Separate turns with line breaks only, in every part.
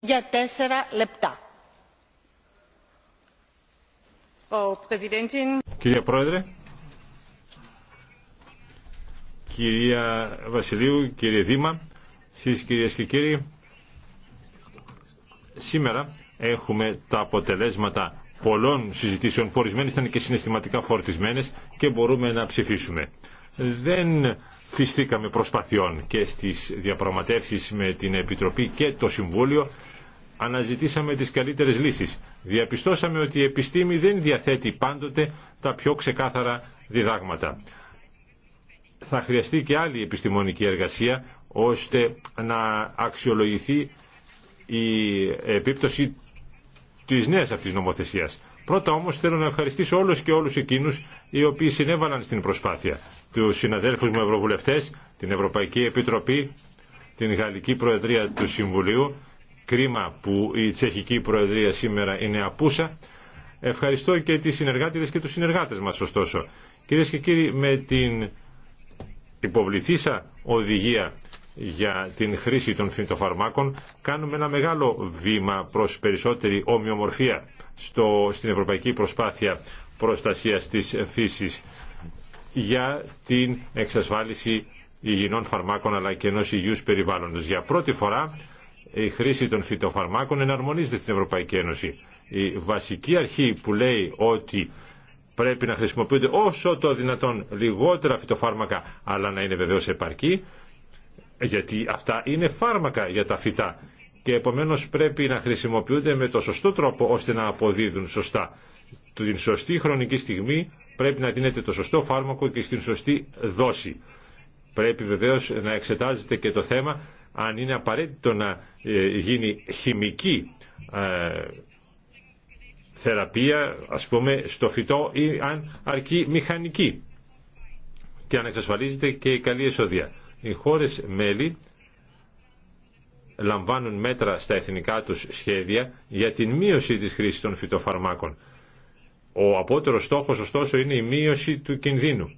για τέσσερα λεπτά.
Κυρία Πρόεδρε, κυρία Βασιλείου, κύριε Δήμα, στις κυρίες και κύριοι, σήμερα έχουμε τα αποτελέσματα πολλών συζητήσεων που ήταν και συναισθηματικά φορτισμένες και μπορούμε να ψηφίσουμε δεν φυστήκαμε προσπαθειών και στις διαπραγματεύσεις με την Επιτροπή και το Συμβούλιο αναζητήσαμε τις καλύτερες λύσεις. Διαπιστώσαμε ότι η επιστήμη δεν διαθέτει πάντοτε τα πιο ξεκάθαρα διδάγματα. Θα χρειαστεί και άλλη επιστημονική εργασία ώστε να αξιολογηθεί η επίπτωση της νέας αυτής νομοθεσίας. Πρώτα όμως θέλω να ευχαριστήσω όλους και όλους εκείνους οι οποίοι συνέβαλαν στην προσπάθεια. Τους συναδέλφους μου ευρωβουλευτές, την Ευρωπαϊκή Επιτροπή, την Γαλλική Προεδρία του Συμβουλίου. Κρίμα που η Τσεχική Προεδρία σήμερα είναι απούσα. Ευχαριστώ και τις συνεργάτες και τους συνεργάτες μας ωστόσο. Κυρίε και κύριοι, με την υποβληθήσα οδηγία για την χρήση των φυτοφαρμάκων κάνουμε ένα μεγάλο βήμα προς περισσότερη ομοιομορφία στο, στην ευρωπαϊκή προσπάθεια προστασίας της φύσης για την εξασφάλιση υγιεινών φαρμάκων αλλά και ενός υγιούς περιβάλλοντος. Για πρώτη φορά η χρήση των φυτοφαρμάκων εναρμονίζεται στην Ευρωπαϊκή Ένωση. Η βασική αρχή που λέει ότι πρέπει να χρησιμοποιούνται όσο το δυνατόν λιγότερα φυτοφάρμακα αλλά να είναι βεβαίως επαρκή γιατί αυτά είναι φάρμακα για τα φυτά και επομένως πρέπει να χρησιμοποιούνται με το σωστό τρόπο ώστε να αποδίδουν σωστά. Την σωστή χρονική στιγμή πρέπει να δίνεται το σωστό φάρμακο και στην σωστή δόση. Πρέπει βεβαίως να εξετάζεται και το θέμα αν είναι απαραίτητο να ε, γίνει χημική ε, θεραπεία ας πούμε στο φυτό ή αν αρκεί μηχανική και αν εξασφαλίζεται και η καλή εισόδια. Οι χώρες μέλη λαμβάνουν μέτρα στα εθνικά τους σχέδια για την μείωση της χρήσης των φυτοφαρμάκων. Ο απότερος στόχος ωστόσο είναι η μείωση του κινδύνου.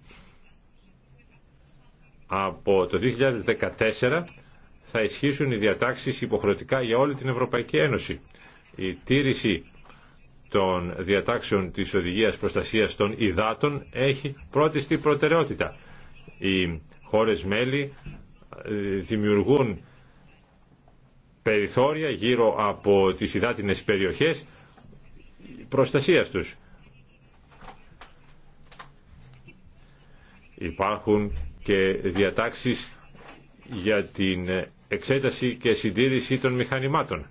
Από το 2014 θα ισχύσουν οι διατάξεις υποχρεωτικά για όλη την Ευρωπαϊκή Ένωση. Η τήρηση των διατάξεων της Οδηγίας Προστασίας των Ιδάτων έχει πρώτη προτεραιότητα. Η χώρες μέλη ε, δημιουργούν περιθώρια γύρω από τις υδάτινες περιοχές προστασίας τους. Υπάρχουν και διατάξεις για την εξέταση και συντήρηση των μηχανημάτων.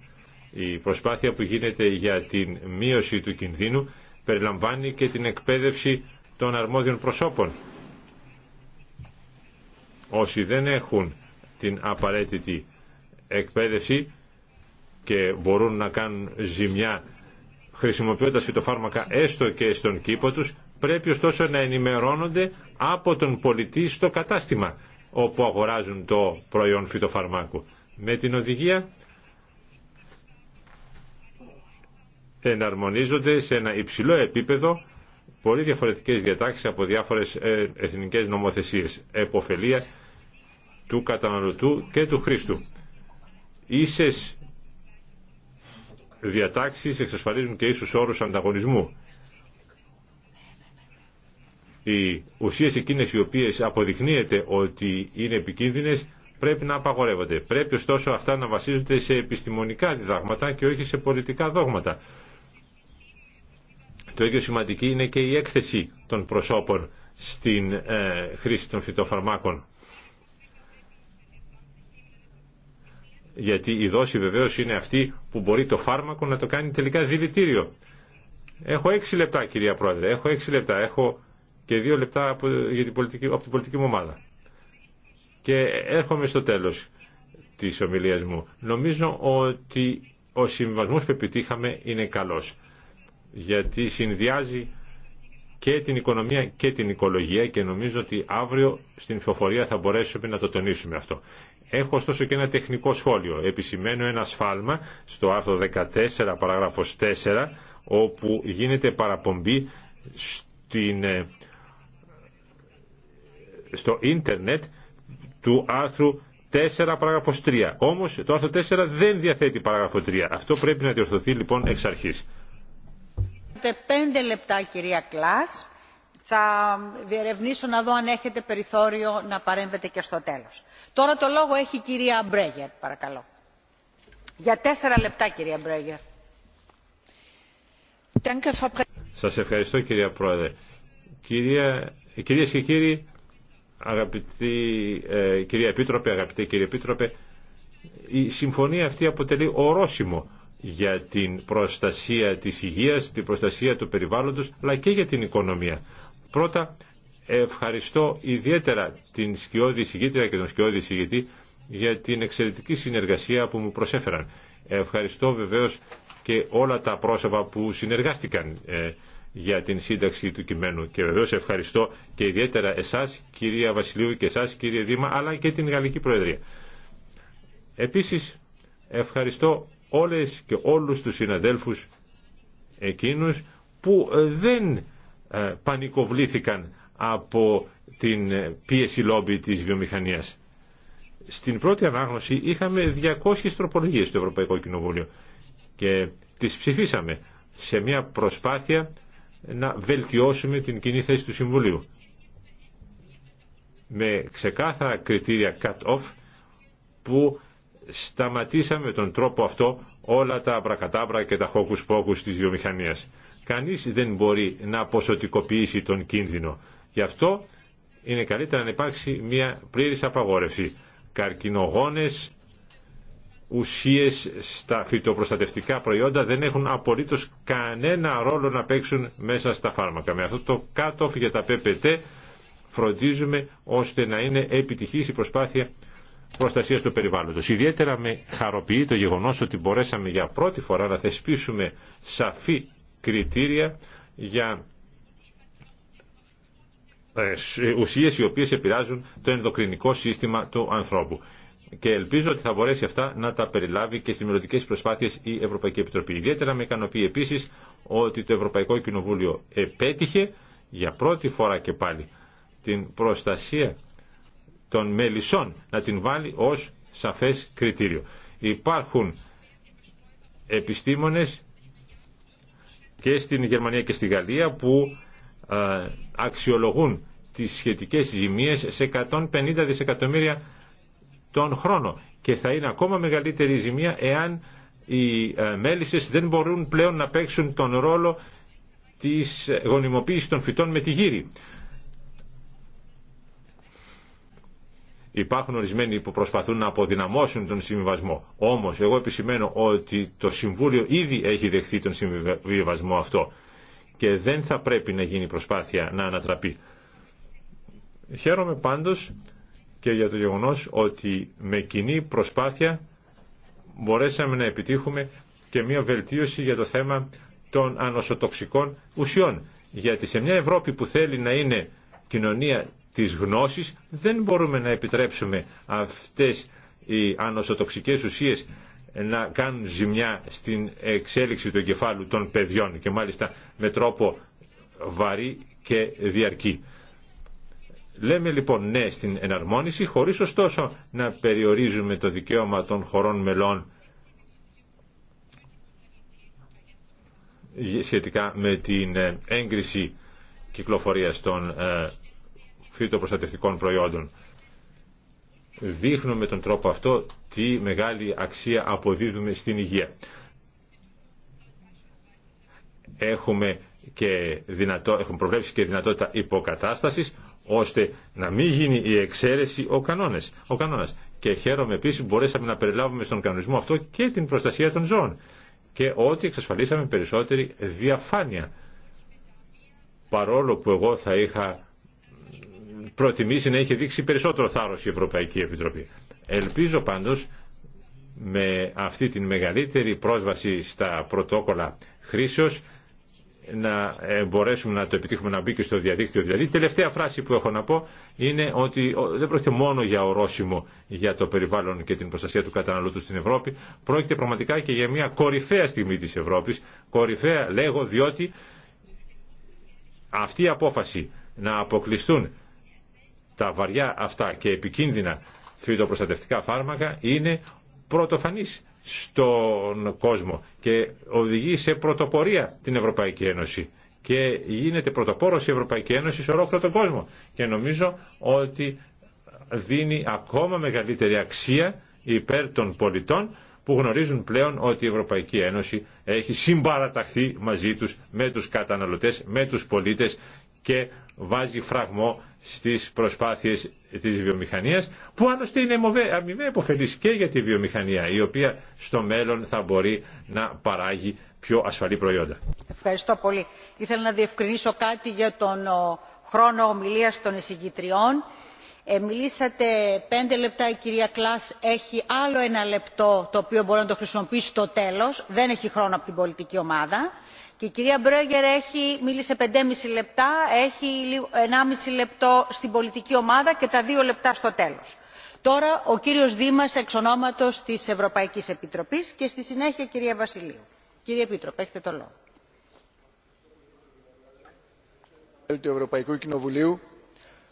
Η προσπάθεια που γίνεται για την μείωση του κινδύνου περιλαμβάνει και την εκπαίδευση των αρμόδιων προσώπων όσοι δεν έχουν την απαραίτητη εκπαίδευση και μπορούν να κάνουν ζημιά χρησιμοποιώντας φυτοφάρμακα έστω και στον κήπο τους, πρέπει ωστόσο να ενημερώνονται από τον πολιτή στο κατάστημα όπου αγοράζουν το προϊόν φυτοφαρμάκου. Με την οδηγία εναρμονίζονται σε ένα υψηλό επίπεδο πολύ διαφορετικές διατάξεις από διάφορες ε, εθνικές νομοθεσίες. Εποφελία του καταναλωτού και του χρήστου. Ίσες διατάξεις εξασφαλίζουν και ίσους όρους ανταγωνισμού. Οι ουσίες εκείνες οι οποίες αποδεικνύεται ότι είναι επικίνδυνες πρέπει να απαγορεύονται. Πρέπει ωστόσο αυτά να βασίζονται σε επιστημονικά διδάγματα και όχι σε πολιτικά δόγματα. Το ίδιο σημαντική είναι και η έκθεση των προσώπων στην ε, χρήση των φυτοφαρμάκων. γιατί η δόση βεβαίω είναι αυτή που μπορεί το φάρμακο να το κάνει τελικά δηλητήριο. Έχω έξι λεπτά κυρία Πρόεδρε, έχω έξι λεπτά, έχω και δύο λεπτά από, για την πολιτική, από πολιτική μου ομάδα. Και έρχομαι στο τέλο τη ομιλία μου. Νομίζω ότι ο συμβασμός που επιτύχαμε είναι καλό. γιατί συνδυάζει και την οικονομία και την οικολογία και νομίζω ότι αύριο στην ψηφοφορία θα μπορέσουμε να το τονίσουμε αυτό. Έχω ωστόσο και ένα τεχνικό σχόλιο. Επισημαίνω ένα σφάλμα στο άρθρο 14 παράγραφος 4 όπου γίνεται παραπομπή στην, ε, στο ίντερνετ του άρθρου 4 παράγραφος 3. Όμως το άρθρο 4 δεν διαθέτει παράγραφο 3. Αυτό πρέπει να διορθωθεί λοιπόν εξ αρχής.
5 λεπτά κυρία Κλάς θα διερευνήσω να δω αν έχετε περιθώριο να παρέμβετε και στο τέλος. Τώρα το λόγο έχει η κυρία Μπρέγερ, παρακαλώ. Για τέσσερα λεπτά, κυρία Μπρέγερ.
Σας ευχαριστώ, κυρία Πρόεδρε. Κυρία, κυρίες και κύριοι, αγαπητοί ε, κυρία Επίτροπε, αγαπητή κύριε Επίτροπε, η συμφωνία αυτή αποτελεί ορόσημο για την προστασία της υγείας, την προστασία του περιβάλλοντος, αλλά και για την οικονομία. Πρώτα, ευχαριστώ ιδιαίτερα την σκιώδη συγκήτρια και τον σκιώδη συγκητή για την εξαιρετική συνεργασία που μου προσέφεραν. Ευχαριστώ βεβαίως και όλα τα πρόσωπα που συνεργάστηκαν ε, για την σύνταξη του κειμένου. Και βεβαίως ευχαριστώ και ιδιαίτερα εσάς, κυρία Βασιλείου, και εσάς, κύριε Δήμα, αλλά και την Γαλλική Προεδρία. Επίσης, ευχαριστώ όλες και όλους τους συναδέλφους εκείνους που ε, δεν ε, πανικοβλήθηκαν από την ε, πίεση λόμπι της βιομηχανίας. Στην πρώτη ανάγνωση είχαμε 200 τροπολογίες στο Ευρωπαϊκό Κοινοβούλιο και τις ψηφίσαμε σε μια προσπάθεια να βελτιώσουμε την κοινή θέση του Συμβουλίου. Με ξεκάθαρα κριτήρια cut-off που σταματήσαμε τον τρόπο αυτό όλα τα αμπρακατάμπρα και τα χόκους πόκους της βιομηχανίας. Κανείς δεν μπορεί να ποσοτικοποιήσει τον κίνδυνο. Γι' αυτό είναι καλύτερα να υπάρξει μια πλήρης απαγόρευση. Καρκινογόνες, ουσίες στα φυτοπροστατευτικά προϊόντα δεν έχουν απολύτως κανένα ρόλο να παίξουν μέσα στα φάρμακα. Με αυτό το κάτω για τα PPT φροντίζουμε ώστε να είναι επιτυχής η προσπάθεια προστασίας του περιβάλλοντος. Ιδιαίτερα με χαροποιεί το γεγονός ότι μπορέσαμε για πρώτη φορά να θεσπίσουμε σαφή κριτήρια για ε, ε, ουσίες οι οποίες επηρεάζουν το ενδοκρινικό σύστημα του ανθρώπου. Και ελπίζω ότι θα μπορέσει αυτά να τα περιλάβει και στις μελλοντικέ προσπάθειες η Ευρωπαϊκή Επιτροπή. Ιδιαίτερα με ικανοποιεί επίσης ότι το Ευρωπαϊκό Κοινοβούλιο επέτυχε για πρώτη φορά και πάλι την προστασία των μελισσών να την βάλει ως σαφές κριτήριο. Υπάρχουν επιστήμονες και στην Γερμανία και στη Γαλλία που ε, αξιολογούν τις σχετικές ζημίες σε 150 δισεκατομμύρια τον χρόνο και θα είναι ακόμα μεγαλύτερη ζημία εάν οι ε, μέλισσες δεν μπορούν πλέον να παίξουν τον ρόλο της γονιμοποίησης των φυτών με τη γύρι. Υπάρχουν ορισμένοι που προσπαθούν να αποδυναμώσουν τον συμβιβασμό. Όμως εγώ επισημαίνω ότι το Συμβούλιο ήδη έχει δεχθεί τον συμβιβασμό αυτό και δεν θα πρέπει να γίνει προσπάθεια να ανατραπεί. Χαίρομαι πάντως και για το γεγονός ότι με κοινή προσπάθεια μπορέσαμε να επιτύχουμε και μια βελτίωση για το θέμα των ανοσοτοξικών ουσιών. Γιατί σε μια Ευρώπη που θέλει να είναι κοινωνία της γνώσης δεν μπορούμε να επιτρέψουμε αυτές οι ανοσοτοξικές ουσίες να κάνουν ζημιά στην εξέλιξη του εγκεφάλου των παιδιών και μάλιστα με τρόπο βαρύ και διαρκή. Λέμε λοιπόν ναι στην εναρμόνιση χωρίς ωστόσο να περιορίζουμε το δικαίωμα των χωρών μελών σχετικά με την έγκριση κυκλοφορίας των ε, προστατευτικών προϊόντων. Δείχνουμε με τον τρόπο αυτό τι μεγάλη αξία αποδίδουμε στην υγεία. Έχουμε, και δυνατό, έχουμε προβλέψει και δυνατότητα υποκατάστασης ώστε να μην γίνει η εξαίρεση ο, κανόνες, ο κανόνας. Και χαίρομαι επίσης που μπορέσαμε να περιλάβουμε στον κανονισμό αυτό και την προστασία των ζώων και ότι εξασφαλίσαμε περισσότερη διαφάνεια. Παρόλο που εγώ θα είχα προτιμήσει να είχε δείξει περισσότερο θάρρος η Ευρωπαϊκή Επιτροπή. Ελπίζω πάντως με αυτή την μεγαλύτερη πρόσβαση στα πρωτόκολλα χρήσεως να ε, μπορέσουμε να το επιτύχουμε να μπει και στο διαδίκτυο. Δηλαδή, η τελευταία φράση που έχω να πω είναι ότι δεν πρόκειται μόνο για ορόσημο για το περιβάλλον και την προστασία του καταναλωτού στην Ευρώπη, πρόκειται πραγματικά και για μια κορυφαία στιγμή της Ευρώπης. Κορυφαία λέγω διότι αυτή η απόφαση να αποκλειστούν τα βαριά αυτά και επικίνδυνα φυτοπροστατευτικά φάρμακα είναι πρωτοφανής στον κόσμο και οδηγεί σε πρωτοπορία την Ευρωπαϊκή Ένωση και γίνεται πρωτοπόρος η Ευρωπαϊκή Ένωση σε ολόκληρο τον κόσμο και νομίζω ότι δίνει ακόμα μεγαλύτερη αξία υπέρ των πολιτών που γνωρίζουν πλέον ότι η Ευρωπαϊκή Ένωση έχει συμπαραταχθεί μαζί τους με τους καταναλωτές, με τους πολίτες και βάζει φραγμό στις προσπάθειες της βιομηχανίας που άλλωστε είναι αμοιβαία υποφελής και για τη βιομηχανία η οποία στο μέλλον θα μπορεί να παράγει πιο ασφαλή προϊόντα.
Ευχαριστώ πολύ. Ήθελα να διευκρινίσω κάτι για τον χρόνο ομιλίας των εισηγητριών. Ε, μιλήσατε πέντε λεπτά, η κυρία Κλάς έχει άλλο ένα λεπτό το οποίο μπορεί να το χρησιμοποιήσει στο τέλος, δεν έχει χρόνο από την πολιτική ομάδα και η κυρία Μπρέγκερ έχει, μίλησε 5,5 λεπτά, έχει 1,5 λεπτό στην πολιτική ομάδα και τα δύο λεπτά στο τέλος. Τώρα ο κύριος Δήμας εξ ονόματος της Ευρωπαϊκής Επιτροπής και στη συνέχεια κυρία Βασιλείου. Κύριε Επίτροπε, έχετε το λόγο.
του Ευρωπαϊκού Κοινοβουλίου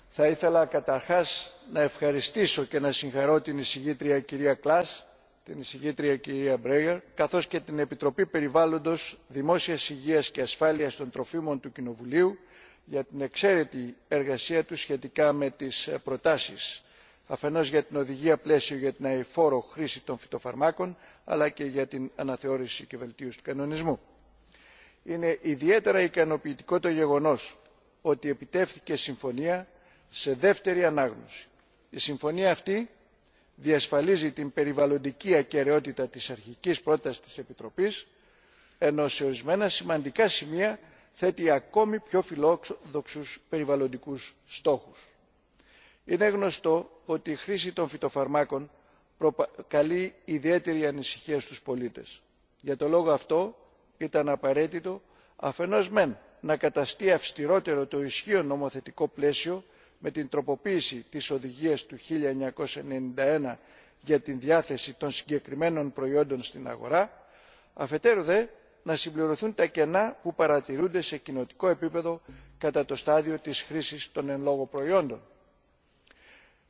θα ήθελα καταρχάς να ευχαριστήσω και να συγχαρώ την εισηγήτρια κυρία Κλάς την εισηγήτρια κυρία Μπρέγερ, καθώς και την Επιτροπή Περιβάλλοντος Δημόσιας Υγείας και Ασφάλειας των Τροφίμων του Κοινοβουλίου για την εξαίρετη εργασία τους σχετικά με τις ε, προτάσεις αφενός για την οδηγία πλαίσιο για την αειφόρο χρήση των φυτοφαρμάκων αλλά και για την αναθεώρηση και βελτίωση του κανονισμού. Είναι ιδιαίτερα ικανοποιητικό το γεγονός ότι επιτεύχθηκε συμφωνία σε δεύτερη ανάγνωση. Η συμφωνία αυτή διασφαλίζει την περιβαλλοντική ακεραιότητα της αρχικής πρότασης της επιτροπής ενώ σε ορισμένα σημαντικά σημεία θέτει ακόμη πιο φιλόδοξους περιβαλλοντικούς στόχους. είναι γνωστό ότι η χρήση των φυτοφαρμάκων προκαλεί ιδιαίτερη ανησυχία στους πολίτες. για το λόγο αυτό ήταν απαραίτητο αφενός μεν να καταστεί αυστηρότερο το ισχύον νομοθετικό πλαίσιο με την τροποποίηση της οδηγίας του 1991 για τη διάθεση των συγκεκριμένων προϊόντων στην αγορά αφετέρου δε να συμπληρωθούν τα κενά που παρατηρούνται σε κοινοτικό επίπεδο κατά το στάδιο της χρήσης των εν λόγω προϊόντων.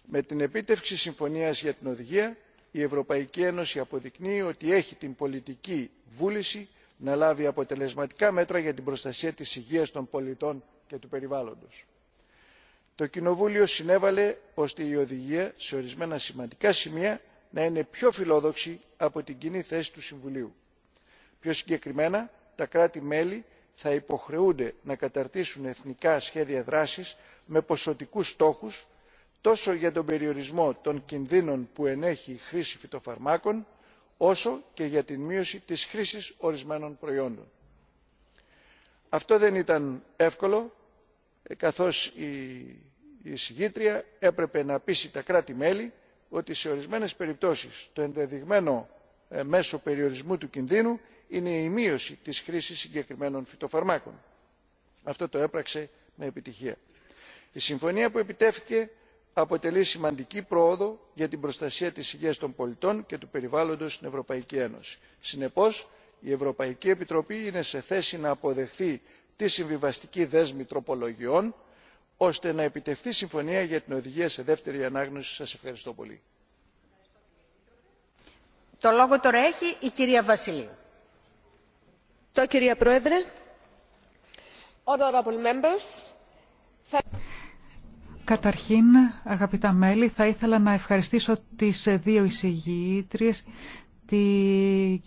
με την επίτευξη συμφωνίας για την οδηγία η ευρωπαϊκή ένωση αποδεικνύει ότι έχει την πολιτική βούληση να λάβει αποτελεσματικά μέτρα για την προστασία της υγείας των πολιτών και του περιβάλλοντος το κοινοβούλιο συνέβαλε ώστε η οδηγία σε ορισμένα σημαντικά σημεία να είναι πιο φιλόδοξη από την κοινή θέση του συμβουλίου. πιο συγκεκριμένα τα κράτη μέλη θα υποχρεούνται να καταρτήσουν εθνικά σχέδια δράσης με ποσοτικούς στόχους τόσο για τον περιορισμό των κινδύνων που ενέχει η χρήση φυτοφαρμάκων όσο και για την μείωση της χρήσης ορισμένων προϊόντων. αυτό δεν ήταν εύκολο ε, καθώς η εισηγήτρια έπρεπε να πείσει τα κράτη μέλη ότι σε ορισμένες περιπτώσεις το ενδεδειγμένο ε, μέσο περιορισμού του κινδύνου είναι η μείωση της χρήσης συγκεκριμένων φυτοφαρμάκων. αυτό το έπραξε με επιτυχία. η συμφωνία που επιτεύχθηκε αποτελεί σημαντική πρόοδο για την προστασία της υγείας των πολιτών και του περιβάλλοντος στην ευρωπαϊκή ένωση. συνεπώς η ευρωπαϊκή επιτροπή είναι σε θέση να αποδεχθεί τη συμβιβαστική δέσμη τροπολογιών ώστε να επιτευχθεί συμφωνία για την οδηγία σε δεύτερη ανάγνωση. Σας ευχαριστώ πολύ.
Το λόγο τώρα έχει η κυρία Βασιλείου. Το κυρία Πρόεδρε. members.
Καταρχήν, αγαπητά μέλη, θα ήθελα να ευχαριστήσω τις δύο εισηγήτριες,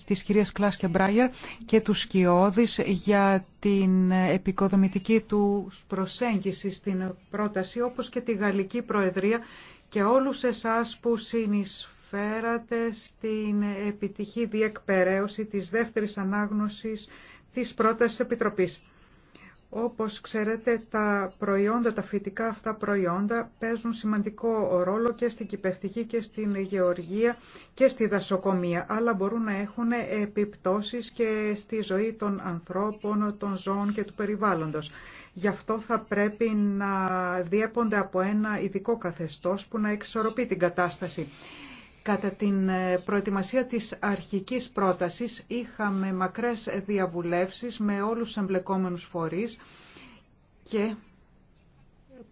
της κυρίας Κλάς και Μπράγερ και του Σκιώδης για την επικοδομητική του προσέγγιση στην πρόταση όπως και τη Γαλλική Προεδρία και όλους εσάς που συνεισφέρατε στην επιτυχή διεκπαιρέωση της δεύτερης ανάγνωσης της πρότασης Επιτροπής. Όπως ξέρετε, τα προϊόντα, τα φυτικά αυτά προϊόντα παίζουν σημαντικό ρόλο και στην κυπευτική και στην γεωργία και στη δασοκομεία, αλλά μπορούν να έχουν επιπτώσεις και στη ζωή των ανθρώπων, των ζώων και του περιβάλλοντος. Γι' αυτό θα πρέπει να διέπονται από ένα ειδικό καθεστώς που να εξορροπεί την κατάσταση. Κατά την ε, προετοιμασία της αρχικής πρότασης είχαμε μακρές διαβουλεύσεις με όλους τους εμπλεκόμενους φορείς και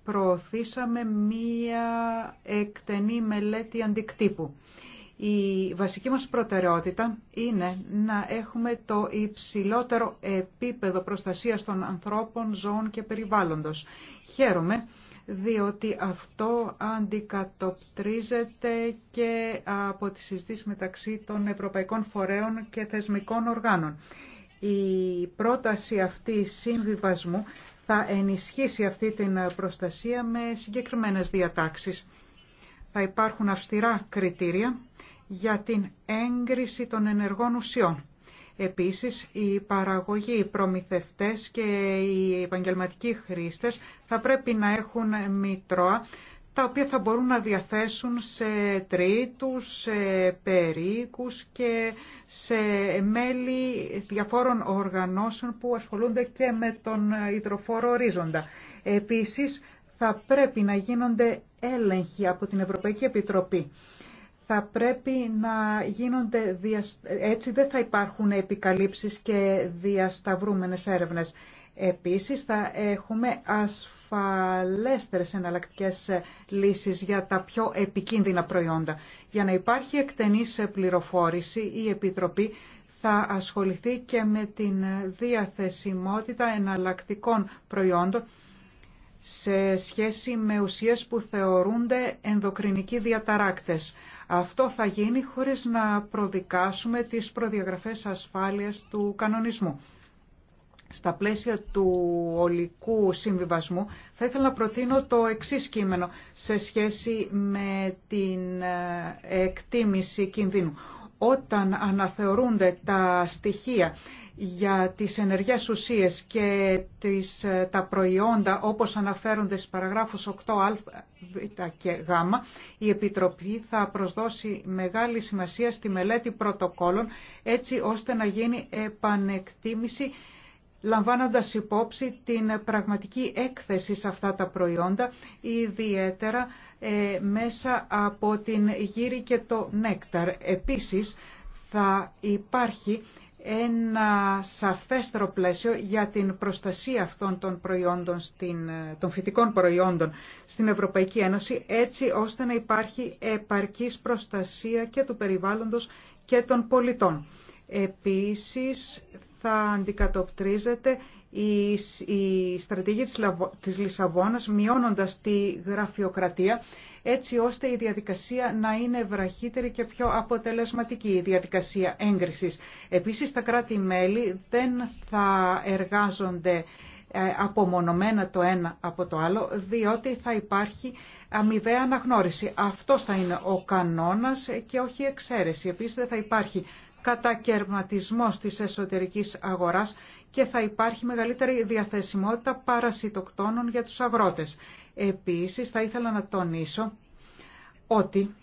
προωθήσαμε μία εκτενή μελέτη αντικτύπου. Η βασική μας προτεραιότητα είναι να έχουμε το υψηλότερο επίπεδο προστασίας των ανθρώπων, ζώων και περιβάλλοντος. Χαίρομαι διότι αυτό αντικατοπτρίζεται και από τη συζήτηση μεταξύ των ευρωπαϊκών φορέων και θεσμικών οργάνων. Η πρόταση αυτή συμβιβασμού θα ενισχύσει αυτή την προστασία με συγκεκριμένες διατάξεις. Θα υπάρχουν αυστηρά κριτήρια για την έγκριση των ενεργών ουσιών Επίσης, οι παραγωγοί, οι προμηθευτές και οι επαγγελματικοί χρήστες θα πρέπει να έχουν μητρώα τα οποία θα μπορούν να διαθέσουν σε τρίτους, σε περίκους και σε μέλη διαφόρων οργανώσεων που ασχολούνται και με τον υδροφόρο ορίζοντα. Επίσης, θα πρέπει να γίνονται έλεγχοι από την Ευρωπαϊκή Επιτροπή θα πρέπει να γίνονται, έτσι δεν θα υπάρχουν επικαλύψεις και διασταυρούμενες έρευνες. Επίσης θα έχουμε ασφαλέστερες εναλλακτικές λύσεις για τα πιο επικίνδυνα προϊόντα. Για να υπάρχει εκτενής πληροφόρηση, η Επιτροπή θα ασχοληθεί και με την διαθεσιμότητα εναλλακτικών προϊόντων σε σχέση με ουσίες που θεωρούνται ενδοκρινικοί διαταράκτες. Αυτό θα γίνει χωρίς να προδικάσουμε τις προδιαγραφές ασφάλειας του κανονισμού. Στα πλαίσια του ολικού συμβιβασμού θα ήθελα να προτείνω το εξής κείμενο σε σχέση με την ε, εκτίμηση κινδύνου όταν αναθεωρούνται τα στοιχεία για τις ενεργές ουσίες και τις, ε, τα προϊόντα όπως αναφέρονται στις παραγράφους 8α και γ, η Επιτροπή θα προσδώσει μεγάλη σημασία στη μελέτη πρωτοκόλων έτσι ώστε να γίνει επανεκτίμηση λαμβάνοντας υπόψη την πραγματική έκθεση σε αυτά τα προϊόντα, ιδιαίτερα ε, μέσα από την γύρι και το νέκταρ. Επίσης, θα υπάρχει ένα σαφέστερο πλαίσιο για την προστασία αυτών των, προϊόντων στην, ε, των φυτικών προϊόντων στην Ευρωπαϊκή Ένωση, έτσι ώστε να υπάρχει επαρκής προστασία και του περιβάλλοντος και των πολιτών. Επίσης, θα αντικατοπτρίζεται η στρατηγία της Λισαβόνας μειώνοντας τη γραφειοκρατία έτσι ώστε η διαδικασία να είναι βραχύτερη και πιο αποτελεσματική η διαδικασία έγκρισης. Επίσης τα κράτη-μέλη δεν θα εργάζονται ε, απομονωμένα το ένα από το άλλο, διότι θα υπάρχει αμοιβαία αναγνώριση. Αυτό θα είναι ο κανόνας και όχι η εξαίρεση. Επίσης δεν θα υπάρχει κατακαιρματισμός της εσωτερικής αγοράς και θα υπάρχει μεγαλύτερη διαθεσιμότητα παρασιτοκτόνων για τους αγρότες. Επίσης, θα ήθελα να τονίσω ότι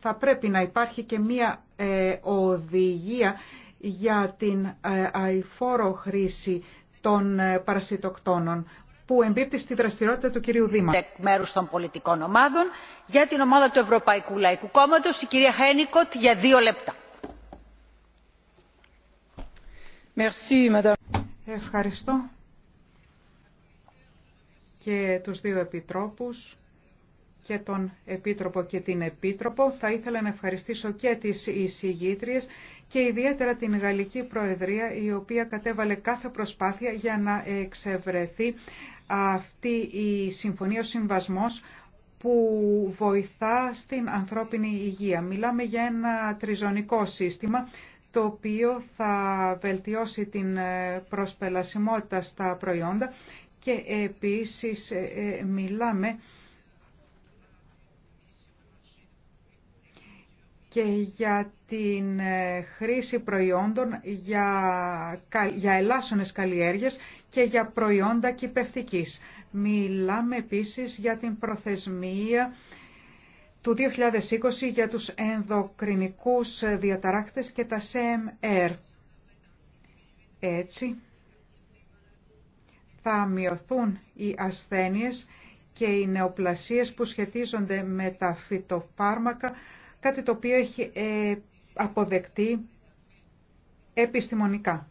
θα πρέπει να υπάρχει και μία ε, οδηγία για την ε, αηφόρο χρήση των ε, παρασιτοκτόνων που εμπίπτει στη δραστηριότητα του κυρίου Δήμα. Εκ μέρους των πολιτικών
ομάδων για την ομάδα του Ευρωπαϊκού Λαϊκού Κόμματος η κυρία Χένικοτ για δύο λεπτά.
Ευχαριστώ και τους δύο επιτρόπους και τον Επίτροπο και την Επίτροπο. Θα ήθελα να ευχαριστήσω και τις εισηγήτριες και ιδιαίτερα την Γαλλική Προεδρία η οποία κατέβαλε κάθε προσπάθεια για να εξευρεθεί αυτή η συμφωνία, ο συμβασμός που βοηθά στην ανθρώπινη υγεία. Μιλάμε για ένα τριζωνικό σύστημα το οποίο θα βελτιώσει την προσπελασιμότητα στα προϊόντα και επίσης ε, ε, μιλάμε και για την ε, χρήση προϊόντων για, για ελάσσονες καλλιέργειες και για προϊόντα κυπευτικής. Μιλάμε επίσης για την προθεσμία του 2020 για τους ενδοκρινικούς διαταράκτες και τα CMR. Έτσι θα μειωθούν οι ασθένειες και οι νεοπλασίες που σχετίζονται με τα φυτοφάρμακα κάτι το οποίο έχει ε, αποδεκτεί επιστημονικά.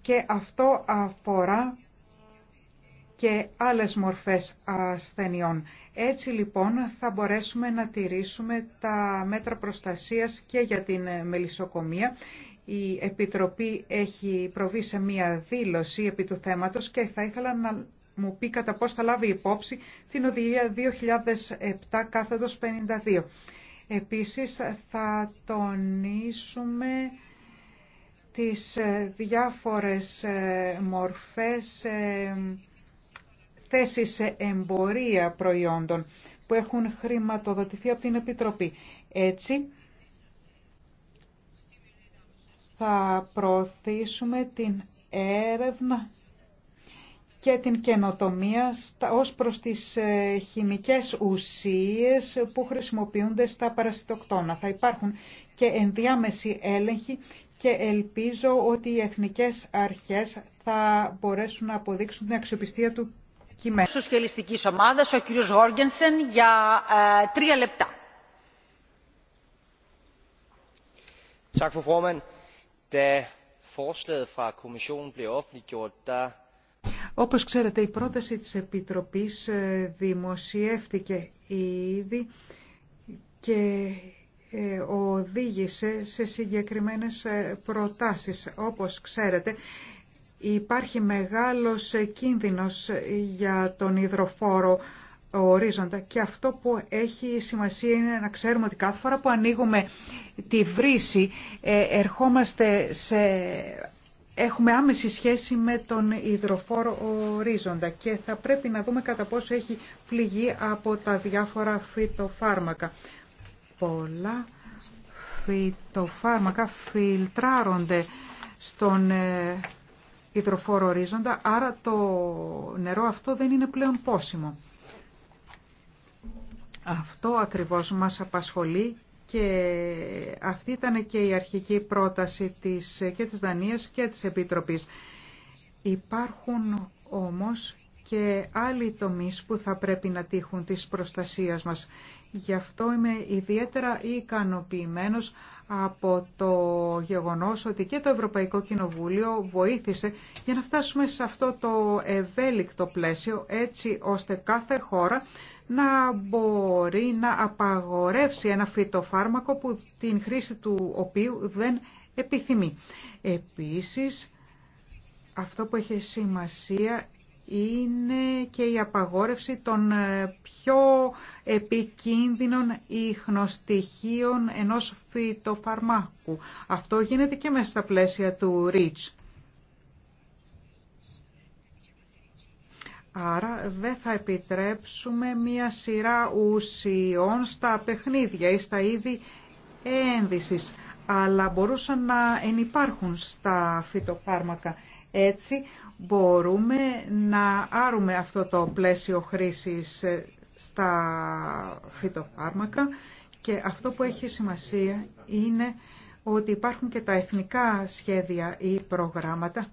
Και αυτό αφορά και άλλες μορφές ασθενειών. Έτσι λοιπόν θα μπορέσουμε να τηρήσουμε τα μέτρα προστασίας και για την ε, μελισσοκομεία. Η Επιτροπή έχει προβεί σε μία δήλωση επί του θέματος και θα ήθελα να μου πει κατά πώς θα λάβει υπόψη την οδηγία 2007 κάθετος 52. Επίσης θα τονίσουμε τις ε, διάφορες ε, μορφές ε, θέσεις εμπορία προϊόντων που έχουν χρηματοδοτηθεί από την Επιτροπή. Έτσι, θα προωθήσουμε την έρευνα και την καινοτομία ως προς τις ε, χημικές ουσίες που χρησιμοποιούνται στα παρασιτοκτόνα. Θα υπάρχουν και ενδιάμεση έλεγχοι και ελπίζω ότι οι εθνικές αρχές θα μπορέσουν να αποδείξουν την αξιοπιστία του κειμένου.
Σοσιαλιστικής ομάδας, ο κύριος Γόργενσεν, για ε, τρία λεπτά.
ευχαριστώ, for formand. Da forslaget fra kommissionen blev offentliggjort, der
όπως ξέρετε, η πρόταση της Επιτροπής ε, δημοσιεύτηκε ήδη και ε, οδήγησε σε συγκεκριμένες ε, προτάσεις. Όπως ξέρετε, υπάρχει μεγάλος κίνδυνος για τον υδροφόρο ορίζοντα και αυτό που έχει σημασία είναι να ξέρουμε ότι κάθε φορά που ανοίγουμε τη βρύση ερχόμαστε σε έχουμε άμεση σχέση με τον υδροφόρο ορίζοντα και θα πρέπει να δούμε κατά πόσο έχει πληγεί από τα διάφορα φυτοφάρμακα. Πολλά φυτοφάρμακα φιλτράρονται στον ε, υδροφόρο ορίζοντα, άρα το νερό αυτό δεν είναι πλέον πόσιμο. Αυτό ακριβώς μας απασχολεί και αυτή ήταν και η αρχική πρόταση της, και της Δανίας και της Επίτροπης. Υπάρχουν όμως και άλλοι τομείς που θα πρέπει να τύχουν της προστασίας μας. Γι' αυτό είμαι ιδιαίτερα ικανοποιημένος από το γεγονός ότι και το Ευρωπαϊκό Κοινοβούλιο βοήθησε για να φτάσουμε σε αυτό το ευέλικτο πλαίσιο έτσι ώστε κάθε χώρα να μπορεί να απαγορεύσει ένα φυτοφάρμακο που την χρήση του οποίου δεν επιθυμεί. Επίσης, αυτό που έχει σημασία είναι και η απαγόρευση των ε, πιο επικίνδυνων ίχνοστοιχείων ενός φυτοφαρμάκου. Αυτό γίνεται και μέσα στα πλαίσια του REACH. Άρα δεν θα επιτρέψουμε μία σειρά ουσιών στα παιχνίδια ή στα είδη ένδυσης, αλλά μπορούσαν να ενυπάρχουν στα φυτοφάρμακα. Έτσι μπορούμε να άρουμε αυτό το πλαίσιο χρήσης ε, στα φυτοφάρμακα και αυτό που έχει σημασία είναι ότι υπάρχουν και τα εθνικά σχέδια ή προγράμματα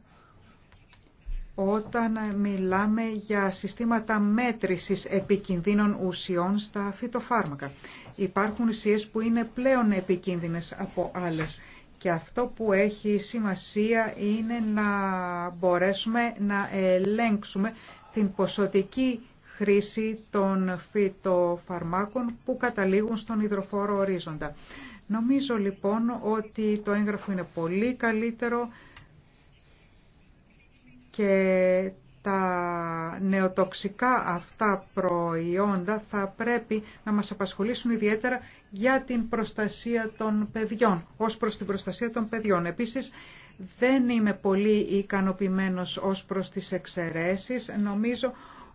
όταν μιλάμε για συστήματα μέτρησης επικινδύνων ουσιών στα φυτοφάρμακα. Υπάρχουν ουσίες που είναι πλέον επικίνδυνες από άλλες και αυτό που έχει σημασία είναι να μπορέσουμε να ελέγξουμε την ποσοτική χρήση των φυτοφαρμάκων που καταλήγουν στον υδροφόρο ορίζοντα. Νομίζω λοιπόν ότι το έγγραφο είναι πολύ καλύτερο και τα νεοτοξικά αυτά προϊόντα θα πρέπει να μας απασχολήσουν ιδιαίτερα για την προστασία των παιδιών, ως προς την προστασία των παιδιών. Επίσης, δεν είμαι πολύ ικανοποιημένος ως προς τις εξαιρέσεις. Νομίζω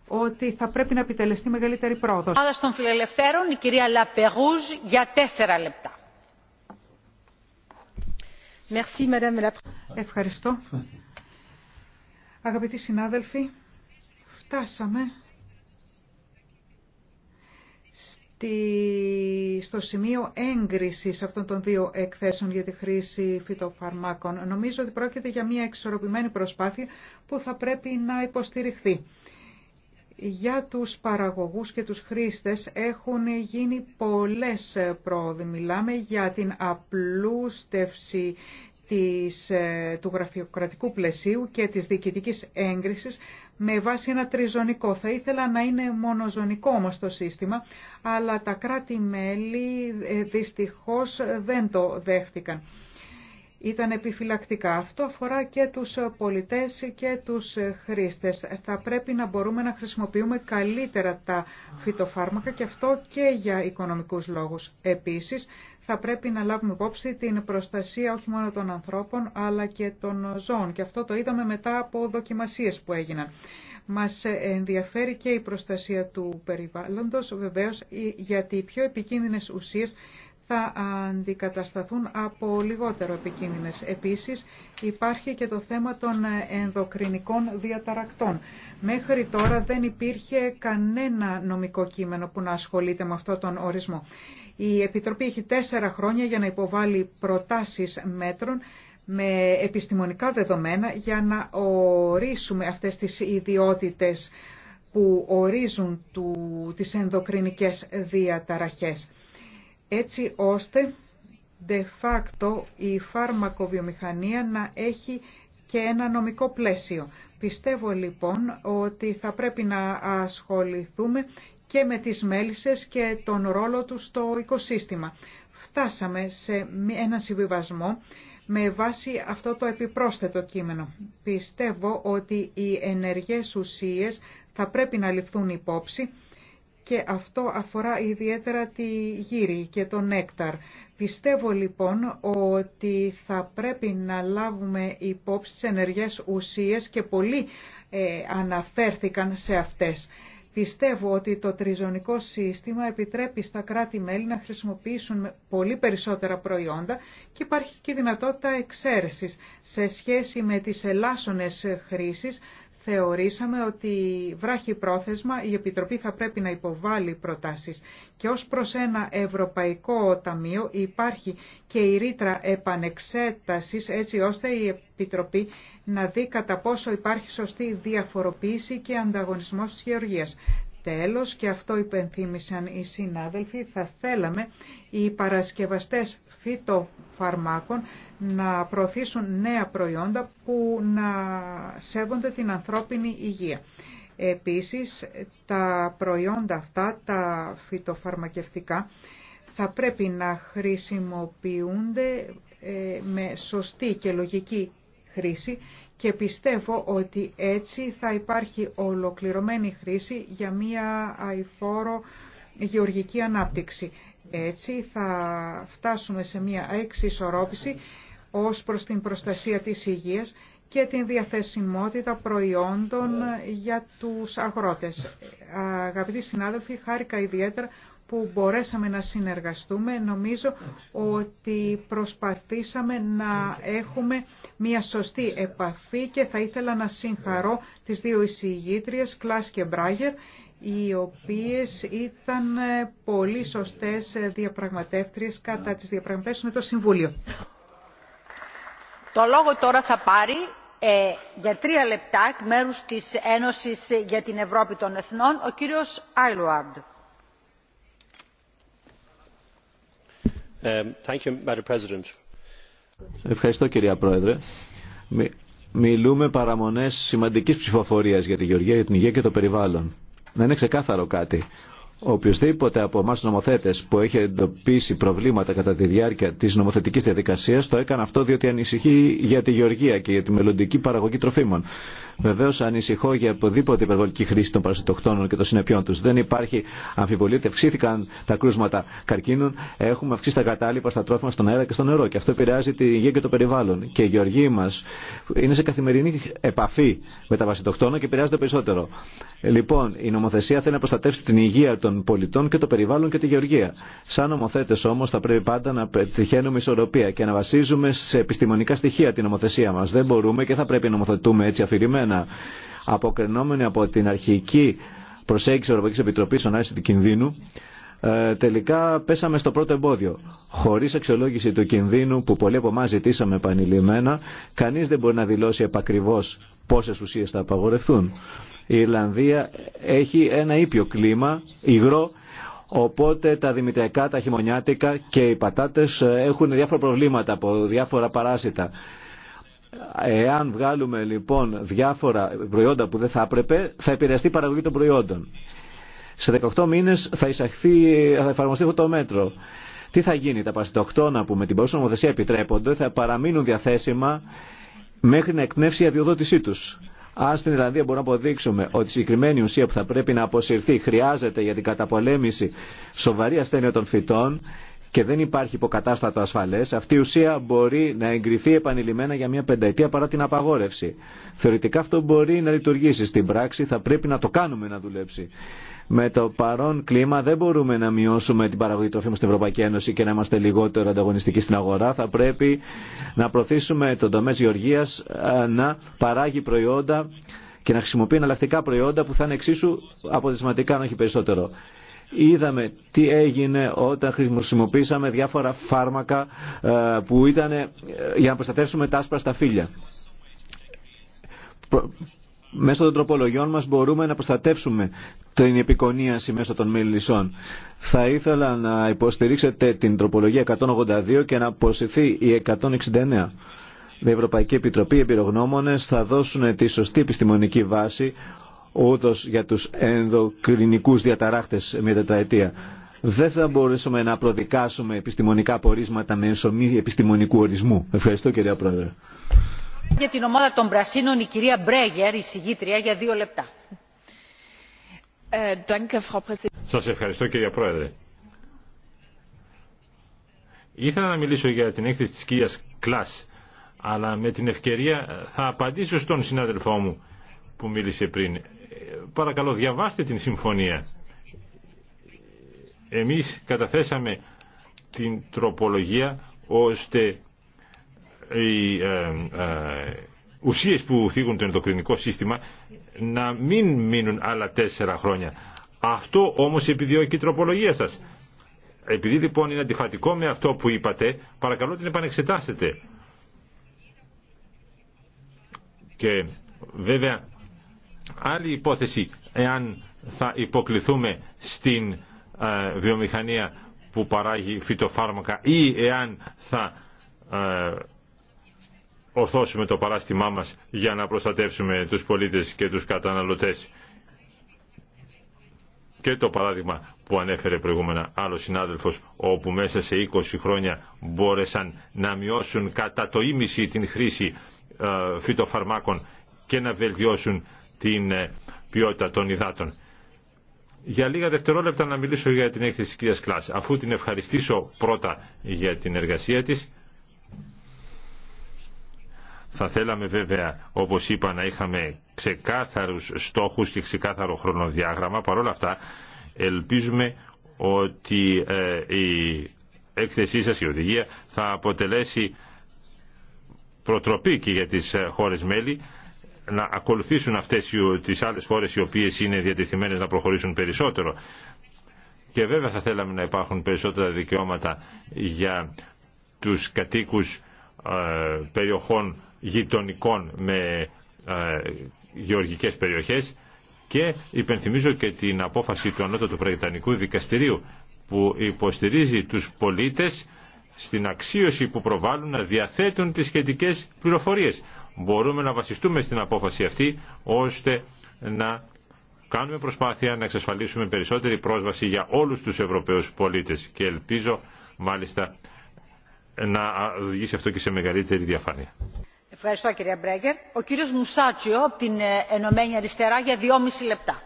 ότι θα πρέπει να επιτελεστεί μεγαλύτερη πρόοδος.
των κυρία
για τέσσερα Ευχαριστώ. Αγαπητοί συνάδελφοι, φτάσαμε στη... στο σημείο έγκρισης αυτών των δύο εκθέσεων για τη χρήση φυτοφαρμάκων. Νομίζω ότι πρόκειται για μια εξορροπημένη προσπάθεια που θα πρέπει να υποστηριχθεί. Για τους παραγωγούς και τους χρήστες έχουν γίνει πολλές πρόοδοι. Μιλάμε για την απλούστευση της, ε, του γραφειοκρατικού πλαισίου και της διοικητικής έγκρισης με βάση ένα τριζωνικό. Θα ήθελα να είναι μονοζωνικό όμως το σύστημα, αλλά τα κράτη-μέλη ε, δυστυχώς δεν το δέχτηκαν. Ήταν επιφυλακτικά. Αυτό αφορά και τους πολιτές και τους χρήστες. Θα πρέπει να μπορούμε να χρησιμοποιούμε καλύτερα τα φυτοφάρμακα και αυτό και για οικονομικούς λόγους. Επίσης, θα πρέπει να λάβουμε υπόψη την προστασία όχι μόνο των ανθρώπων αλλά και των ζώων. Και αυτό το είδαμε μετά από δοκιμασίες που έγιναν. Μας ενδιαφέρει και η προστασία του περιβάλλοντος βεβαίως γιατί οι πιο επικίνδυνες ουσίες θα αντικατασταθούν από λιγότερο επικίνδυνες. Επίσης υπάρχει και το θέμα των ενδοκρινικών διαταρακτών. Μέχρι τώρα δεν υπήρχε κανένα νομικό κείμενο που να ασχολείται με αυτό τον ορισμό. Η Επιτροπή έχει τέσσερα χρόνια για να υποβάλει προτάσεις μέτρων με επιστημονικά δεδομένα για να ορίσουμε αυτές τις ιδιότητες που ορίζουν του, τις ενδοκρινικές διαταραχές. Έτσι ώστε, de facto, η φάρμακοβιομηχανία να έχει και ένα νομικό πλαίσιο. Πιστεύω λοιπόν ότι θα πρέπει να ασχοληθούμε και με τις μέλισσες και τον ρόλο του στο οικοσύστημα. Φτάσαμε σε ένα συμβιβασμό με βάση αυτό το επιπρόσθετο κείμενο. Πιστεύω ότι οι ενεργές ουσίες θα πρέπει να ληφθούν υπόψη και αυτό αφορά ιδιαίτερα τη γύρι και τον νέκταρ. Πιστεύω λοιπόν ότι θα πρέπει να λάβουμε υπόψη τις ενεργές ουσίες και πολλοί ε, αναφέρθηκαν σε αυτές. Πιστεύω ότι το τριζωνικό σύστημα επιτρέπει στα κράτη-μέλη να χρησιμοποιήσουν πολύ περισσότερα προϊόντα και υπάρχει και δυνατότητα εξαίρεσης σε σχέση με τις ελάσσονες χρήσεις θεωρήσαμε ότι βράχει πρόθεσμα η Επιτροπή θα πρέπει να υποβάλει προτάσεις και ως προς ένα Ευρωπαϊκό Ταμείο υπάρχει και η ρήτρα επανεξέτασης έτσι ώστε η Επιτροπή να δει κατά πόσο υπάρχει σωστή διαφοροποίηση και ανταγωνισμός της γεωργίας. Τέλος, και αυτό υπενθύμησαν οι συνάδελφοι, θα θέλαμε οι παρασκευαστές φυτοφαρμάκων να προωθήσουν νέα προϊόντα που να σέβονται την ανθρώπινη υγεία. Επίσης, τα προϊόντα αυτά, τα φυτοφαρμακευτικά, θα πρέπει να χρησιμοποιούνται ε, με σωστή και λογική χρήση και πιστεύω ότι έτσι θα υπάρχει ολοκληρωμένη χρήση για μία αηφόρο γεωργική ανάπτυξη. Έτσι θα φτάσουμε σε μια εξισορρόπηση ως προς την προστασία της υγείας και την διαθεσιμότητα προϊόντων για τους αγρότες. Αγαπητοί συνάδελφοι, χάρηκα ιδιαίτερα που μπορέσαμε να συνεργαστούμε. Νομίζω ότι προσπαθήσαμε να έχουμε μια σωστή επαφή και θα ήθελα να συγχαρώ τις δύο εισηγήτριες, Κλάς και Μπράγερ, οι οποίες ήταν πολύ σωστές διαπραγματεύτριες κατά τις διαπραγματεύσεις με το Συμβούλιο.
Το λόγο τώρα θα πάρει ε, για τρία λεπτά εκ μέρους της Ένωσης για την Ευρώπη των Εθνών ο κύριος Άιλουαρντ.
Ε, Ευχαριστώ κυρία Πρόεδρε. Μιλούμε παραμονές σημαντικής ψηφοφορίας για τη Γεωργία, για την Υγεία και το περιβάλλον να είναι ξεκάθαρο κάτι. Οποιοδήποτε από εμά του νομοθέτε που έχει εντοπίσει προβλήματα κατά τη διάρκεια τη νομοθετική διαδικασία το έκανε αυτό διότι ανησυχεί για τη γεωργία και για τη μελλοντική παραγωγή τροφίμων. Βεβαίω ανησυχώ για οπουδήποτε υπερβολική χρήση των παρασυντοκτώνων και των συνεπειών του. Δεν υπάρχει αμφιβολία ότι αυξήθηκαν τα κρούσματα καρκίνων. Έχουμε αυξήσει τα κατάλοιπα στα τρόφιμα, στον αέρα και στο νερό. Και αυτό επηρεάζει τη υγεία και το περιβάλλον. Και η γεωργοί μα είναι σε καθημερινή επαφή με τα βασιτοκτόνα και επηρεάζεται περισσότερο. Λοιπόν, η νομοθεσία θέλει να προστατεύσει την υγεία των πολιτών και το περιβάλλον και τη γεωργία. Σαν νομοθέτε όμω θα πρέπει πάντα να πετυχαίνουμε ισορροπία και να βασίζουμε σε επιστημονικά στοιχεία την νομοθεσία μα. Δεν μπορούμε και θα πρέπει να νομοθετούμε έτσι αφηρημένα συγκεκριμένα Αποκρινόμενοι από την αρχική προσέγγιση της Ευρωπαϊκής Επιτροπής ανάλυση του κινδύνου, ε, τελικά πέσαμε στο πρώτο εμπόδιο. Χωρίς αξιολόγηση του κινδύνου που πολλοί από εμάς ζητήσαμε επανειλημμένα, κανείς δεν μπορεί να δηλώσει επακριβώς πόσες ουσίες θα απαγορευτούν. Η Ιρλανδία έχει ένα ήπιο κλίμα, υγρό, Οπότε τα δημητριακά, τα χειμωνιάτικα και οι πατάτες ε, έχουν διάφορα προβλήματα από διάφορα παράσιτα. Εάν βγάλουμε λοιπόν διάφορα προϊόντα που δεν θα έπρεπε, θα επηρεαστεί η παραγωγή των προϊόντων. Σε 18 μήνε θα, εισαχθεί, θα εφαρμοστεί αυτό το μέτρο. Τι θα γίνει, τα παρασιτοκτόνα που με την παρούσα νομοθεσία επιτρέπονται θα παραμείνουν διαθέσιμα μέχρι να εκπνεύσει η αδειοδότησή τους. Αν στην Ιρλανδία μπορούμε να αποδείξουμε ότι η συγκεκριμένη ουσία που θα πρέπει να αποσυρθεί χρειάζεται για την καταπολέμηση σοβαρή ασθένεια των φυτών, και δεν υπάρχει υποκατάστατο ασφαλέ. αυτή η ουσία μπορεί να εγκριθεί επανειλημμένα για μια πενταετία παρά την απαγόρευση. Θεωρητικά αυτό μπορεί να λειτουργήσει στην πράξη, θα πρέπει να το κάνουμε να δουλέψει. Με το παρόν κλίμα δεν μπορούμε να μειώσουμε την παραγωγή τροφίμων στην Ευρωπαϊκή Ένωση και να είμαστε λιγότερο ανταγωνιστικοί στην αγορά. Θα πρέπει να προωθήσουμε τον τομέα γεωργία να παράγει προϊόντα και να χρησιμοποιεί εναλλακτικά προϊόντα που θα είναι εξίσου αποτελεσματικά, αν όχι περισσότερο. Είδαμε τι έγινε όταν χρησιμοποίησαμε διάφορα φάρμακα ε, που ήταν ε, για να προστατεύσουμε τα άσπρα στα φύλλα. Μέσω των τροπολογιών μας μπορούμε να προστατεύσουμε την επικονίαση μέσω των μελισσών. Θα ήθελα να υποστηρίξετε την τροπολογία 182 και να αποσυθεί η 169. Η Ευρωπαϊκή Επιτροπή Εμπειρογνώμονες θα δώσουν τη σωστή επιστημονική βάση ούτως για τους ενδοκρινικούς διαταράχτες με τετραετία. Δεν θα μπορούσαμε να προδικάσουμε επιστημονικά πορίσματα με ενσωμή επιστημονικού ορισμού. Ευχαριστώ κυρία Πρόεδρε.
Για την ομάδα των Πρασίνων η κυρία Μπρέγερ, για δύο λεπτά. Ε,
Σας ευχαριστώ
κυρία Πρόεδρε. Ήθελα να μιλήσω για την έκθεση της κυρίας Κλάς, αλλά με την ευκαιρία θα απαντήσω στον συνάδελφό μου που μίλησε πριν παρακαλώ διαβάστε την συμφωνία. Εμείς καταθέσαμε την τροπολογία ώστε οι ε, ε, ουσίες που θίγουν το ενδοκρινικό σύστημα να μην μείνουν άλλα τέσσερα χρόνια. Αυτό όμως επιδιώκει η τροπολογία σας. Επειδή λοιπόν είναι αντιφατικό με αυτό που είπατε, παρακαλώ την επανεξετάσετε. Και βέβαια Άλλη υπόθεση, εάν θα υποκληθούμε στην ε, βιομηχανία που παράγει φυτοφάρμακα ή εάν θα ε, ορθώσουμε το παράστημά μας για να προστατεύσουμε τους πολίτες και τους καταναλωτές. Και το παράδειγμα που ανέφερε προηγούμενα άλλος συνάδελφος, όπου μέσα σε 20 χρόνια μπόρεσαν να μειώσουν κατά το ίμιση την χρήση ε, φυτοφαρμάκων και να βελτιώσουν την ε, ποιότητα των υδάτων. Για λίγα δευτερόλεπτα να μιλήσω για την έκθεση της κυρίας Κλάς. Αφού την ευχαριστήσω πρώτα για την εργασία της, θα θέλαμε βέβαια, όπως είπα, να είχαμε ξεκάθαρους στόχους και ξεκάθαρο χρονοδιάγραμμα. Παρ' όλα αυτά, ελπίζουμε ότι ε, η έκθεσή σας, η οδηγία, θα αποτελέσει προτροπή και για τις ε, χώρες μέλη να ακολουθήσουν αυτές τις άλλες χώρες οι οποίες είναι διατεθειμένες να προχωρήσουν περισσότερο. Και βέβαια θα θέλαμε να υπάρχουν περισσότερα δικαιώματα για τους κατοίκους ε, περιοχών γειτονικών με ε, γεωργικές περιοχές και υπενθυμίζω και την απόφαση του Ανώτατου Βρετανικού Δικαστηρίου που υποστηρίζει τους πολίτες στην αξίωση που προβάλλουν να διαθέτουν τις σχετικές πληροφορίες μπορούμε να βασιστούμε στην απόφαση αυτή ώστε να κάνουμε προσπάθεια να εξασφαλίσουμε περισσότερη πρόσβαση για όλους τους Ευρωπαίους πολίτες και ελπίζω μάλιστα να οδηγήσει αυτό και σε μεγαλύτερη διαφάνεια.
Ευχαριστώ κυρία Μπρέγκερ. Ο κύριος Μουσάτσιο από την ε, Ενωμένη Αριστερά για δυόμιση λεπτά.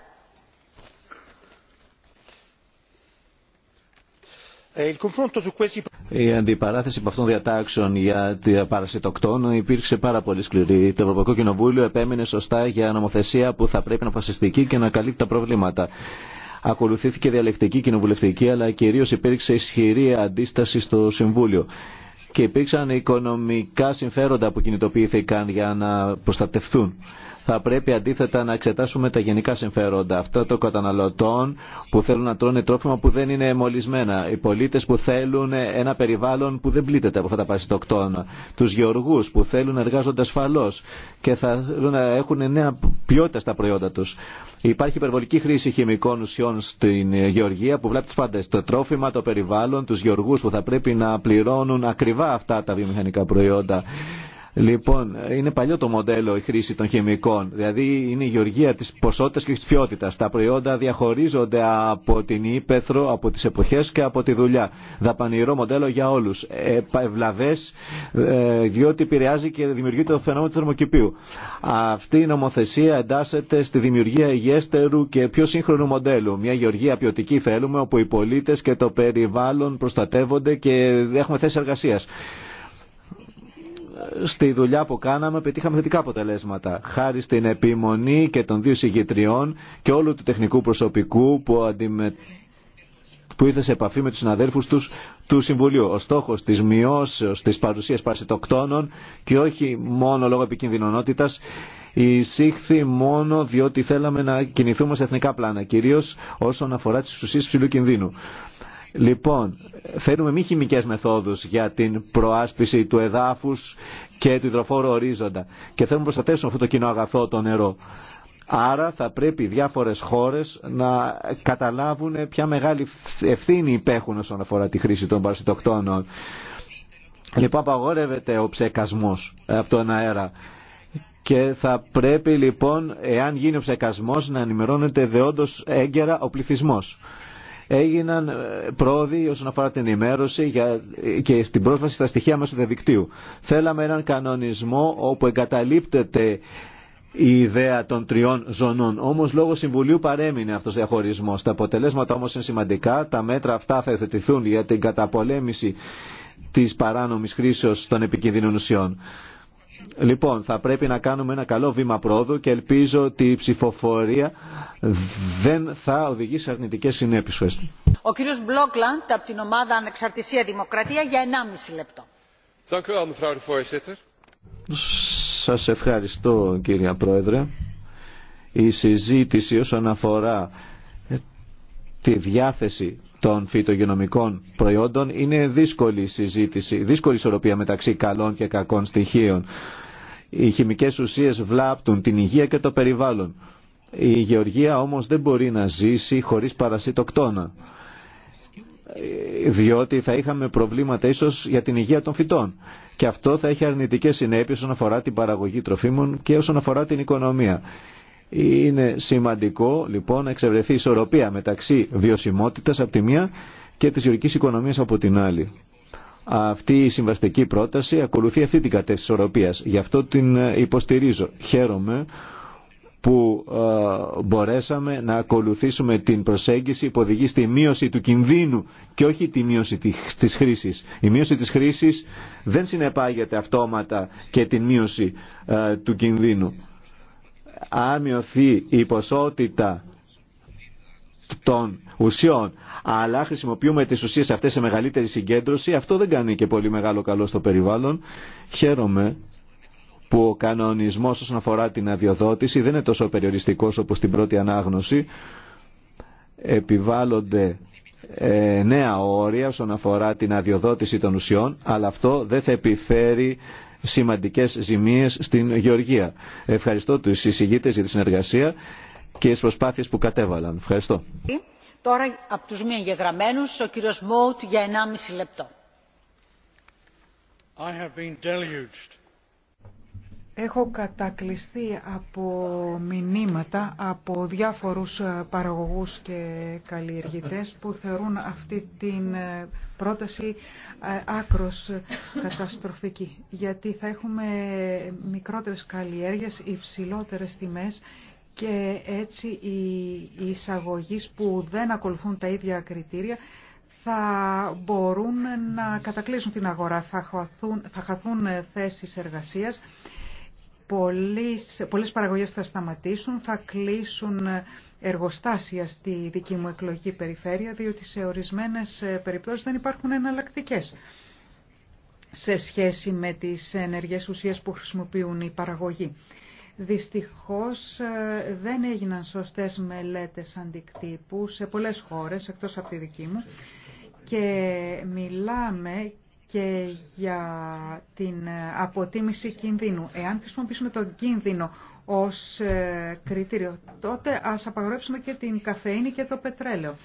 Ε, η αντιπαράθεση από αυτών διατάξεων για την παρασιτοκτόνο υπήρξε πάρα πολύ σκληρή. Το Ευρωπαϊκό Κοινοβούλιο επέμεινε σωστά για νομοθεσία που θα πρέπει να φασιστική και να καλύπτει τα προβλήματα. Ακολουθήθηκε διαλεκτική κοινοβουλευτική, αλλά κυρίω υπήρξε ισχυρή αντίσταση στο Συμβούλιο. Και υπήρξαν οικονομικά συμφέροντα που κινητοποιήθηκαν για να προστατευτούν θα πρέπει αντίθετα να εξετάσουμε τα γενικά συμφέροντα. Αυτό το καταναλωτών που θέλουν να τρώνε τρόφιμα που δεν είναι μολυσμένα. Οι πολίτε που θέλουν ένα περιβάλλον που δεν πλήττεται από αυτά τα παρασιτοκτόνα. Του γεωργού που θέλουν να εργάζονται ασφαλώ και θα θέλουν να έχουν νέα ποιότητα στα προϊόντα του. Υπάρχει υπερβολική χρήση χημικών ουσιών στην γεωργία που βλέπει του πάντε. Το τρόφιμα, το περιβάλλον, του γεωργού που θα πρέπει να πληρώνουν ακριβά αυτά τα βιομηχανικά προϊόντα. Λοιπόν, είναι παλιό το μοντέλο η χρήση των χημικών. Δηλαδή είναι η γεωργία της ποσότητας και της ποιότητας. Τα προϊόντα διαχωρίζονται από την ύπεθρο, από τις εποχές και από τη δουλειά. Δαπανηρό μοντέλο για όλους. Ευλαβές, ε, διότι επηρεάζει και δημιουργεί το φαινόμενο του θερμοκηπίου. Αυτή η νομοθεσία εντάσσεται στη δημιουργία υγιέστερου και πιο σύγχρονου μοντέλου. Μια γεωργία ποιοτική θέλουμε, όπου οι πολίτες και το περιβάλλον προστατεύονται και έχουμε θέσει εργασία στη δουλειά που κάναμε πετύχαμε θετικά αποτελέσματα. Χάρη στην επιμονή και των δύο συγγετριών και όλου του τεχνικού προσωπικού που, αντιμε... που ήρθε σε επαφή με τους συναδέλφους τους του Συμβουλίου. Ο στόχος της μειώσεως της παρουσίας παρσιτοκτόνων και όχι μόνο λόγω επικινδυνονότητας εισήχθη μόνο διότι θέλαμε να κινηθούμε σε εθνικά πλάνα, κυρίως όσον αφορά τις ουσίες ψηλού κινδύνου. Λοιπόν, θέλουμε μη χημικές μεθόδους για την προάσπιση του εδάφους και του υδροφόρου ορίζοντα και θέλουμε να προστατεύσουμε αυτό το κοινό αγαθό το νερό. Άρα θα πρέπει οι διάφορες χώρες να καταλάβουν ποια μεγάλη ευθύνη υπέχουν όσον αφορά τη χρήση των παρασιτοκτόνων. Λοιπόν, απαγορεύεται ο ψεκασμός από τον αέρα. Και θα πρέπει λοιπόν, εάν γίνει ο ψεκασμός, να ενημερώνεται δεόντως έγκαιρα ο πληθυσμός έγιναν ε, πρόοδοι όσον αφορά την ενημέρωση και στην πρόσβαση στα στοιχεία μέσω του διαδικτύου. Θέλαμε έναν κανονισμό όπου εγκαταλείπτεται η ιδέα των τριών ζωνών. Όμω λόγω Συμβουλίου παρέμεινε αυτό ο διαχωρισμό. Τα αποτελέσματα όμω είναι σημαντικά. Τα μέτρα αυτά θα εθετηθούν για την καταπολέμηση τη παράνομη χρήσεω των επικίνδυνων ουσιών. Λοιπόν, θα πρέπει να κάνουμε ένα καλό βήμα πρόοδου και ελπίζω ότι η ψηφοφορία δεν θα οδηγήσει σε αρνητικές συνέπειες.
Ο κύριος Μπλόκλαντ από την ομάδα Ανεξαρτησία Δημοκρατία για 1,5 λεπτό.
Σας ευχαριστώ κύριε Πρόεδρε. Η συζήτηση όσον αφορά τη διάθεση των φυτογενομικών προϊόντων είναι δύσκολη συζήτηση, δύσκολη ισορροπία μεταξύ καλών και κακών στοιχείων. Οι χημικές ουσίες βλάπτουν την υγεία και το περιβάλλον. Η γεωργία όμως δεν μπορεί να ζήσει χωρίς παρασιτοκτόνα διότι θα είχαμε προβλήματα ίσως για την υγεία των φυτών. Και αυτό θα έχει αρνητικές συνέπειες όσον αφορά την παραγωγή τροφίμων και όσον αφορά την οικονομία. Είναι σημαντικό λοιπόν να εξευρεθεί ισορροπία μεταξύ βιωσιμότητας από τη μία και της γεωρικής οικονομίας από την άλλη. Αυτή η συμβαστική πρόταση ακολουθεί αυτή την κατεύθυνση ισορροπίας. Γι' αυτό την ε, υποστηρίζω. Χαίρομαι που ε, μπορέσαμε να ακολουθήσουμε την προσέγγιση που οδηγεί στη μείωση του κινδύνου και όχι τη μείωση της χρήσης. Η μείωση της χρήσης δεν συνεπάγεται αυτόματα και την μείωση ε, του κινδύνου αν μειωθεί η ποσότητα των ουσιών, αλλά χρησιμοποιούμε τις ουσίες αυτές σε μεγαλύτερη συγκέντρωση, αυτό δεν κάνει και πολύ μεγάλο καλό στο περιβάλλον. Χαίρομαι που ο κανονισμός όσον αφορά την αδειοδότηση δεν είναι τόσο περιοριστικός όπως στην πρώτη ανάγνωση. Επιβάλλονται ε, νέα όρια όσον αφορά την αδειοδότηση των ουσιών, αλλά αυτό δεν θα επιφέρει σημαντικές ζημίες στην Γεωργία. Ευχαριστώ τους συζητητές για τη συνεργασία και τις προσπάθειες που κατέβαλαν. Ευχαριστώ.
Τώρα από τους μη εγγεγραμμένους, ο κύριος Μόουτ για 1,5 λεπτό.
I have been deluged
Έχω κατακλειστεί από μηνύματα από διάφορους ε, παραγωγούς και καλλιεργητές που θεωρούν αυτή την ε, πρόταση ε, άκρος καταστροφική. Γιατί θα έχουμε μικρότερες καλλιέργειες, υψηλότερες τιμές και έτσι οι εισαγωγείς που δεν ακολουθούν τα ίδια κριτήρια θα μπορούν να κατακλείσουν την αγορά, θα χαθούν, θα χαθούν θέσεις εργασίας πολλές, πολλές παραγωγές θα σταματήσουν, θα κλείσουν εργοστάσια στη δική μου εκλογική περιφέρεια, διότι σε ορισμένες ε, περιπτώσεις δεν υπάρχουν εναλλακτικέ σε σχέση με τις ενεργές ουσίες που χρησιμοποιούν οι παραγωγοί. Δυστυχώς ε, δεν έγιναν σωστές μελέτες αντικτύπου σε πολλές χώρες, εκτός από τη δική μου, και μιλάμε και για την αποτίμηση κινδύνου. Εάν χρησιμοποιήσουμε τον κίνδυνο ως ε, κριτήριο, τότε ας απαγορεύσουμε και την καφέινη και το πετρέλαιο.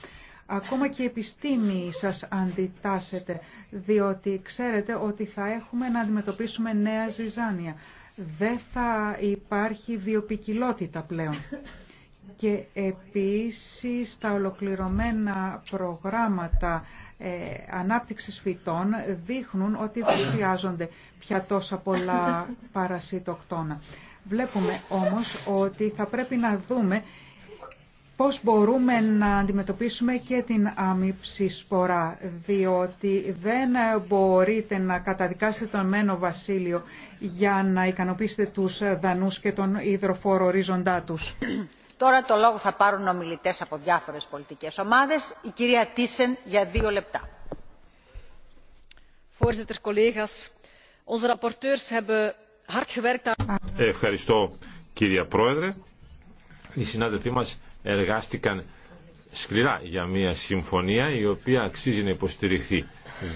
Ακόμα και η επιστήμη σας αντιτάσσεται, διότι ξέρετε ότι θα έχουμε να αντιμετωπίσουμε νέα ζυζάνια. Δεν θα υπάρχει βιοπικιλότητα πλέον και επίσης τα ολοκληρωμένα προγράμματα ε, ανάπτυξης φυτών δείχνουν ότι δεν χρειάζονται πια τόσα πολλά παρασιτοκτόνα. Βλέπουμε όμως ότι θα πρέπει να δούμε πώς μπορούμε να αντιμετωπίσουμε και την άμυψη σπορά, διότι δεν μπορείτε να καταδικάσετε τον Μένο Βασίλειο για να ικανοποιήσετε τους δανούς και τον υδροφόρο ορίζοντά τους.
Τώρα το λόγο θα πάρουν ομιλητές από διάφορες πολιτικές ομάδες. Η κυρία Τίσεν για δύο λεπτά.
Ε, ευχαριστώ κυρία Πρόεδρε. Οι συνάδελφοί μας εργάστηκαν σκληρά για μια συμφωνία η οποία αξίζει να υποστηριχθεί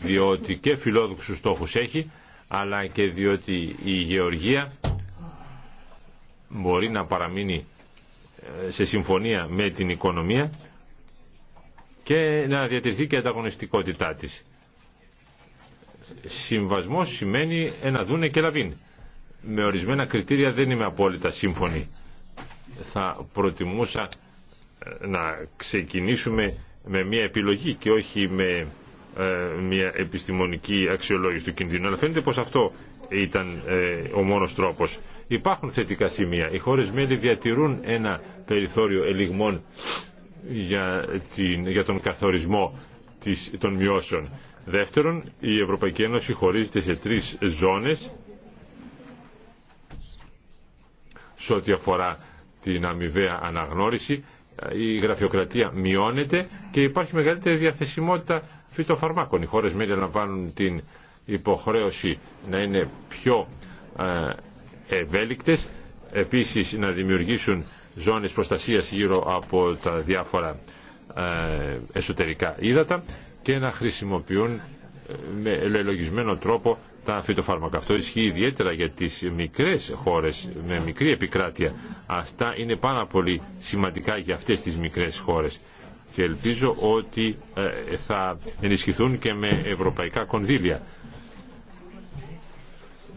διότι και φιλόδοξους στόχους έχει αλλά και διότι η γεωργία μπορεί να παραμείνει σε συμφωνία με την οικονομία και να διατηρηθεί και η ανταγωνιστικότητά της. Συμβασμός σημαίνει ένα δούνε και λαβίν. Με ορισμένα κριτήρια δεν είμαι απόλυτα σύμφωνη. Θα προτιμούσα ε, να ξεκινήσουμε με μια επιλογή και όχι με ε, μια επιστημονική αξιολόγηση του κινδύνου. Αλλά φαίνεται πως αυτό ήταν ε, ο μόνος τρόπος. Υπάρχουν θετικά σημεία. Οι χώρε μέλη διατηρούν ένα περιθώριο ελιγμών για, την, για τον καθορισμό της, των μειώσεων. Δεύτερον, η Ευρωπαϊκή Ένωση χωρίζεται σε τρεις ζώνες σε ό,τι αφορά την αμοιβαία αναγνώριση. Η γραφειοκρατία μειώνεται και υπάρχει μεγαλύτερη διαθεσιμότητα φυτοφαρμάκων. Οι χώρες μέλη λαμβάνουν την υποχρέωση να είναι πιο ε, ευέλικτες, επίσης να δημιουργήσουν ζώνες προστασίας γύρω από τα διάφορα ε, εσωτερικά ύδατα και να χρησιμοποιούν ε, με λελογισμένο τρόπο τα φυτοφάρμακα. Αυτό ισχύει ιδιαίτερα για τις μικρές χώρες με μικρή επικράτεια. Αυτά είναι πάρα πολύ σημαντικά για αυτές τις μικρές χώρες και ελπίζω ότι ε, θα ενισχυθούν και με ευρωπαϊκά κονδύλια.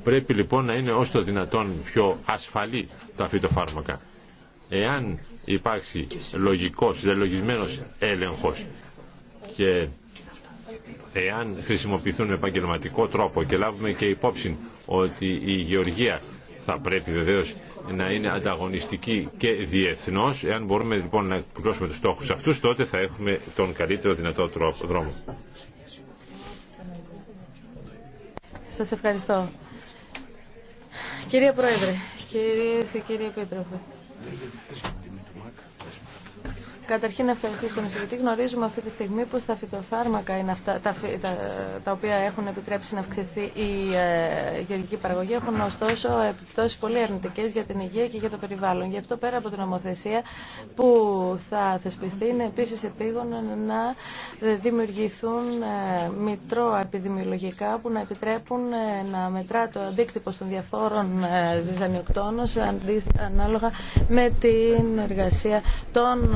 Πρέπει λοιπόν να είναι όσο το δυνατόν πιο ασφαλή τα φυτοφάρμακα. Εάν υπάρξει λογικός, δελογισμένος έλεγχος και εάν χρησιμοποιηθούν με επαγγελματικό τρόπο και λάβουμε και υπόψη ότι η γεωργία θα πρέπει βεβαίως να είναι ανταγωνιστική και διεθνώς. Εάν μπορούμε λοιπόν να κλώσουμε τους στόχους αυτούς, τότε θα έχουμε τον καλύτερο δυνατό τρόπο, δρόμο.
Σας ευχαριστώ. Κύριε Πρόεδρε, κυρίες και κύριοι Επίτροποι, Καταρχήν να ευχαριστήσω τον εισηγητή. Γνωρίζουμε αυτή τη στιγμή πως τα φυτοφάρμακα είναι αυτά, τα, τα, οποία έχουν επιτρέψει να αυξηθεί η ε, γεωργική παραγωγή έχουν ωστόσο επιπτώσει πολύ αρνητικέ για την υγεία και για το περιβάλλον. Γι' αυτό πέρα από την νομοθεσία που θα θεσπιστεί είναι επίση επίγον να δημιουργηθούν ε, μητρό επιδημιολογικά που να επιτρέπουν ε, να μετρά το αντίκτυπο των διαφόρων ε, ζυζανιοκτώνων ανάλογα με την εργασία των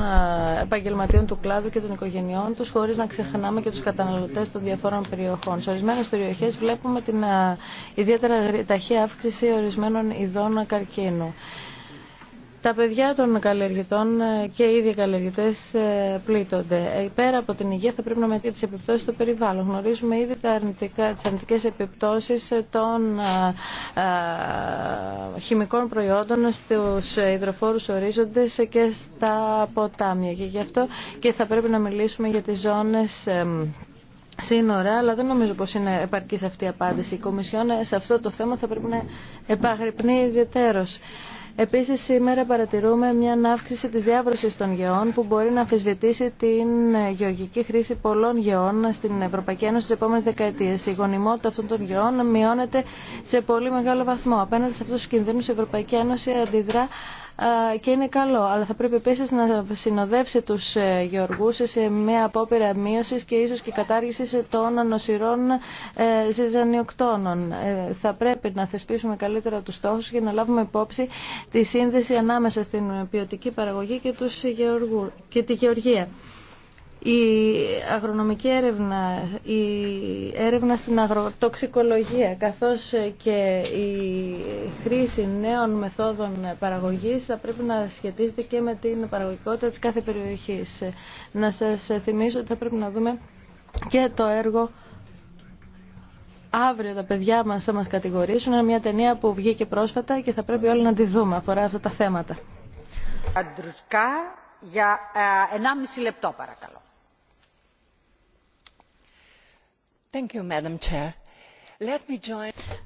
επαγγελματιών του κλάδου και των οικογενειών τους, χωρίς να ξεχνάμε και τους καταναλωτές των διαφόρων περιοχών. Σε ορισμένε περιοχές βλέπουμε την ε, ιδιαίτερα ταχεία αύξηση ορισμένων ειδών καρκίνου. Τα παιδιά των καλλιεργητών ε, και οι ίδιοι καλλιεργητέ ε, πλήττονται. Ε, πέρα από την υγεία θα πρέπει να μετρήσουμε τι επιπτώσει στο περιβάλλον. Γνωρίζουμε ήδη τι αρνητικέ επιπτώσει των χημικών προϊόντων στου υδροφόρου ορίζοντε και στα ποτάμια. Και γι' αυτό και θα πρέπει να μιλήσουμε για τι ζώνε σύνορα, αλλά δεν νομίζω πως είναι επαρκής αυτή η απάντηση. Η Κομισιόν σε αυτό το θέμα θα πρέπει να επαγρυπνεί ιδιαίτερος. Επίσης σήμερα παρατηρούμε μια αύξηση της διάβρωσης των γεών που μπορεί να αφισβητήσει την ε, γεωργική χρήση πολλών γεών στην Ευρωπαϊκή Ένωση στις επόμενες δεκαετίες. Η γονιμότητα αυτών των γεών μειώνεται σε πολύ μεγάλο βαθμό. Απέναντι σε αυτούς τους κινδύνους η Ευρωπαϊκή Ένωση αντιδρά και είναι καλό. Αλλά θα πρέπει επίση να συνοδεύσει του ε, γεωργού σε μια απόπειρα μείωση και ίσω και κατάργηση των ε, ζυζανιοκτώνων. Ε, θα πρέπει να θεσπίσουμε καλύτερα του στόχου για να λάβουμε υπόψη τη σύνδεση ανάμεσα στην ποιοτική παραγωγή και, τους γεωργού, και τη γεωργία η αγρονομική έρευνα, η έρευνα στην αγροτοξικολογία, καθώς και η χρήση νέων μεθόδων παραγωγής θα πρέπει να σχετίζεται και με την παραγωγικότητα της κάθε περιοχής. Να σας θυμίσω ότι θα πρέπει να δούμε και το έργο Αύριο τα παιδιά μας θα μας κατηγορήσουν. Είναι μια ταινία που βγήκε πρόσφατα και θα πρέπει όλοι να τη δούμε. Αφορά αυτά τα θέματα.
Αντρουσκά για 1,5 ε, λεπτό παρακαλώ.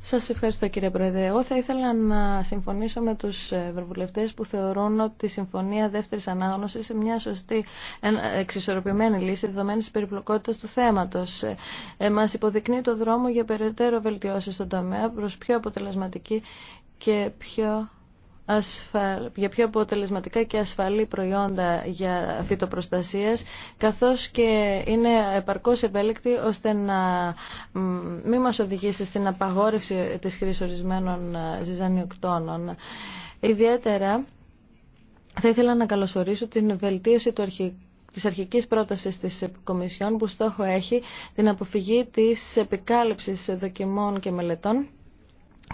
Σας ευχαριστώ κύριε Πρόεδρε. Εγώ θα ήθελα να συμφωνήσω με τους ευρωβουλευτές που θεωρούν ότι η Συμφωνία Δεύτερης Ανάγνωσης είναι μια σωστή εξισορροπημένη λύση δεδομένης της περιπλοκότητας του θέματος. Ε, μας υποδεικνύει το δρόμο για περαιτέρω βελτιώσεις στον τομέα προς πιο αποτελεσματική και πιο για πιο αποτελεσματικά και ασφαλή προϊόντα για φυτοπροστασίες καθώς και είναι επαρκώς ευέλικτη ώστε να μην μας οδηγήσει στην απαγόρευση της χρήσης ορισμένων ε, ζυζανιοκτώνων. Ιδιαίτερα θα ήθελα να καλωσορίσω την βελτίωση του αρχικού της αρχικής πρότασης της Κομισιόν που στόχο έχει την αποφυγή της επικάλυψης δοκιμών και μελετών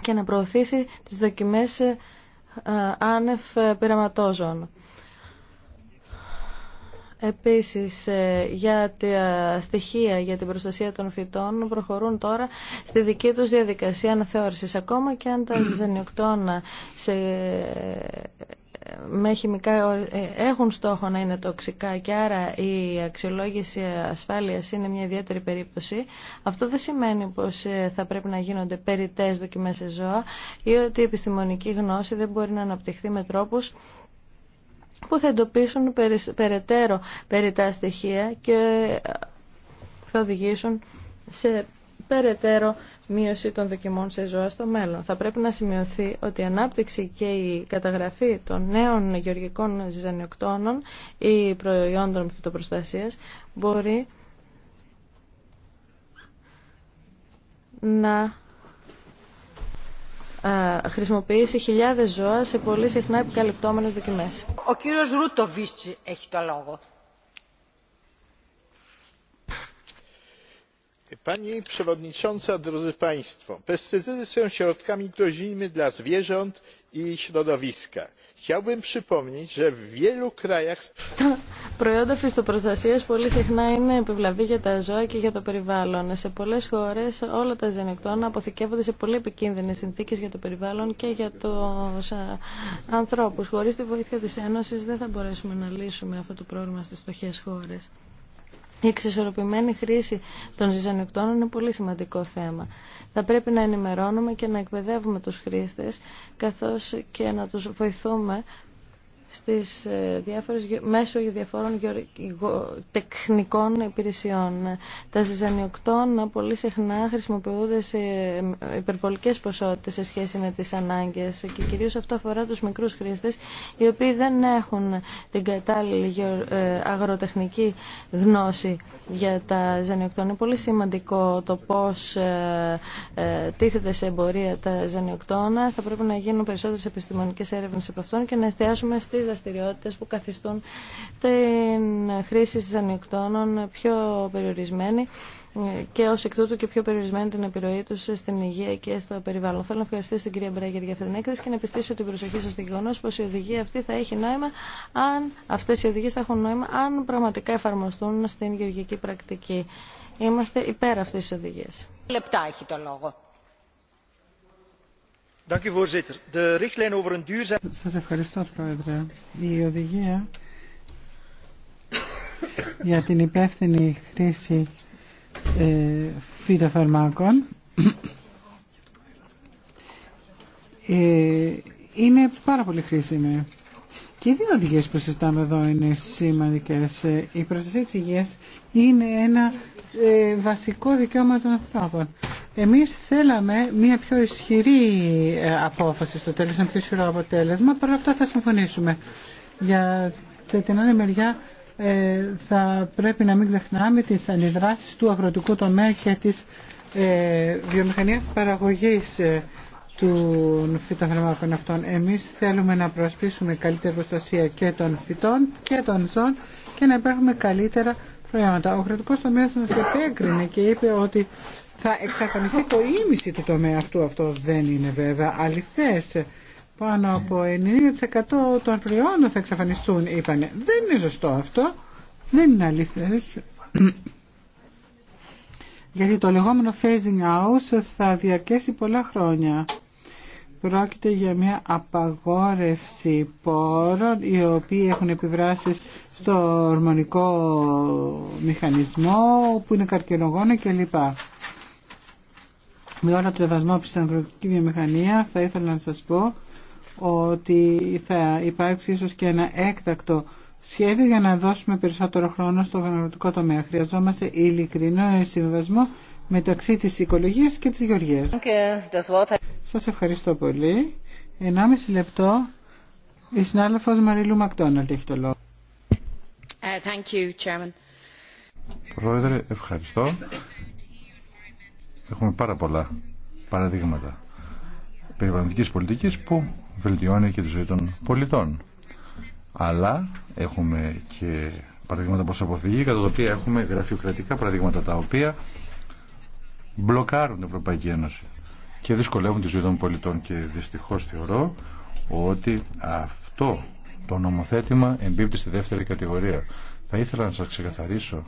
και να προωθήσει τις δοκιμές ε, άνευ ε, πειραματόζων. Επίσης, ε, για τα στοιχεία για την προστασία των φυτών προχωρούν τώρα στη δική τους διαδικασία αναθεώρησης. Ακόμα και αν τα ζενιοκτώνα σε με χημικά ε, έχουν στόχο να είναι τοξικά και άρα η αξιολόγηση ασφάλειας είναι μια ιδιαίτερη περίπτωση. Αυτό δεν σημαίνει πως ε, θα πρέπει να γίνονται περιττές δοκιμές σε ζώα ή ότι η επιστημονική γνώση δεν μπορεί να αναπτυχθεί με τρόπους που θα εντοπίσουν περαιτέρω περιτά στοιχεία και θα οδηγήσουν σε περαιτέρω μείωση των δοκιμών σε ζώα στο μέλλον. Θα πρέπει να σημειωθεί ότι η ανάπτυξη και η καταγραφή των νέων γεωργικών ζυζανιοκτώνων ή προϊόντων φυτοπροστασίας μπορεί να χρησιμοποιήσει χιλιάδες ζώα σε πολύ συχνά επικαλυπτόμενες δοκιμές.
Ο κύριος Ρούτοβιτς έχει το λόγο.
pani przewodnicząca! drodzy państwo! pestycydy są środkami groźnymi dla zwierząt i środowiska. chciałbym
προϊόντα πολύ συχνά είναι επιβλαβή για τα ζώα και για το σε πολλές χώρες όλα τα αποθηκεύονται σε πολύ για το περιβάλλον και για τους ανθρώπους. χωρίς τη βοήθεια της δεν θα μπορέσουμε να λύσουμε αυτό το πρόβλημα η εξισορροπημένη χρήση των ζυζανιοκτώνων είναι πολύ σημαντικό θέμα. Θα πρέπει να ενημερώνουμε και να εκπαιδεύουμε τους χρήστες καθώς και να τους βοηθούμε στις ε, διάφορες, μέσω διαφόρων τεχνικών υπηρεσιών. Τα ζυζανιοκτώνα πολύ συχνά χρησιμοποιούνται σε ε, υπερβολικές ποσότητες σε σχέση με τις ανάγκες και κυρίως αυτό αφορά τους μικρούς χρήστες οι οποίοι δεν έχουν την κατάλληλη ε, αγροτεχνική γνώση για τα ζυζανιοκτώνα. Είναι πολύ σημαντικό το πώς τίθεται σε εμπορία τα ζυζανιοκτώνα. Θα πρέπει να γίνουν περισσότερες επιστημονικές έρευνες από αυτόν και να εστιάσουμε στις δραστηριότητες που καθιστούν την χρήση συζανιοκτώνων πιο περιορισμένη και ω εκ τούτου και πιο περιορισμένη την επιρροή του στην υγεία και στο περιβάλλον. Θέλω να ευχαριστήσω την κυρία Μπρέγκερ για αυτή την έκθεση και να επιστήσω την προσοχή σα στο γεγονό πω η οδηγία αυτή θα έχει νόημα αν αυτέ οι οδηγίε θα έχουν νόημα αν πραγματικά εφαρμοστούν στην γεωργική πρακτική. Είμαστε υπέρ αυτή τη οδηγία.
Λεπτά έχει το λόγο.
Σας ευχαριστώ, Πρόεδρε. Η
οδηγία για την υπεύθυνη χρήση ε, φυτοφαρμάκων ε, είναι πάρα πολύ χρήσιμη. Και οι δύο οδηγίε που συζητάμε εδώ είναι σημαντικέ. Ε, η προστασία τη υγεία είναι ένα ε, βασικό δικαίωμα των ανθρώπων. Εμεί θέλαμε μια πιο ισχυρή ε, απόφαση στο τέλο, ένα πιο ισχυρό αποτέλεσμα. Παρ' αυτά θα συμφωνήσουμε. Για την άλλη μεριά θα πρέπει να μην ξεχνάμε τι αντιδράσει του αγροτικού τομέα και τη βιομηχανία παραγωγή των φυτοφαρμάκων αυτών. Εμείς θέλουμε να προσπίσουμε καλύτερη προστασία και των φυτών και των ζώων και να υπάρχουν καλύτερα προϊόντα. Ο κρατικός τομέας μας επέκρινε και είπε ότι θα εξαφανιστεί το ίμιση του τομέα αυτού. Αυτό δεν είναι βέβαια αληθές. Πάνω από 90% των προϊόντων θα εξαφανιστούν, είπανε. Δεν είναι ζωστό αυτό. Δεν είναι αληθές. Γιατί το λεγόμενο phasing out θα διαρκέσει πολλά χρόνια. Πρόκειται για μια απαγόρευση πόρων οι οποίοι έχουν επιβράσει στο ορμονικό μηχανισμό που είναι καρκινογόνο κλπ. Με όλο το σεβασμό στην αγροτική βιομηχανία θα ήθελα να σας πω ότι θα υπάρξει ίσως και ένα έκτακτο σχέδιο για να δώσουμε περισσότερο χρόνο στο αγροτικό τομέα. Χρειαζόμαστε ειλικρινό συμβασμό μεταξύ της οικολογίας και της γεωργίας. Σας ευχαριστώ πολύ. Ενάμιση λεπτό η συνάδελφος Μαριλού Μακτόναλτ έχει το λόγο.
Ε,
Πρόεδρε, ευχαριστώ. Έχουμε πάρα πολλά παραδείγματα περιβαλλοντικής πολιτικής που βελτιώνει και τη ζωή των πολιτών. Αλλά έχουμε και παραδείγματα προς αποφυγή, κατά τα οποία έχουμε γραφειοκρατικά παραδείγματα τα οποία μπλοκάρουν την Ευρωπαϊκή Ένωση και δυσκολεύουν τη ζωή των πολιτών και δυστυχώς θεωρώ ότι αυτό το νομοθέτημα εμπίπτει στη δεύτερη κατηγορία. Θα ήθελα να σας ξεκαθαρίσω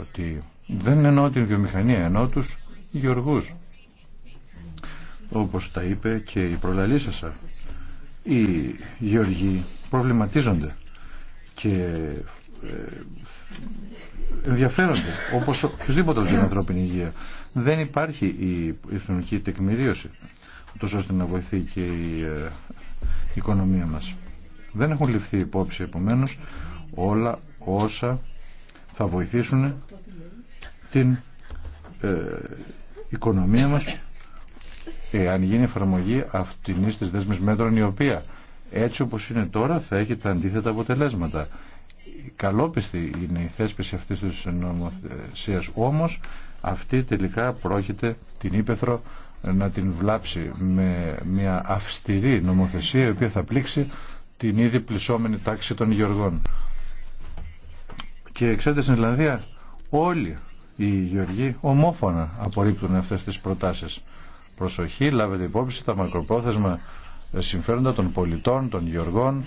ότι δεν εννοώ την βιομηχανία, εννοώ τους γεωργούς. Όπως τα είπε και η προλαλήσασα, οι γεωργοί προβληματίζονται και ε, ενδιαφέρονται όπως οποιοδήποτε για την ανθρώπινη υγεία. Δεν υπάρχει η εθνική τεκμηρίωση τόσο ώστε να βοηθεί και η ε, οικονομία μας. Δεν έχουν ληφθεί υπόψη επομένως όλα όσα θα βοηθήσουν την ε, οικονομία μας εάν γίνει εφαρμογή αυτήν της δέσμης μέτρων η οποία έτσι όπως είναι τώρα θα έχει τα αντίθετα αποτελέσματα καλόπιστη είναι η θέσπιση αυτής της νομοθεσίας όμως αυτή τελικά πρόκειται την Ήπεθρο να την βλάψει με μια αυστηρή νομοθεσία η οποία θα πλήξει την ήδη πλησόμενη τάξη των γεωργών. Και ξέρετε στην Ιρλανδία όλοι οι γεωργοί ομόφωνα απορρίπτουν αυτές τις προτάσεις. Προσοχή, λάβετε υπόψη τα μακροπρόθεσμα συμφέροντα των πολιτών, των γεωργών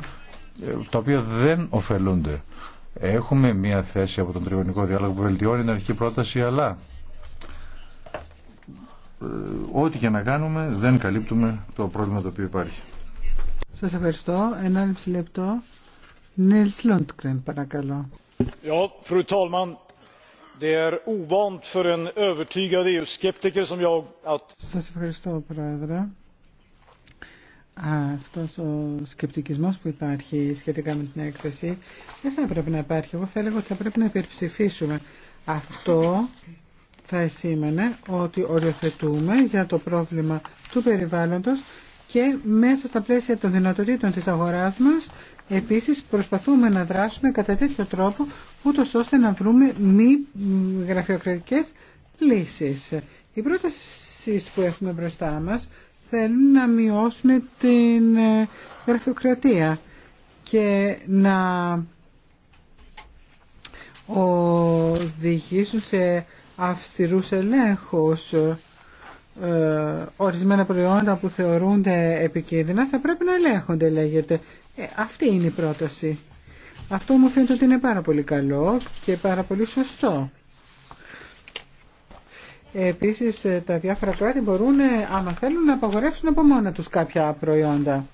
τα οποία δεν ωφελούνται. Έχουμε μία θέση από τον τριγωνικό διάλογο που βελτιώνει την αρχική πρόταση, αλλά ε, ό,τι και να κάνουμε δεν καλύπτουμε το πρόβλημα το οποίο υπάρχει.
Σας ευχαριστώ. Ένα λεπτό. Νίλς Λόντκρεν, παρακαλώ.
Ja, fru talman, det är ovant för en övertygad EU-skeptiker som jag att...
Σας ευχαριστώ, Πρόεδρε αυτός ο σκεπτικισμός που υπάρχει σχετικά με την έκθεση δεν θα έπρεπε να υπάρχει. Εγώ θα έλεγα ότι θα πρέπει να υπερψηφίσουμε. Αυτό θα σήμαινε ότι οριοθετούμε για το πρόβλημα του περιβάλλοντος και μέσα στα πλαίσια των δυνατοτήτων της αγοράς μας επίσης προσπαθούμε να δράσουμε κατά τέτοιο τρόπο ούτω ώστε να βρούμε μη γραφειοκρατικές λύσεις. Οι πρόταση που έχουμε μπροστά μας θέλουν να μειώσουν την ε, γραφειοκρατία και να οδηγήσουν σε αυστηρούς ελέγχους ε, ορισμένα προϊόντα που θεωρούνται επικίνδυνα θα πρέπει να ελέγχονται λέγεται. Ε, αυτή είναι η πρόταση. Αυτό μου φαίνεται ότι είναι πάρα πολύ καλό και πάρα πολύ σωστό. Επίσης ε, τα διάφορα κράτη μπορούν, άμα ε, θέλουν, να απαγορεύσουν από μόνα τους κάποια προϊόντα.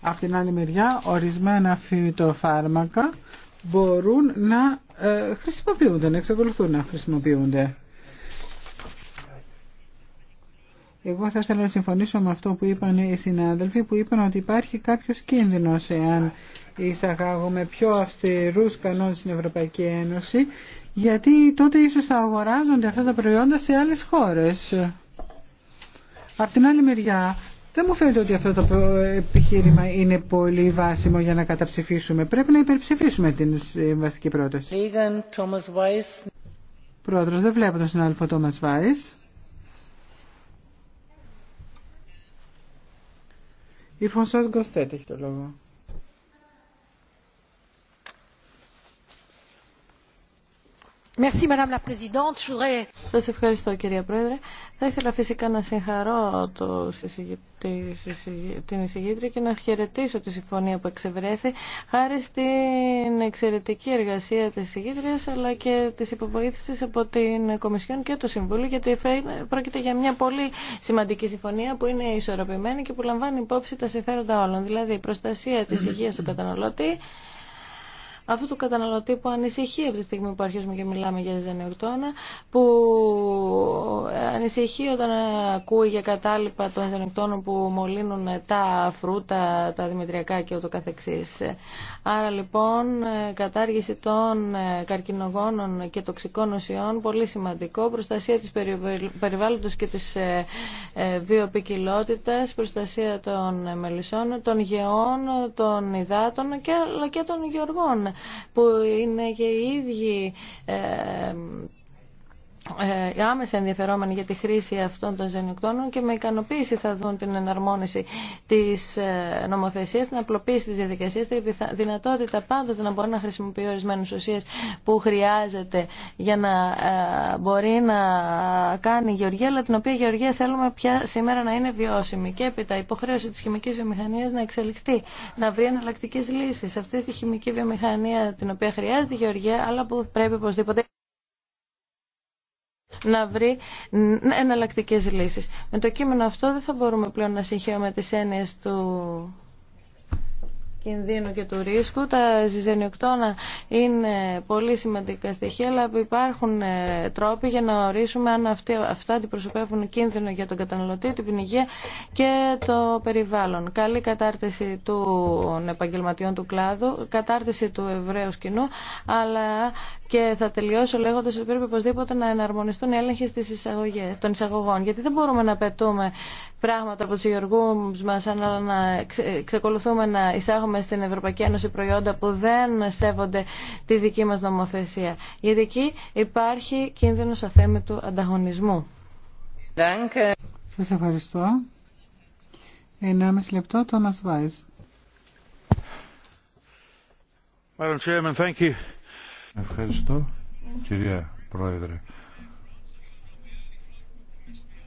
Από την άλλη μεριά, ορισμένα φυτοφάρμακα μπορούν να ε, χρησιμοποιούνται, να εξακολουθούν να χρησιμοποιούνται. Εγώ θα ήθελα να συμφωνήσω με αυτό που είπαν οι συνάδελφοι που είπαν ότι υπάρχει κάποιος κίνδυνος εάν εισαγάγουμε πιο αυστηρούς κανόνες στην Ευρωπαϊκή Ένωση γιατί τότε ίσως θα αγοράζονται αυτά τα προϊόντα σε άλλες χώρες. Απ' την άλλη μεριά δεν μου φαίνεται ότι αυτό το επιχείρημα είναι πολύ βάσιμο για να καταψηφίσουμε. Πρέπει να υπερψηφίσουμε την συμβαστική πρόταση. Reagan, Πρόεδρος, δεν βλέπω τον συνάδελφο Τόμας Βάις. Η Φωνσάς Γκοστέτ έχει το λόγο.
Σας ευχαριστώ κυρία Πρόεδρε. Θα ήθελα φυσικά να συγχαρώ το, την εισηγήτρια και να χαιρετήσω τη συμφωνία που εξευρέθη χάρη στην εξαιρετική εργασία της εισηγήτριας αλλά και της υποβοήθησης από την Κομισιόν και το Συμβούλιο γιατί πρόκειται για μια πολύ σημαντική συμφωνία που είναι ισορροπημένη και που λαμβάνει υπόψη τα συμφέροντα όλων δηλαδή η προστασία της υγείας του καταναλωτή αυτού του καταναλωτή που ανησυχεί από τη στιγμή που αρχίζουμε και μιλάμε για ζενεοκτώνα, που ανησυχεί όταν ακούει για κατάλοιπα των ζενεοκτώνων που μολύνουν τα φρούτα, τα δημητριακά και ούτω καθεξής. Άρα λοιπόν κατάργηση των καρκινογόνων και τοξικών ουσιών, πολύ σημαντικό, προστασία της περιβάλλοντος και της ε, ε, βιοπικιλότητας, προστασία των μελισσών, των γεών, των υδάτων και, αλλά και των γεωργών που είναι και οι ίδιοι ε, ε, άμεσα ενδιαφερόμενοι για τη χρήση αυτών των ζενιοκτώνων και με ικανοποίηση θα δουν την εναρμόνιση της ε, νομοθεσίας, την απλοποίηση της διαδικασίας, τη δυνατότητα πάντοτε να μπορεί να χρησιμοποιεί ορισμένε ουσίες που χρειάζεται για να ε, μπορεί να κάνει γεωργία, αλλά την οποία γεωργία θέλουμε πια σήμερα να είναι βιώσιμη. Και έπειτα υποχρέωση της χημικής βιομηχανίας να εξελιχθεί, να βρει εναλλακτικέ λύσεις. Αυτή τη χημική βιομηχανία την οποία χρειάζεται η γεωργία, αλλά που πρέπει οπωσδήποτε να βρει εναλλακτικέ λύσεις. Με το κείμενο αυτό δεν θα μπορούμε πλέον να συγχαίουμε τις έννοιες του κινδύνου και του ρίσκου. Τα ζυζενιοκτώνα είναι πολύ σημαντικά στοιχεία, αλλά υπάρχουν ε, τρόποι για να ορίσουμε αν αυτοί, αυτά αντιπροσωπεύουν κίνδυνο για τον καταναλωτή, την υγεία και το περιβάλλον. Καλή κατάρτιση των επαγγελματιών του κλάδου, κατάρτιση του ευρέως κοινού, αλλά και θα τελειώσω λέγοντα ότι πρέπει οπωσδήποτε να εναρμονιστούν οι έλεγχοι των εισαγωγών. Γιατί δεν μπορούμε να πετούμε πράγματα από του γεωργού μα, αλλά να ξεκολουθούμε να εισάγουμε στην Ευρωπαϊκή Ένωση προϊόντα που δεν σέβονται τη δική μα νομοθεσία. Γιατί εκεί υπάρχει κίνδυνο αθέμητου ανταγωνισμού. Σα ευχαριστώ. λεπτό,
Madam Chairman, thank you. Ευχαριστώ, κυρία Πρόεδρε.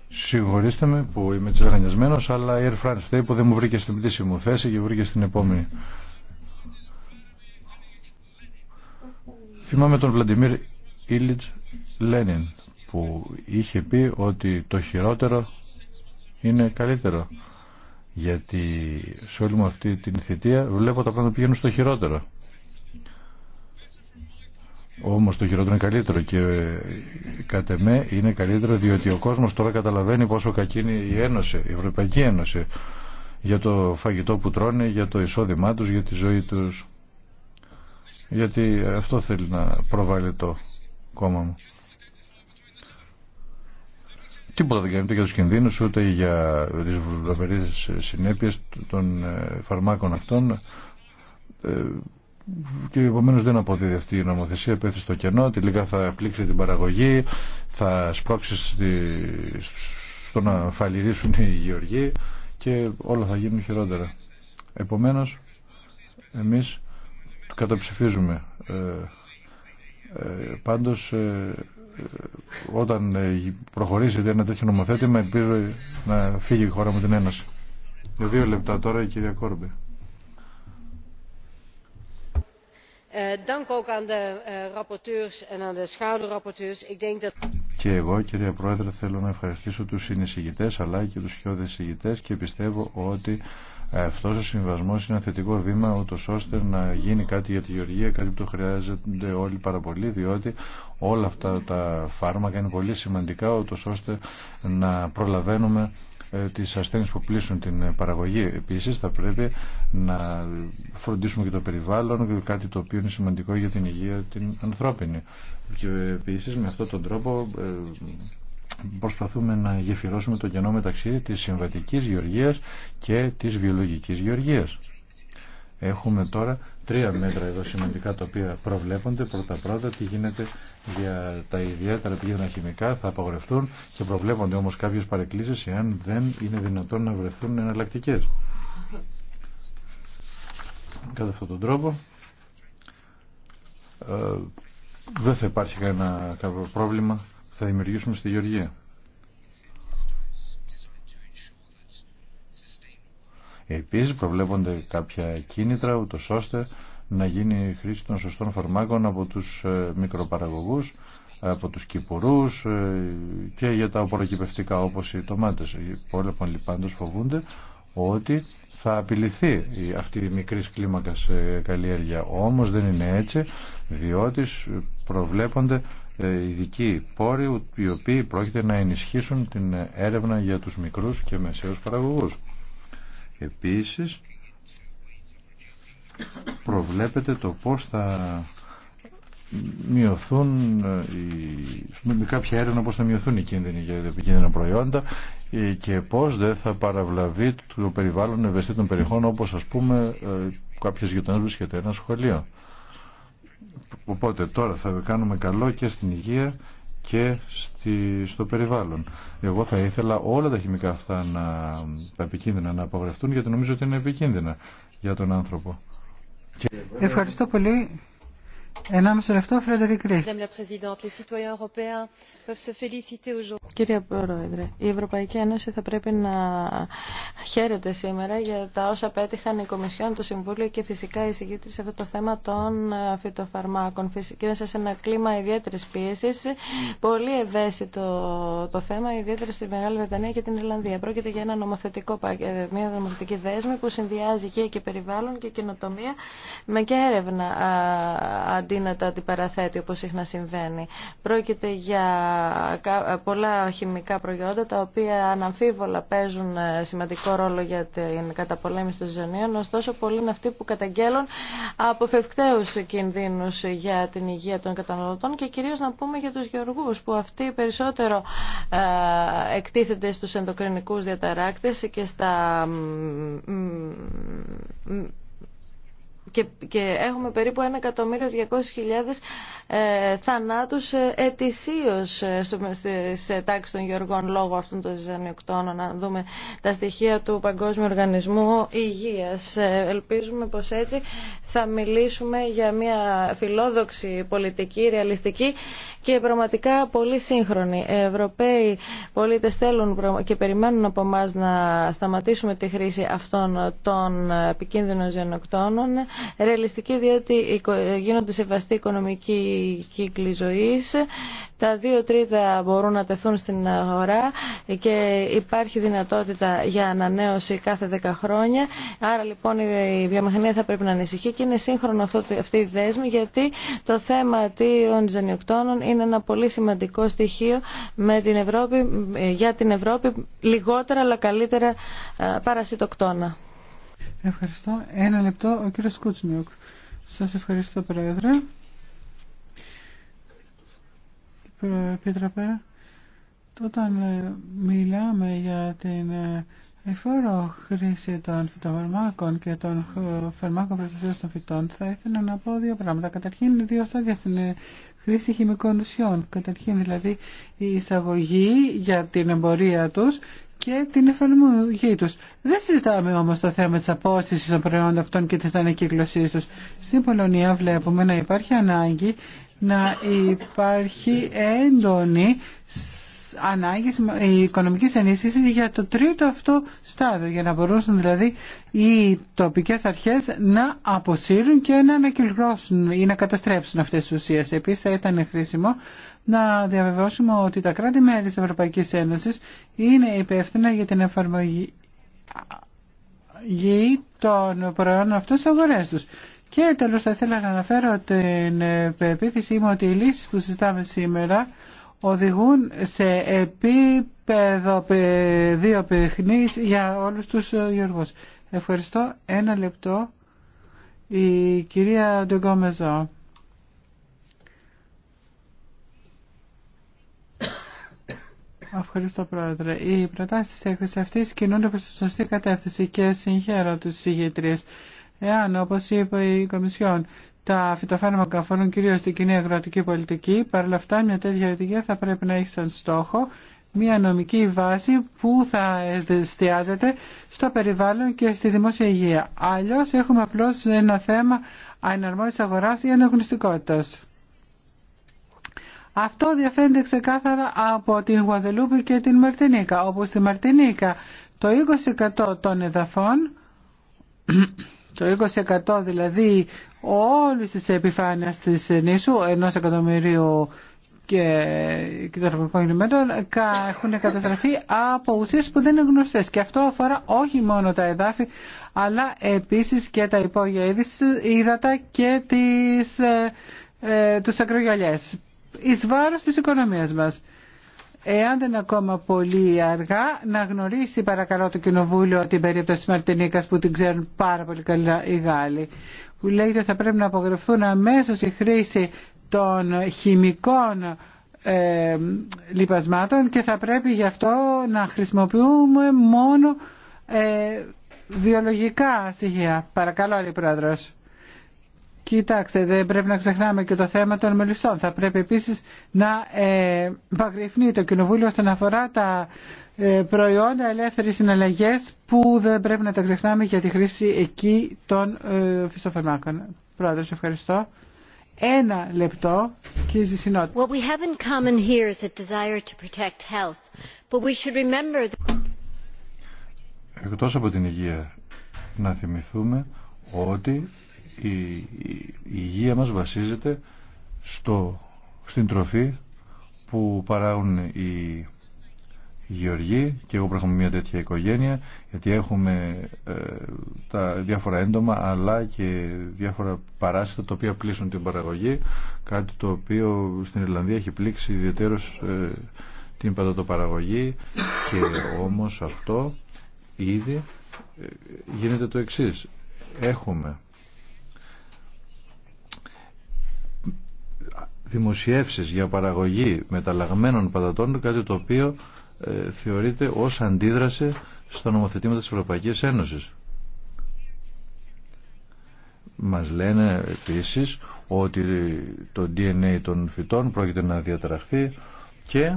Συγχωρήστε με που είμαι τσαγανιασμένος, αλλά η Air France που δεν μου βρήκε στην πτήση μου θέση και βρήκε στην επόμενη. Θυμάμαι τον Βλαντιμίρ Ήλιτς Λένιν που είχε πει ότι το χειρότερο είναι καλύτερο. Γιατί σε όλη μου αυτή την θητεία βλέπω τα πράγματα πηγαίνουν στο χειρότερο. Όμως το χειρότερο είναι καλύτερο και ε, κατ' εμέ είναι καλύτερο διότι ο κόσμος τώρα καταλαβαίνει πόσο κακή είναι η Ένωση, η Ευρωπαϊκή Ένωση για το φαγητό που τρώνε, για το εισόδημά τους, για τη ζωή τους. Γιατί αυτό θέλει να προβάλλει το κόμμα μου. Τίποτα δεν κάνει για τους κινδύνους, ούτε για τις βλαβερέ συνέπειες των ε, φαρμάκων αυτών ε, και επομένω δεν αποδίδει αυτή η νομοθεσία, πέθει στο κενό, τελικά θα πλήξει την παραγωγή, θα σπρώξει στο να φαλυρίσουν οι γεωργοί και όλα θα γίνουν χειρότερα. Επομένως, εμείς καταψηφίζουμε. Ε, ε, πάντως, ε, ε, όταν ε, προχωρήσετε ένα τέτοιο νομοθέτημα, ελπίζω να φύγει η χώρα μου την Ένωση. Δύο λεπτά τώρα η κυρία Κόρμπη. Dank Και εγώ κύριε Πρόεδρε θέλω να ευχαριστήσω τους συνεισηγητές αλλά και τους χιώδες συγητές και πιστεύω ότι αυτός ο συμβασμός είναι ένα θετικό βήμα ούτως ώστε να γίνει κάτι για τη γεωργία, κάτι που το χρειάζονται όλοι πάρα πολύ διότι όλα αυτά τα φάρμακα είναι πολύ σημαντικά ούτως ώστε να προλαβαίνουμε ε, τις ασθένειε που πλήσουν την ε, παραγωγή. Επίση, θα πρέπει να φροντίσουμε και το περιβάλλον, κάτι το οποίο είναι σημαντικό για την υγεία την ανθρώπινη. Και επίσης με αυτόν τον τρόπο ε, προσπαθούμε να γεφυρώσουμε το κενό μεταξύ της συμβατική γεωργία και της βιολογική γεωργία. Έχουμε τώρα τρία μέτρα εδώ σημαντικά τα οποία προβλέπονται. Πρώτα-πρώτα τι γίνεται για τα ιδιαίτερα πήγαινα χημικά, θα απαγορευτούν και προβλέπονται όμως κάποιες παρεκκλήσεις εάν δεν είναι δυνατόν να βρεθούν εναλλακτικέ. Κατά αυτόν τον τρόπο ε, δεν θα υπάρχει κανένα πρόβλημα θα δημιουργήσουμε στη Γεωργία. Επίσης προβλέπονται κάποια κίνητρα ούτως ώστε να γίνει χρήση των σωστών φαρμάκων από τους ε, μικροπαραγωγούς, από τους κυπουρούς ε, και για τα απορροκυπευτικά όπως οι Οι πόλεμοι πάντως φοβούνται ότι θα απειληθεί αυτή η μικρή κλίμακα καλλιέργεια. Όμως δεν είναι έτσι, διότι προβλέπονται ε, ειδικοί πόροι οι οποίοι πρόκειται να ενισχύσουν την έρευνα για τους μικρούς και μεσαίους παραγωγούς. Επίσης προβλέπεται το πώς θα μειωθούν ε, οι, με κάποια έρευνα πώς θα μειωθούν οι κίνδυνοι για επικίνδυνα προϊόντα ε, και πώς δεν θα παραβλαβεί το περιβάλλον ευαισθήτων περιχών όπως ας πούμε ε, κάποιες γειτονές βρίσκεται ένα σχολείο. Οπότε τώρα θα κάνουμε καλό και στην υγεία και στο περιβάλλον. Εγώ θα ήθελα όλα τα χημικά αυτά να, τα επικίνδυνα να απαγορευτούν γιατί νομίζω ότι είναι επικίνδυνα για τον άνθρωπο. Ευχαριστώ πολύ.
Κύριε Πρόεδρε, η Ευρωπαϊκή Ένωση θα πρέπει να χαίρεται σήμερα για τα όσα πέτυχαν η Κομισιόν, το Συμβούλιο και φυσικά η σε αυτό το θέμα των ε, φυτοφαρμάκων. Φυσικά μέσα σε ένα κλίμα ιδιαίτερη πίεση, πολύ ευαίσθητο το θέμα, ιδιαίτερα στη Μεγάλη Βρετανία και την Ιρλανδία. Πρόκειται για ένα νομοθετικό, ε, μια νομοθετική δέσμη που συνδυάζει και, και περιβάλλον και καινοτομία με και έρευνα αντί να τα αντιπαραθέτει όπως συχνά συμβαίνει. Πρόκειται για πολλά χημικά προϊόντα τα οποία αναμφίβολα παίζουν ε, σημαντικό ρόλο για την καταπολέμηση των ζωνίων, ωστόσο πολλοί είναι αυτοί που καταγγέλουν αποφευκταίους κινδύνους για την υγεία των καταναλωτών και κυρίως να πούμε για τους γεωργούς που αυτοί περισσότερο ε, εκτίθενται στους ενδοκρινικούς διαταράκτες και στα και, έχουμε περίπου 1.200.000 ε, θανάτους ε, ετησίως ε, σε τάξη των γεωργών λόγω αυτών των ζυζανιοκτώνων να δούμε τα στοιχεία του Παγκόσμιου Οργανισμού Υγείας. Ε, ελπίζουμε πως έτσι θα μιλήσουμε για μια φιλόδοξη πολιτική, ρεαλιστική και πραγματικά πολύ σύγχρονοι. Οι Ευρωπαίοι πολίτες θέλουν και περιμένουν από εμά να σταματήσουμε τη χρήση αυτών των επικίνδυνων ζενοκτώνων. Ρεαλιστική διότι γίνονται σεβαστοί οικονομικοί κύκλοι ζωή τα δύο τρίτα μπορούν να τεθούν στην αγορά και υπάρχει δυνατότητα για ανανέωση κάθε 10 χρόνια. Άρα λοιπόν η βιομηχανία θα πρέπει να ανησυχεί και είναι σύγχρονο αυτό, αυτή η δέσμη γιατί το θέμα των Ζανιοκτώνων είναι ένα πολύ σημαντικό στοιχείο με την Ευρώπη, για την Ευρώπη λιγότερα αλλά καλύτερα παρασιτοκτόνα.
Ευχαριστώ. Ένα λεπτό ο κύριος Κούτσνιουκ. Σας ευχαριστώ Πρόεδρε. Επίτροπε, όταν ε, μιλάμε για την ε, εφόρο χρήση των φυτοφαρμάκων και των ε, φαρμάκων προστασίας των φυτών, θα ήθελα να πω δύο πράγματα. Καταρχήν, δύο στάδια στην χρήση χημικών ουσιών. Καταρχήν, δηλαδή, η εισαγωγή για την εμπορία τους και την εφαρμογή του. Δεν συζητάμε όμω το θέμα τη απόσυσης των προϊόντων αυτών και τη ανακύκλωσή του. Στην Πολωνία βλέπουμε να υπάρχει ανάγκη να υπάρχει έντονη ανάγκη οικονομική ενίσχυση για το τρίτο αυτό στάδιο, για να μπορούσαν δηλαδή οι τοπικές αρχές να αποσύρουν και να ανακυκλώσουν ή να καταστρέψουν αυτές τις ουσίες. Επίση θα ήταν χρήσιμο να διαβεβαιώσουμε ότι τα κράτη-μέλη της Ευρωπαϊκής Ένωσης είναι υπεύθυνα για την εφαρμογή των προϊόντων αυτών στι αγορέ τους. Και τέλος θα ήθελα να αναφέρω την ε, πεποίθησή μου ότι οι λύσεις που συζητάμε σήμερα οδηγούν σε επίπεδο δύο παιχνίς για όλους τους ε, γεωργούς. Ευχαριστώ. Ένα λεπτό. Η κυρία Ντεγκόμεζο. Ευχαριστώ, Πρόεδρε. Οι προτάσει τη έκθεση αυτή κινούνται προ τη σωστή κατεύθυνση και συγχαίρω του συγγετρίε. Εάν, όπω είπε η Κομισιόν, τα φυτοφάρμακα αφορούν κυρίω την κοινή αγροτική πολιτική, παρ' αυτά μια τέτοια οδηγία θα πρέπει να έχει σαν στόχο μια νομική βάση που θα εστιάζεται στο περιβάλλον και στη δημόσια υγεία. Αλλιώ έχουμε απλώ ένα θέμα αναρμόνιση αγορά ή αναγνωστικότητας. Αυτό διαφαίνεται ξεκάθαρα από την Γουαδελούπη και την Μαρτινίκα, όπω στη Μαρτινίκα το 20% των εδαφών το 20% δηλαδή όλη τη επιφάνεια τη νήσου, ενό εκατομμυρίου και κοινωνικών κινημένων έχουν καταστραφεί από ουσίε που δεν είναι γνωστέ. Και αυτό αφορά όχι μόνο τα εδάφη, αλλά επίση και τα υπόγεια ύδατα και τις, ε, ε, τους ακρογιαλιές. Εις βάρος της οικονομίας μας εάν δεν ακόμα πολύ αργά, να γνωρίσει παρακαλώ το Κοινοβούλιο την περίπτωση της Μαρτινίκας που την ξέρουν πάρα πολύ καλά οι Γάλλοι που λέγεται θα πρέπει να απογραφθούν αμέσω η χρήση των χημικών ε, λιπασμάτων και θα πρέπει γι' αυτό να χρησιμοποιούμε μόνο ε, βιολογικά στοιχεία. Παρακαλώ, Άλλη Πρόεδρος. Κοιτάξτε, δεν πρέπει να ξεχνάμε και το θέμα των μελιστών. Θα πρέπει επίσης να ε, παγρυφνεί το Κοινοβούλιο όσον αφορά τα ε, προϊόντα ελεύθερης συναλλαγές που δεν πρέπει να τα ξεχνάμε για τη χρήση εκεί των ε, φυσοφαρμάκων. Πρόεδρος, ευχαριστώ. Ένα λεπτό και ζησινότητα.
What we in here is a desire to protect health, but we should remember that...
Εκτός από την υγεία, να θυμηθούμε ότι η υγεία μας βασίζεται στο, στην τροφή που παράγουν οι γεωργοί και εγώ προέρχομαι μια τέτοια οικογένεια γιατί έχουμε ε, τα διάφορα έντομα αλλά και διάφορα παράσιτα τα οποία πλήσουν την παραγωγή κάτι το οποίο στην Ιρλανδία έχει πλήξει ιδιαίτερως ε, την παραγωγή και όμως αυτό ήδη ε, γίνεται το εξής έχουμε δημοσιεύσεις για παραγωγή μεταλλαγμένων πατατών, κάτι το οποίο ε, θεωρείται ως αντίδραση στα νομοθετήματα της Ευρωπαϊκής Ένωσης. Μας λένε επίσης ότι το DNA των φυτών πρόκειται να διατραχθεί και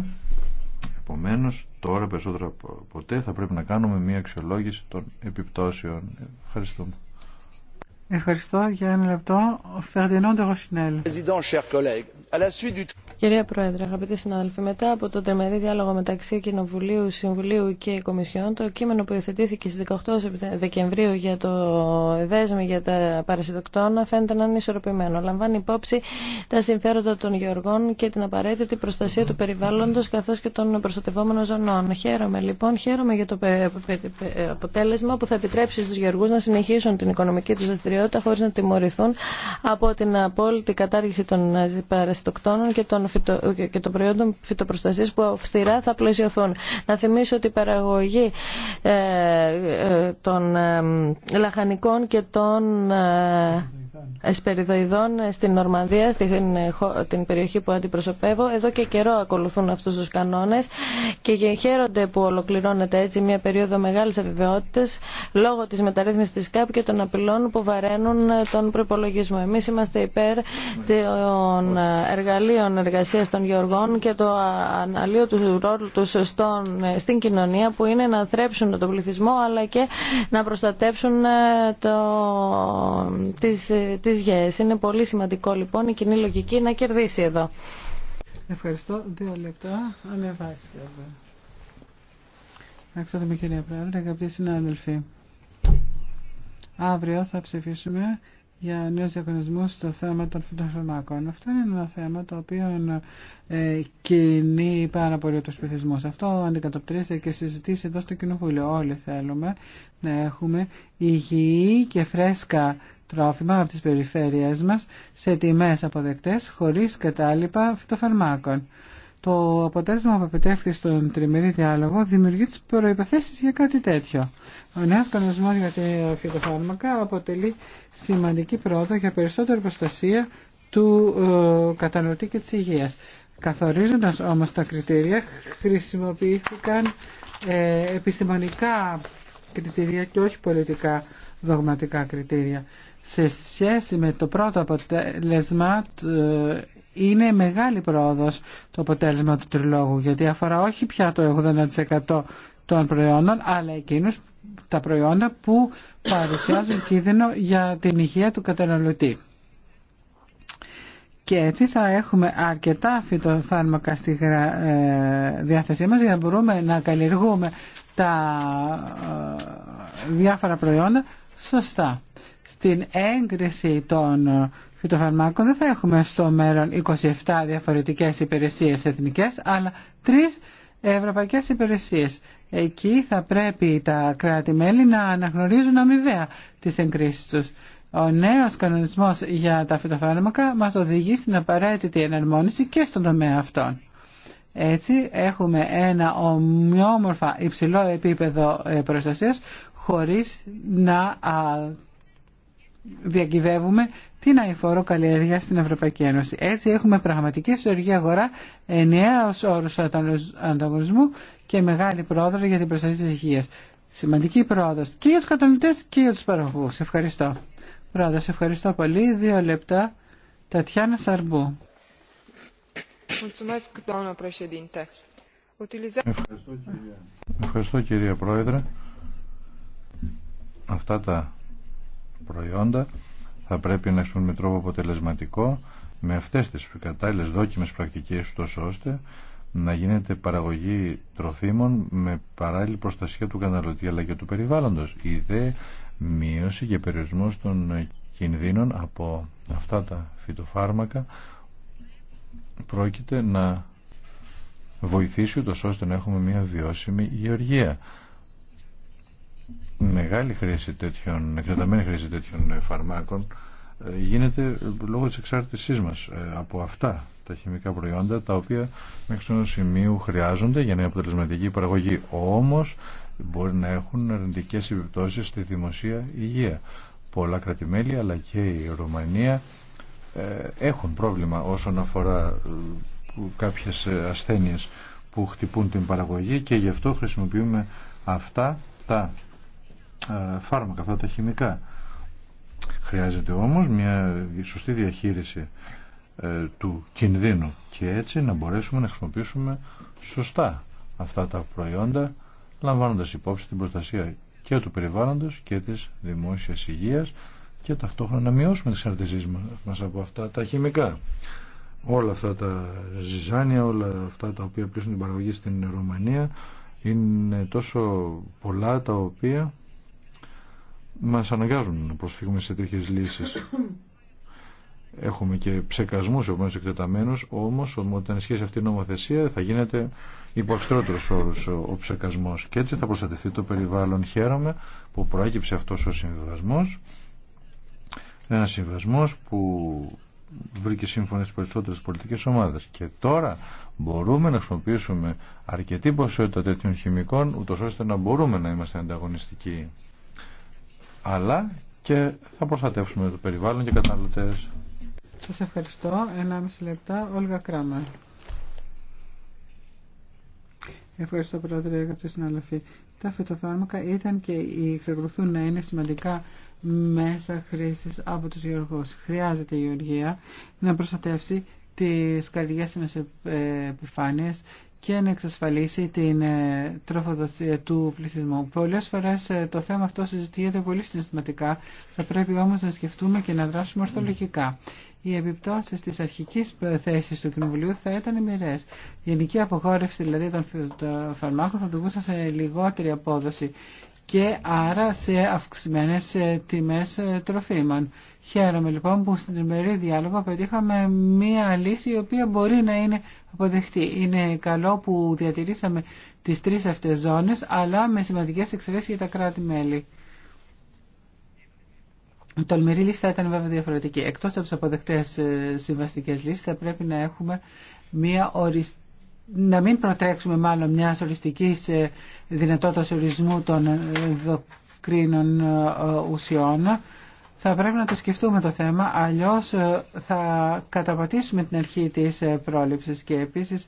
επομένως τώρα περισσότερο ποτέ θα πρέπει να κάνουμε μια αξιολόγηση των επιπτώσεων. Ευχαριστούμε.
Ευχαριστώ για ένα λεπτό. Φερδινόντε Ροσινέλ.
Κυρία Πρόεδρε, αγαπητοί συναδελφοί, μετά από τον τρεμερή διάλογο μεταξύ Κοινοβουλίου, Συμβουλίου και Κομισιόν, το κείμενο που υιοθετήθηκε στι 18 Δεκεμβρίου για το δέσμη για τα παρασυντοκτόνα φαίνεται να είναι ισορροπημένο. Λαμβάνει υπόψη τα συμφέροντα των γεωργών και την απαραίτητη προστασία του περιβάλλοντο καθώ και των προστατευόμενων ζωνών. Χαίρομαι λοιπόν, χαίρομαι για το αποτέλεσμα που θα επιτρέψει στου γεωργού να συνεχίσουν την οικονομική του δραστηριότητα δραστηριότητα χωρίς να τιμωρηθούν από την απόλυτη κατάργηση των παραστοκτώνων και των, φυτο... και των προϊόντων φυτοπροστασίας που αυστηρά θα πλαισιωθούν. Να θυμίσω ότι η παραγωγή ε, ε, των ε, λαχανικών και των εσπεριδοειδών στην Νορμανδία, στην την περιοχή που αντιπροσωπεύω. Εδώ και καιρό ακολουθούν αυτού του κανόνε και χαίρονται που ολοκληρώνεται έτσι μια περίοδο μεγάλη επιβεβαιότητα λόγω τη μεταρρύθμιση τη ΚΑΠ και των απειλών που βαραίνουν τον προπολογισμό. Εμεί είμαστε υπέρ των εργαλείων εργασία των γεωργών και το αναλύω του ρόλου του στην κοινωνία που είναι να θρέψουν τον πληθυσμό αλλά και να προστατεύσουν το, τις της ΓΕΕΣ. Είναι πολύ σημαντικό λοιπόν η κοινή λογική να κερδίσει εδώ.
Ευχαριστώ. Δύο λεπτά. Ανεβάσει βέβαια. κυρία Πρόεδρε, αγαπητοί συνάδελφοι. Αύριο θα ψηφίσουμε για νέους διαγωνισμούς στο θέμα των φυτοφαρμάκων. Αυτό είναι ένα θέμα το οποίο ε, κινεί πάρα πολύ τους πληθυσμούς. Αυτό αντικατοπτρίζεται και συζητήσει εδώ στο Κοινοβούλιο. Όλοι θέλουμε να έχουμε υγιή και φρέσκα τρόφιμα από τις περιφέρειές μας σε τιμές αποδεκτές χωρίς κατάλοιπα φυτοφαρμάκων. Το αποτέλεσμα που επιτεύχθη στον τριμερή διάλογο δημιουργεί τις προϋποθέσεις για κάτι τέτοιο. Ο νέος κανονισμός για τα φυτοφάρμακα αποτελεί σημαντική πρόοδο για περισσότερη προστασία του ε, κατανοητή και της υγείας. Καθορίζοντας όμως τα κριτήρια χρησιμοποιήθηκαν ε, επιστημονικά κριτήρια και όχι πολιτικά δογματικά κριτήρια σε σχέση με το πρώτο αποτέλεσμα ε, είναι μεγάλη πρόοδος το αποτέλεσμα του τριλόγου γιατί αφορά όχι πια το 80% των προϊόντων αλλά εκείνους τα προϊόντα που παρουσιάζουν κίνδυνο για την υγεία του καταναλωτή. Και έτσι θα έχουμε αρκετά φυτοφάρμακα στη ε, διάθεσή μας για να μπορούμε να καλλιεργούμε τα ε, διάφορα προϊόντα σωστά στην έγκριση των ε, φυτοφαρμάκων δεν θα έχουμε στο μέλλον 27 διαφορετικές υπηρεσίες εθνικές, αλλά τρεις ευρωπαϊκές υπηρεσίες. Εκεί θα πρέπει τα κράτη-μέλη να αναγνωρίζουν αμοιβαία τις εγκρίσεις τους. Ο νέος κανονισμός για τα φυτοφάρμακα μας οδηγεί στην απαραίτητη εναρμόνιση και στον τομέα αυτών. Έτσι έχουμε ένα ομοιόμορφα υψηλό επίπεδο ε, προστασίας χωρίς να διακυβεύουμε την αηφόρο καλλιέργεια στην Ευρωπαϊκή Ένωση. Έτσι έχουμε πραγματική ιστορική αγορά, ενιαίο όρους ανταγωνισμού και μεγάλη πρόοδο για την προστασία της υγείας. Σημαντική πρόοδος και για τους κατανοητέ και για τους παραγωγούς. Ευχαριστώ. ευχαριστώ πολύ. Δύο λεπτά. Τατιάνα Σαρμπού.
Ευχαριστώ κυρία Πρόεδρε. Αυτά τα προϊόντα θα πρέπει να έχουν με τρόπο αποτελεσματικό με αυτές τις κατάλληλες δόκιμες πρακτικές τόσο ώστε να γίνεται παραγωγή τροφίμων με παράλληλη προστασία του καταναλωτή αλλά και του περιβάλλοντος. Η δε μείωση και περιορισμός των κινδύνων από αυτά τα φυτοφάρμακα πρόκειται να βοηθήσει ούτως ώστε να έχουμε μια βιώσιμη γεωργία μεγάλη χρήση τέτοιων, εκτεταμένη χρήση τέτοιων ε, φαρμάκων ε, γίνεται ε, λόγω της εξάρτησής μας από αυτά τα χημικά προϊόντα τα οποία μέχρι ενός σημείο χρειάζονται για μια αποτελεσματική παραγωγή όμως μπορεί να έχουν αρνητικές επιπτώσεις στη δημοσία υγεία πολλά κρατημέλη αλλά και η Ρωμανία έχουν πρόβλημα όσον αφορά κάποιες ασθένειες που χτυπούν την παραγωγή και γι' αυτό χρησιμοποιούμε αυτά τα φάρμακα, αυτά τα χημικά. Χρειάζεται όμως μια σωστή διαχείριση ε, του κινδύνου και έτσι να μπορέσουμε να χρησιμοποιήσουμε σωστά αυτά τα προϊόντα λαμβάνοντας υπόψη την προστασία και του περιβάλλοντος και της δημόσιας υγείας και ταυτόχρονα να μειώσουμε τις αρτησίες μας από αυτά τα χημικά. Όλα αυτά τα ζυζάνια, όλα αυτά τα οποία πλήσουν την παραγωγή στην Ρωμανία είναι τόσο πολλά τα οποία μας αναγκάζουν να προσφύγουμε σε τέτοιες λύσεις. Έχουμε και ψεκασμούς οποίος εκτεταμένος, όμως όταν ισχύσει αυτή η νομοθεσία θα γίνεται υπό όρους ο ψεκασμός και έτσι θα προστατευτεί το περιβάλλον. Χαίρομαι που προέκυψε αυτός ο συμβιβασμός, ένα συμβιβασμός που βρήκε σύμφωνα στις περισσότερες πολιτικές ομάδες. Και τώρα μπορούμε να χρησιμοποιήσουμε αρκετή ποσότητα τέτοιων χημικών, ούτως ώστε να μπορούμε να είμαστε ανταγωνιστικοί αλλά και θα προστατεύσουμε το περιβάλλον και καταναλωτές.
Σας ευχαριστώ. Ένα μισή λεπτά. Όλγα Κράμα. Ευχαριστώ πρόεδρε, αγαπητοί συναδελφοί. Τα φυτοφάρμακα ήταν και εξακολουθούν να είναι σημαντικά μέσα χρήσης από τους γεωργούς. Χρειάζεται η γεωργία να προστατεύσει τις καρδιές μας ε, επιφάνειες και να εξασφαλίσει την ε, τροφοδοσία του πληθυσμού. Πολλές φορές ε, το θέμα αυτό συζητιέται πολύ συναισθηματικά, θα πρέπει όμω να σκεφτούμε και να δράσουμε ορθολογικά. Οι επιπτώσει τη αρχική θέση του Κοινοβουλίου θα ήταν μοιρέ. Η γενική απογόρευση δηλαδή των φαρμάκων θα οδηγούσαν σε λιγότερη απόδοση και άρα σε αυξημένες ε, τιμές ε, τροφίμων. Χαίρομαι λοιπόν που στην τριμερή διάλογο πετύχαμε μία λύση η οποία μπορεί να είναι αποδεκτή. Είναι καλό που διατηρήσαμε τις τρεις αυτές ζώνες αλλά με σημαντικές εξαιρέσεις για τα κράτη-μέλη. Η τολμηρή λύση ήταν βέβαια διαφορετική. Εκτός από τις αποδεκτές ε, συμβαστικές λύσεις θα πρέπει να έχουμε μία οριστική να μην προτρέξουμε μάλλον μια οριστική ε, δυνατότητα ορισμού των ενδοκρίνων ε, ουσιών. Θα πρέπει να το σκεφτούμε το θέμα, αλλιώς ε, θα καταπατήσουμε την αρχή της πρόληψης και επίσης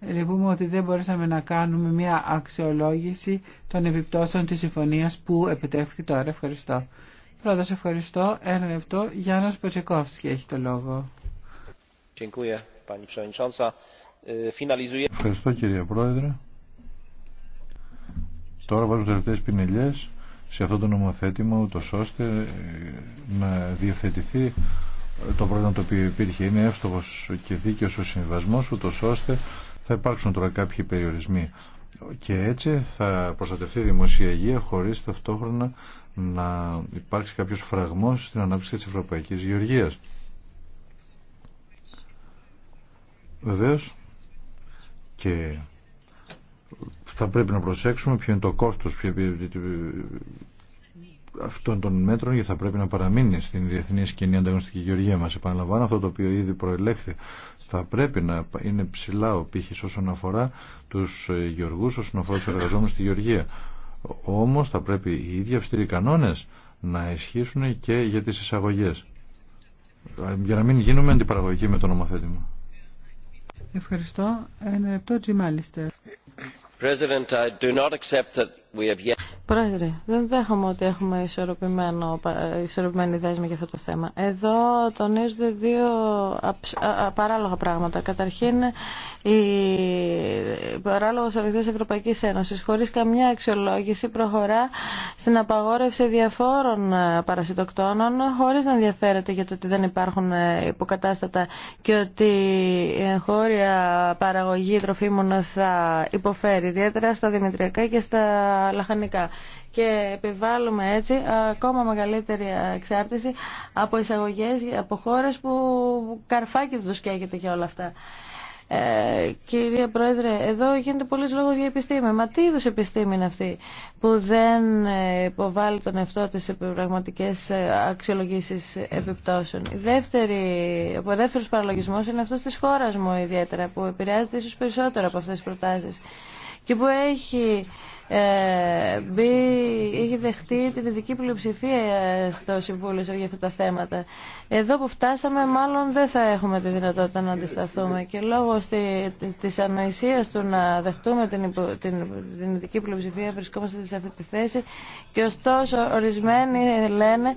λυπούμε ότι δεν μπορούσαμε να κάνουμε μια αξιολόγηση των επιπτώσεων της συμφωνίας που επιτεύχθη τώρα. Ευχαριστώ. Πρώτα ευχαριστώ. Ένα λεπτό. Γιάννος Ποτσεκόφσκι έχει το λόγο.
Ευχαριστώ κύριε
Πρόεδρε. Τώρα βάζω τελευταίες πινελιές σε αυτό το νομοθέτημα ούτω ώστε ε, να διευθετηθεί το πρόβλημα το οποίο υπήρχε. Είναι εύστοχος και δίκαιος ο συμβασμός ούτω ώστε θα υπάρξουν τώρα κάποιοι περιορισμοί και έτσι θα προστατευτεί η δημόσια υγεία χωρίς ταυτόχρονα να υπάρξει κάποιος φραγμός στην ανάπτυξη της Ευρωπαϊκής Γεωργίας. Βεβαίως και θα πρέπει να προσέξουμε ποιο είναι το κόστος αυτών των μέτρων γιατί θα πρέπει να παραμείνει στην διεθνή σκηνή ανταγωνιστική γεωργία μας. Επαναλαμβάνω αυτό το οποίο ήδη προελέχθη. Θα πρέπει να είναι ψηλά ο πύχης όσον αφορά τους ε, γεωργούς, όσον αφορά τους εργαζόμενους στη γεωργία. Όμως θα πρέπει οι ίδιοι αυστηροί κανόνες να ισχύσουν και για τις εισαγωγές. Για να μην γίνουμε αντιπαραγωγικοί με το νομοθέτημα.
Ευχαριστώ. Ένα λεπτό, Τζιμάλιστερ. President, I do not accept that Πρόεδρε, δεν δέχομαι ότι έχουμε ε, ισορροπημένη δέσμη για αυτό το θέμα. Εδώ τονίζονται δύο παράλογα πράγματα. Καταρχήν, η παράλογος τη Ευρωπαϊκή Ένωση, χωρί καμιά αξιολόγηση προχωρά στην απαγόρευση διαφόρων ε, παρασιτοκτόνων χωρί να ενδιαφέρεται για το ότι δεν υπάρχουν ε, υποκατάστατα και ότι η εγχώρια παραγωγή τροφίμων θα υποφέρει ιδιαίτερα στα δημητριακά και στα λαχανικά και επιβάλλουμε έτσι ακόμα μεγαλύτερη εξάρτηση από εισαγωγές από χώρες που καρφάκι τους καίγεται για όλα αυτά. Ε, κυρία Πρόεδρε, εδώ γίνεται πολλής λόγος για επιστήμη. Μα τι είδους επιστήμη είναι αυτή που δεν υποβάλλει τον εαυτό της σε πραγματικές αξιολογήσεις επιπτώσεων. Η δεύτερη, ο δεύτερος παραλογισμός είναι αυτός της χώρας μου ιδιαίτερα που επηρεάζεται ίσως περισσότερο από αυτές τις προτάσεις και που έχει ε, μπει, είχε δεχτεί την ειδική πλειοψηφία ε, στο Συμβούλιο για αυτά τα θέματα. Εδώ που φτάσαμε μάλλον δεν θα έχουμε τη δυνατότητα να αντισταθούμε και λόγω στη, της ανοησίας του να δεχτούμε την, την, την ειδική πλειοψηφία βρισκόμαστε σε αυτή τη θέση και ωστόσο ορισμένοι λένε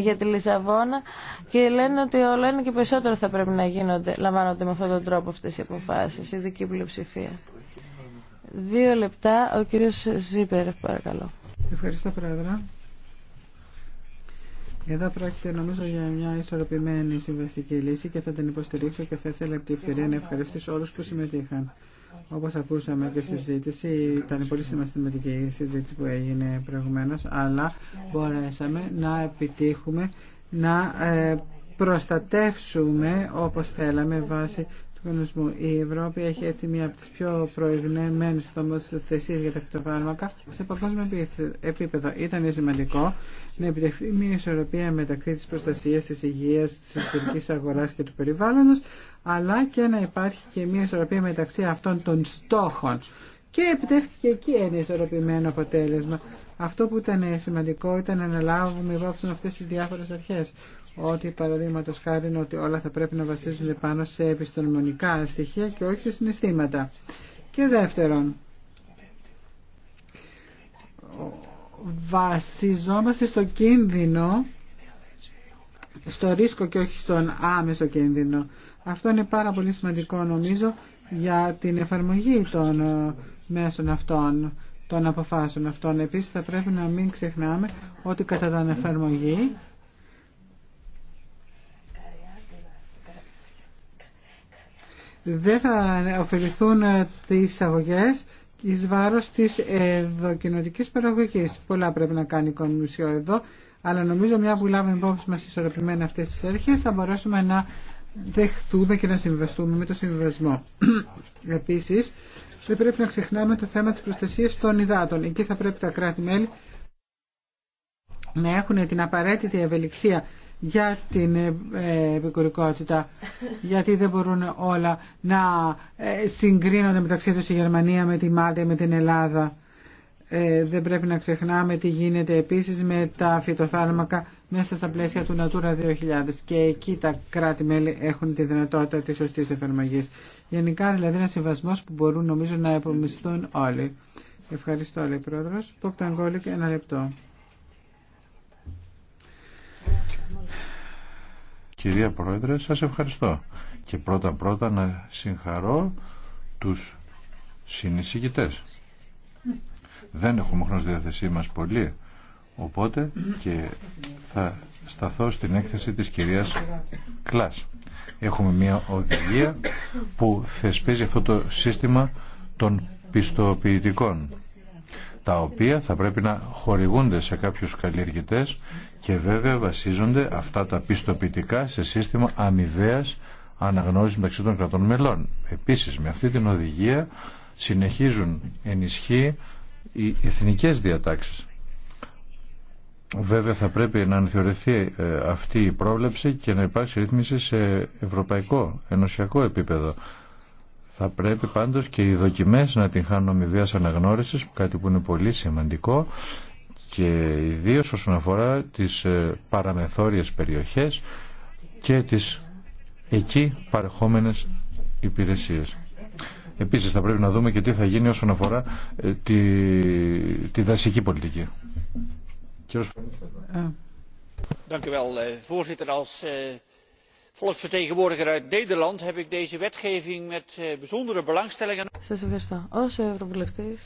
για τη Λισαβόνα και λένε ότι όλα είναι και περισσότερο θα πρέπει να γίνονται, λαμβάνονται με αυτόν τον τρόπο αυτές οι αποφάσεις, η ειδική πλειοψηφία. Δύο λεπτά, ο κύριος Ζήπερ, παρακαλώ. Ευχαριστώ, Πρόεδρε.
Εδώ πρόκειται νομίζω για μια ισορροπημένη συμβαστική λύση και θα την υποστηρίξω και θα ήθελα από τη ευκαιρία να ευχαριστήσω όλους που συμμετείχαν. Όπως ακούσαμε και στη συζήτηση, ήταν πολύ σημαντική η συζήτηση που έγινε προηγουμένως, αλλά μπορέσαμε να επιτύχουμε να ε, προστατεύσουμε όπως θέλαμε βάσει του κανονισμού. Η Ευρώπη έχει έτσι μία από τι πιο προηγμένε θεσίες για τα φυτοφάρμακα σε παγκόσμιο επίπεδο. Ήταν σημαντικό να επιτευχθεί μία ισορροπία μεταξύ τη προστασία, τη υγεία, τη εσωτερική Αγορά και του περιβάλλοντο, αλλά και να υπάρχει και μία ισορροπία μεταξύ αυτών των στόχων. Και επιτεύχθηκε εκεί ένα ισορροπημένο αποτέλεσμα. Αυτό που ήταν σημαντικό ήταν να λάβουμε υπόψη αυτέ τι διάφορε αρχέ ότι παραδείγματο χάρη ότι όλα θα πρέπει να βασίζονται πάνω σε επιστημονικά στοιχεία και όχι σε συναισθήματα. Και δεύτερον, βασιζόμαστε στο κίνδυνο, στο ρίσκο και όχι στον άμεσο κίνδυνο. Αυτό είναι πάρα πολύ σημαντικό νομίζω για την εφαρμογή των ε, μέσων αυτών, των αποφάσεων αυτών. Επίσης θα πρέπει να μην ξεχνάμε ότι κατά την εφαρμογή δεν θα ωφεληθούν ε, τις αγωγές εις βάρος της εδοκοινωτικής παραγωγής. Πολλά πρέπει να κάνει η Κομισιό εδώ, αλλά νομίζω μια που λάβουμε υπόψη μας ισορροπημένα αυτές τις αρχές θα μπορέσουμε να δεχτούμε και να συμβαστούμε με το συμβιβασμό. Επίσης, δεν πρέπει να ξεχνάμε το θέμα της προστασίας των υδάτων. Εκεί θα πρέπει τα κράτη-μέλη να έχουν την απαραίτητη ευελιξία για την ε, επικουρικότητα γιατί δεν μπορούν όλα να ε, συγκρίνονται μεταξύ τους η Γερμανία με τη Μάδια, με την Ελλάδα ε, δεν πρέπει να ξεχνάμε τι γίνεται επίσης με τα φυτοφάρμακα μέσα στα πλαίσια του Natura 2000 και εκεί τα κράτη-μέλη έχουν τη δυνατότητα της σωστής εφαρμογής γενικά δηλαδή ένα συμβασμό που μπορούν νομίζω να επομισθούν όλοι Ευχαριστώ, λέει πρόεδρος. Πόπταν ένα λεπτό.
Κυρία Πρόεδρε, σας ευχαριστώ. Και πρώτα πρώτα να συγχαρώ τους συνεισηγητές. Δεν έχουμε χρόνο στη διάθεσή μας πολύ, οπότε και θα σταθώ στην έκθεση της κυρίας Κλάς. Έχουμε μια οδηγία που θεσπίζει αυτό το σύστημα των πιστοποιητικών τα οποία θα πρέπει να χορηγούνται σε κάποιους καλλιεργητές και βέβαια βασίζονται αυτά τα πιστοποιητικά σε σύστημα αμοιβαία αναγνώριση μεταξύ των κρατών μελών. Επίσης με αυτή την οδηγία συνεχίζουν ενισχύει οι εθνικές διατάξεις. Βέβαια θα πρέπει να ανθεωρηθεί ε, αυτή η πρόβλεψη και να υπάρξει ρύθμιση σε ευρωπαϊκό, ενωσιακό επίπεδο. Θα πρέπει πάντως και οι δοκιμές να την χάνουν αναγνώρισης, κάτι που είναι πολύ σημαντικό και ιδίως όσον αφορά τις ε, παραμεθόριες περιοχές και τις εκεί παρεχόμενες υπηρεσίες. Επίσης θα πρέπει να δούμε και τι θα γίνει όσον αφορά ε, τη, τη δασική πολιτική. Σας
ευχαριστώ. Ως Ευρωβουλευτής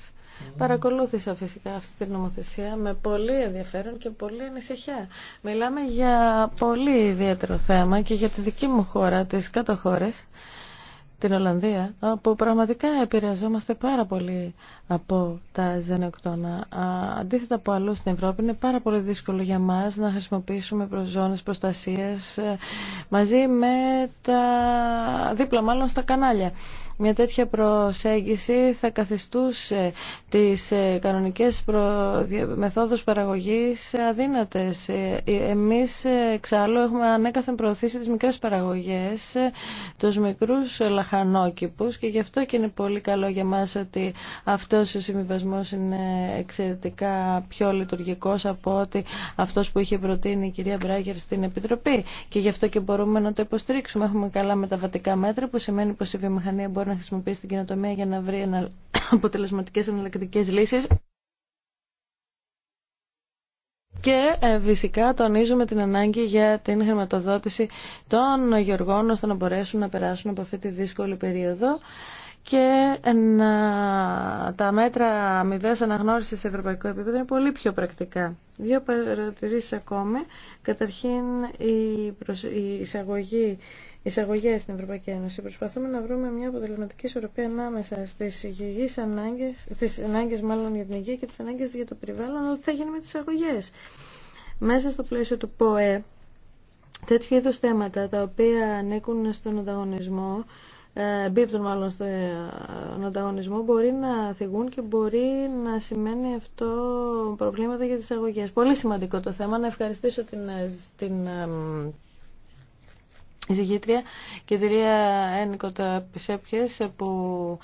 Παρακολούθησα φυσικά αυτή την νομοθεσία με πολύ ενδιαφέρον και πολύ ανησυχία. Μιλάμε για πολύ ιδιαίτερο θέμα και για τη δική μου χώρα, τις κάτω χώρες, την Ολλανδία, όπου πραγματικά επηρεαζόμαστε πάρα πολύ από τα ζενοκτώνα. Αντίθετα από αλλού στην Ευρώπη είναι πάρα πολύ δύσκολο για μας να χρησιμοποιήσουμε προζώνες προστασίας ε, μαζί με τα δίπλα μάλλον στα κανάλια. Μια τέτοια προσέγγιση θα καθιστούσε τις ε, κανονικές μεθόδους παραγωγής αδύνατες. Ε, εμείς εξάλλου έχουμε ανέκαθεν προωθήσει τις μικρές παραγωγές, τους μικρούς λαχανόκηπους και γι' αυτό και είναι πολύ καλό για μας ότι αυτό αυτός ο συμβιβασμός είναι εξαιρετικά πιο λειτουργικός από ότι αυτός που είχε προτείνει η κυρία Μπράγκερ στην Επιτροπή και γι' αυτό και μπορούμε να το υποστηρίξουμε. Έχουμε καλά μεταβατικά μέτρα που σημαίνει πως η βιομηχανία μπορεί να χρησιμοποιήσει την κοινοτομία για να βρει αποτελεσματικές εναλλακτικές λύσεις. Και ε, φυσικά τονίζουμε την ανάγκη για την χρηματοδότηση των γεωργών ώστε να μπορέσουν να περάσουν από αυτή τη δύσκολη περίοδο και να... τα μέτρα αμοιβαίας αναγνώρισης σε ευρωπαϊκό επίπεδο είναι πολύ πιο πρακτικά. Δύο παρατηρήσεις ακόμη. Καταρχήν η, προσ... η εισαγωγή εισαγωγέ στην Ευρωπαϊκή Ένωση. Προσπαθούμε να βρούμε μια αποτελεσματική ισορροπία ανάμεσα στι υγιεί ανάγκε, στι ανάγκε μάλλον για την υγεία και τι ανάγκε για το περιβάλλον, αλλά θα γίνει με τι εισαγωγέ. Μέσα στο πλαίσιο του ΠΟΕ, τέτοιου είδου θέματα τα οποία ανήκουν στον ανταγωνισμό ε, μπίπτουν μάλλον ε, στον ανταγωνισμό μπορεί να θυγούν και μπορεί να σημαίνει αυτό προβλήματα για τις αγωγές. Πολύ σημαντικό το θέμα. Να ευχαριστήσω την, ε, την και την κυρία Ένικοτα Ταπισέπιες που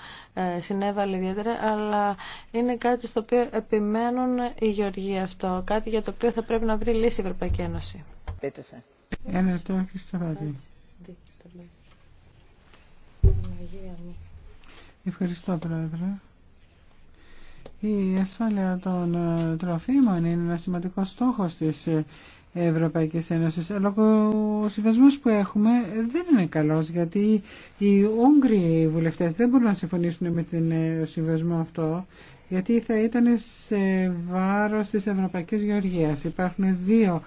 συνέβαλε ιδιαίτερα αλλά είναι κάτι στο οποίο επιμένουν οι Γεωργοί αυτό. Κάτι για το οποίο θα πρέπει να βρει λύση η Ευρωπαϊκή Ένωση.
Ευχαριστώ, Πρόεδρε. Η ασφάλεια των ε, τροφίμων είναι ένα σημαντικό στόχο της ε, Ευρωπαϊκής Ένωσης. Αλλά ε, ο συμβασμός που έχουμε δεν είναι καλός γιατί οι Ούγγροι βουλευτές δεν μπορούν να συμφωνήσουν με τον συμβασμό αυτό γιατί θα ήταν σε βάρος της Ευρωπαϊκής Γεωργίας. Υπάρχουν δύο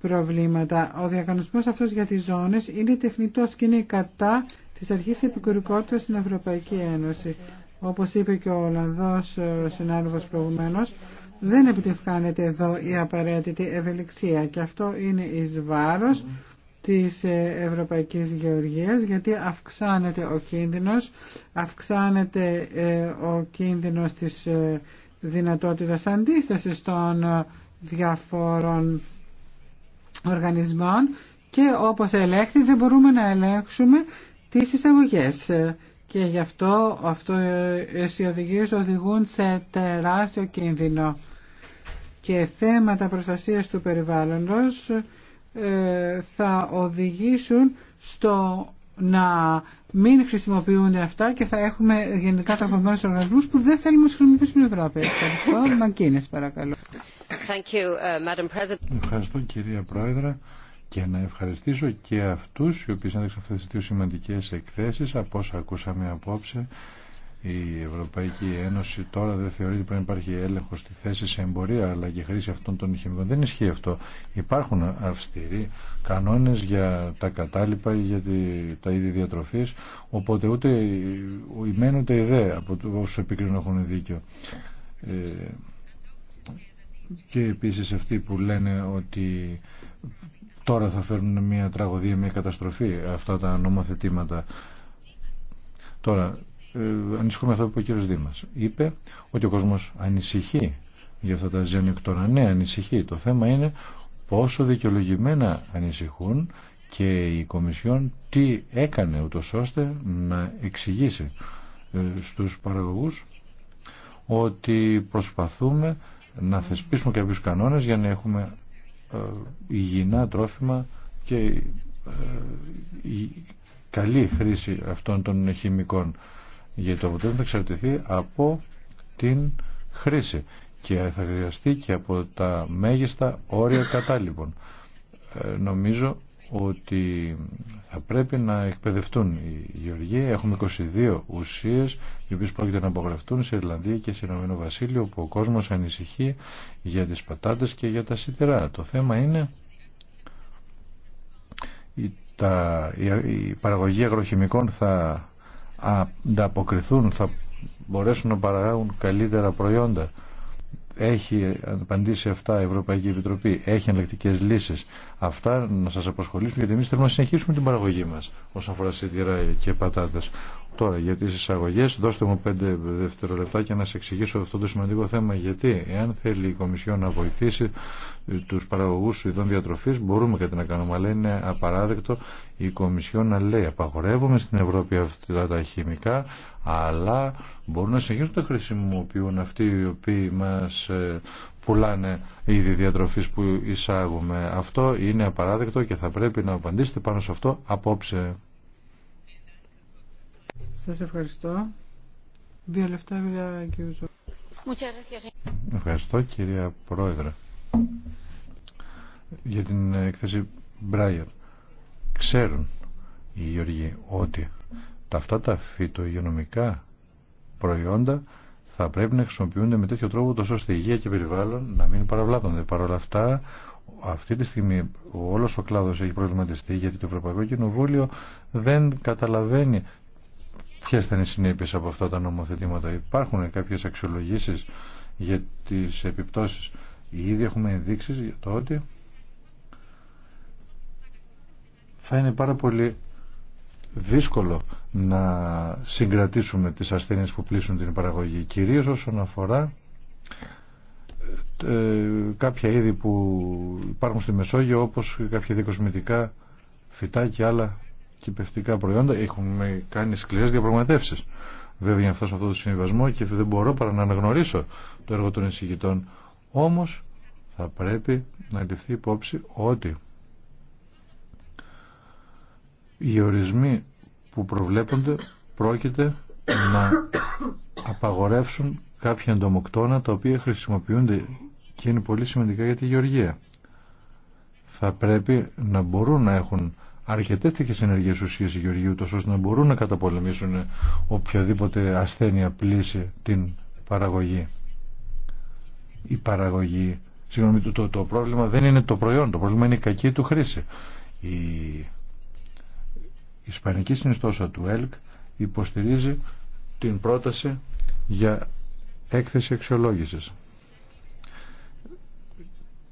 προβλήματα. Ο διακανονισμό αυτός για τις ζώνες είναι τεχνητός και είναι κατά της αρχής επικουρικότητας στην Ευρωπαϊκή Ένωση. Όπως είπε και ο Ολλανδός ε, συνάδελφος προηγουμένως, δεν επιτευχάνεται εδώ η απαραίτητη ευελιξία και αυτό είναι εις βάρος της ε, Ευρωπαϊκής Γεωργίας γιατί αυξάνεται ο κίνδυνος, αυξάνεται ε, ο κίνδυνος της δυνατότητας αντίστασης των διαφόρων οργανισμών και όπως ελέγχθη δεν μπορούμε να ελέγξουμε τις εισαγωγές και γι' αυτό, αυτό ε, οι οδηγίες οδηγούν σε τεράστιο κίνδυνο και θέματα προστασίας του περιβάλλοντος ε, θα οδηγήσουν στο να μην χρησιμοποιούν αυτά και θα έχουμε γενικά τροποποιημένου οργανισμού που δεν θέλουμε να χρησιμοποιήσουμε στην Ευρώπη. Ευχαριστώ. Μαγκίνε, παρακαλώ. Uh,
Ευχαριστώ, κυρία Πρόεδρε και να ευχαριστήσω και αυτούς οι οποίοι έδεξαν αυτές τις δύο σημαντικές εκθέσεις από όσα ακούσαμε απόψε η Ευρωπαϊκή Ένωση τώρα δεν θεωρεί ότι πρέπει να υπάρχει έλεγχο στη θέση σε εμπορία αλλά και χρήση αυτών των χημικών. Δεν ισχύει αυτό. Υπάρχουν αυστηροί κανόνε για τα κατάλοιπα, για τα είδη διατροφή. Οπότε ούτε η μεν ούτε η δε από όσου επικρίνουν έχουν δίκιο. Ε, και επίση αυτοί που λένε ότι τώρα θα φέρουν μια τραγωδία, μια καταστροφή αυτά τα νομοθετήματα. Τώρα, ε, ανησυχούμε αυτό που είπε ο κύριος Δήμας. Είπε ότι ο κόσμος ανησυχεί για αυτά τα ζενιοκτώνα. Ναι, ανησυχεί. Το θέμα είναι πόσο δικαιολογημένα ανησυχούν και η Κομισιόν τι έκανε ούτως ώστε να εξηγήσει ε, στους παραγωγούς ότι προσπαθούμε να θεσπίσουμε κάποιους κανόνες για να έχουμε ε, υγιεινά τρόφιμα και ε, η καλή χρήση αυτών των χημικών γιατί το αποτέλεσμα θα εξαρτηθεί από την χρήση και θα χρειαστεί και από τα μέγιστα όρια κατάλοιπων. Ε, νομίζω ότι θα πρέπει να εκπαιδευτούν οι Γεωργοί. Έχουμε 22 ουσίες οι οποίε πρόκειται να απογραφτούν σε Ιρλανδία και σε Ηνωμένο Βασίλειο που ο κόσμος ανησυχεί για τις πατάτες και για τα σιτηρά. Το θέμα είναι η, τα, η, παραγωγή αγροχημικών θα ανταποκριθούν, θα μπορέσουν να παραγάγουν καλύτερα προϊόντα. Έχει απαντήσει αυτά η Ευρωπαϊκή Επιτροπή, έχει εναλλακτικέ λύσει. Αυτά να σα απασχολήσουν γιατί εμεί θέλουμε να συνεχίσουμε την παραγωγή μα όσον αφορά σιτηρά και πατάτε. Τώρα για τις εισαγωγές δώστε μου 5 και να σας εξηγήσω αυτό το σημαντικό θέμα γιατί εάν θέλει η Κομισιόν να βοηθήσει ε, τους παραγωγούς ειδών διατροφής μπορούμε κάτι να κάνουμε αλλά είναι απαράδεκτο η Κομισιόν να λέει απαγορεύουμε στην Ευρώπη αυτά τα χημικά αλλά μπορούν να συνεχίσουν να χρησιμοποιούν αυτοί οι οποίοι μας ε, πουλάνε είδη διατροφής που εισάγουμε. Αυτό είναι απαράδεκτο και θα πρέπει να απαντήσετε πάνω σε αυτό απόψε.
Σας ευχαριστώ. Δύο λεφτά για κύριο
Ευχαριστώ κυρία Πρόεδρε για την εκθέση Μπράιερ. Ξέρουν οι Γεωργοί ότι τα αυτά τα φυτογενομικά προϊόντα θα πρέπει να χρησιμοποιούνται με τέτοιο τρόπο τόσο στη υγεία και περιβάλλον να μην παραβλάπτονται. Παρ' όλα αυτά αυτή τη στιγμή όλος ο κλάδος έχει προβληματιστεί γιατί το Ευρωπαϊκό Κοινοβούλιο δεν καταλαβαίνει Ποιε θα είναι οι συνέπειε από αυτά τα νομοθετήματα, Υπάρχουν κάποιε αξιολογήσει για τι επιπτώσει. Ήδη έχουμε ενδείξει για το ότι θα είναι πάρα πολύ δύσκολο να συγκρατήσουμε τις ασθένειες που πλήσουν την παραγωγή κυρίως όσον αφορά ε, κάποια είδη που υπάρχουν στη Μεσόγειο όπως κάποια δικοσμητικά φυτά και άλλα κυπευτικά προϊόντα Έχουμε κάνει σκληρές διαπραγματεύσεις βέβαια για να τον αυτό το συμβιβασμό και δεν μπορώ παρά να αναγνωρίσω το έργο των εισηγητών όμως θα πρέπει να ληφθεί υπόψη ότι οι ορισμοί που προβλέπονται πρόκειται να απαγορεύσουν κάποια εντομοκτώνα τα οποία χρησιμοποιούνται και είναι πολύ σημαντικά για τη γεωργία. Θα πρέπει να μπορούν να έχουν αρκετέ τέτοιε ενεργέ ουσίε Γεωργίου, τόσο ώστε να μπορούν να καταπολεμήσουν οποιαδήποτε ασθένεια πλήση την παραγωγή. Η παραγωγή, συγγνώμη, το, το, το πρόβλημα δεν είναι το προϊόν, το πρόβλημα είναι η κακή του χρήση. Η Ισπανική συνιστόσα του ΕΛΚ υποστηρίζει την πρόταση για έκθεση αξιολόγησης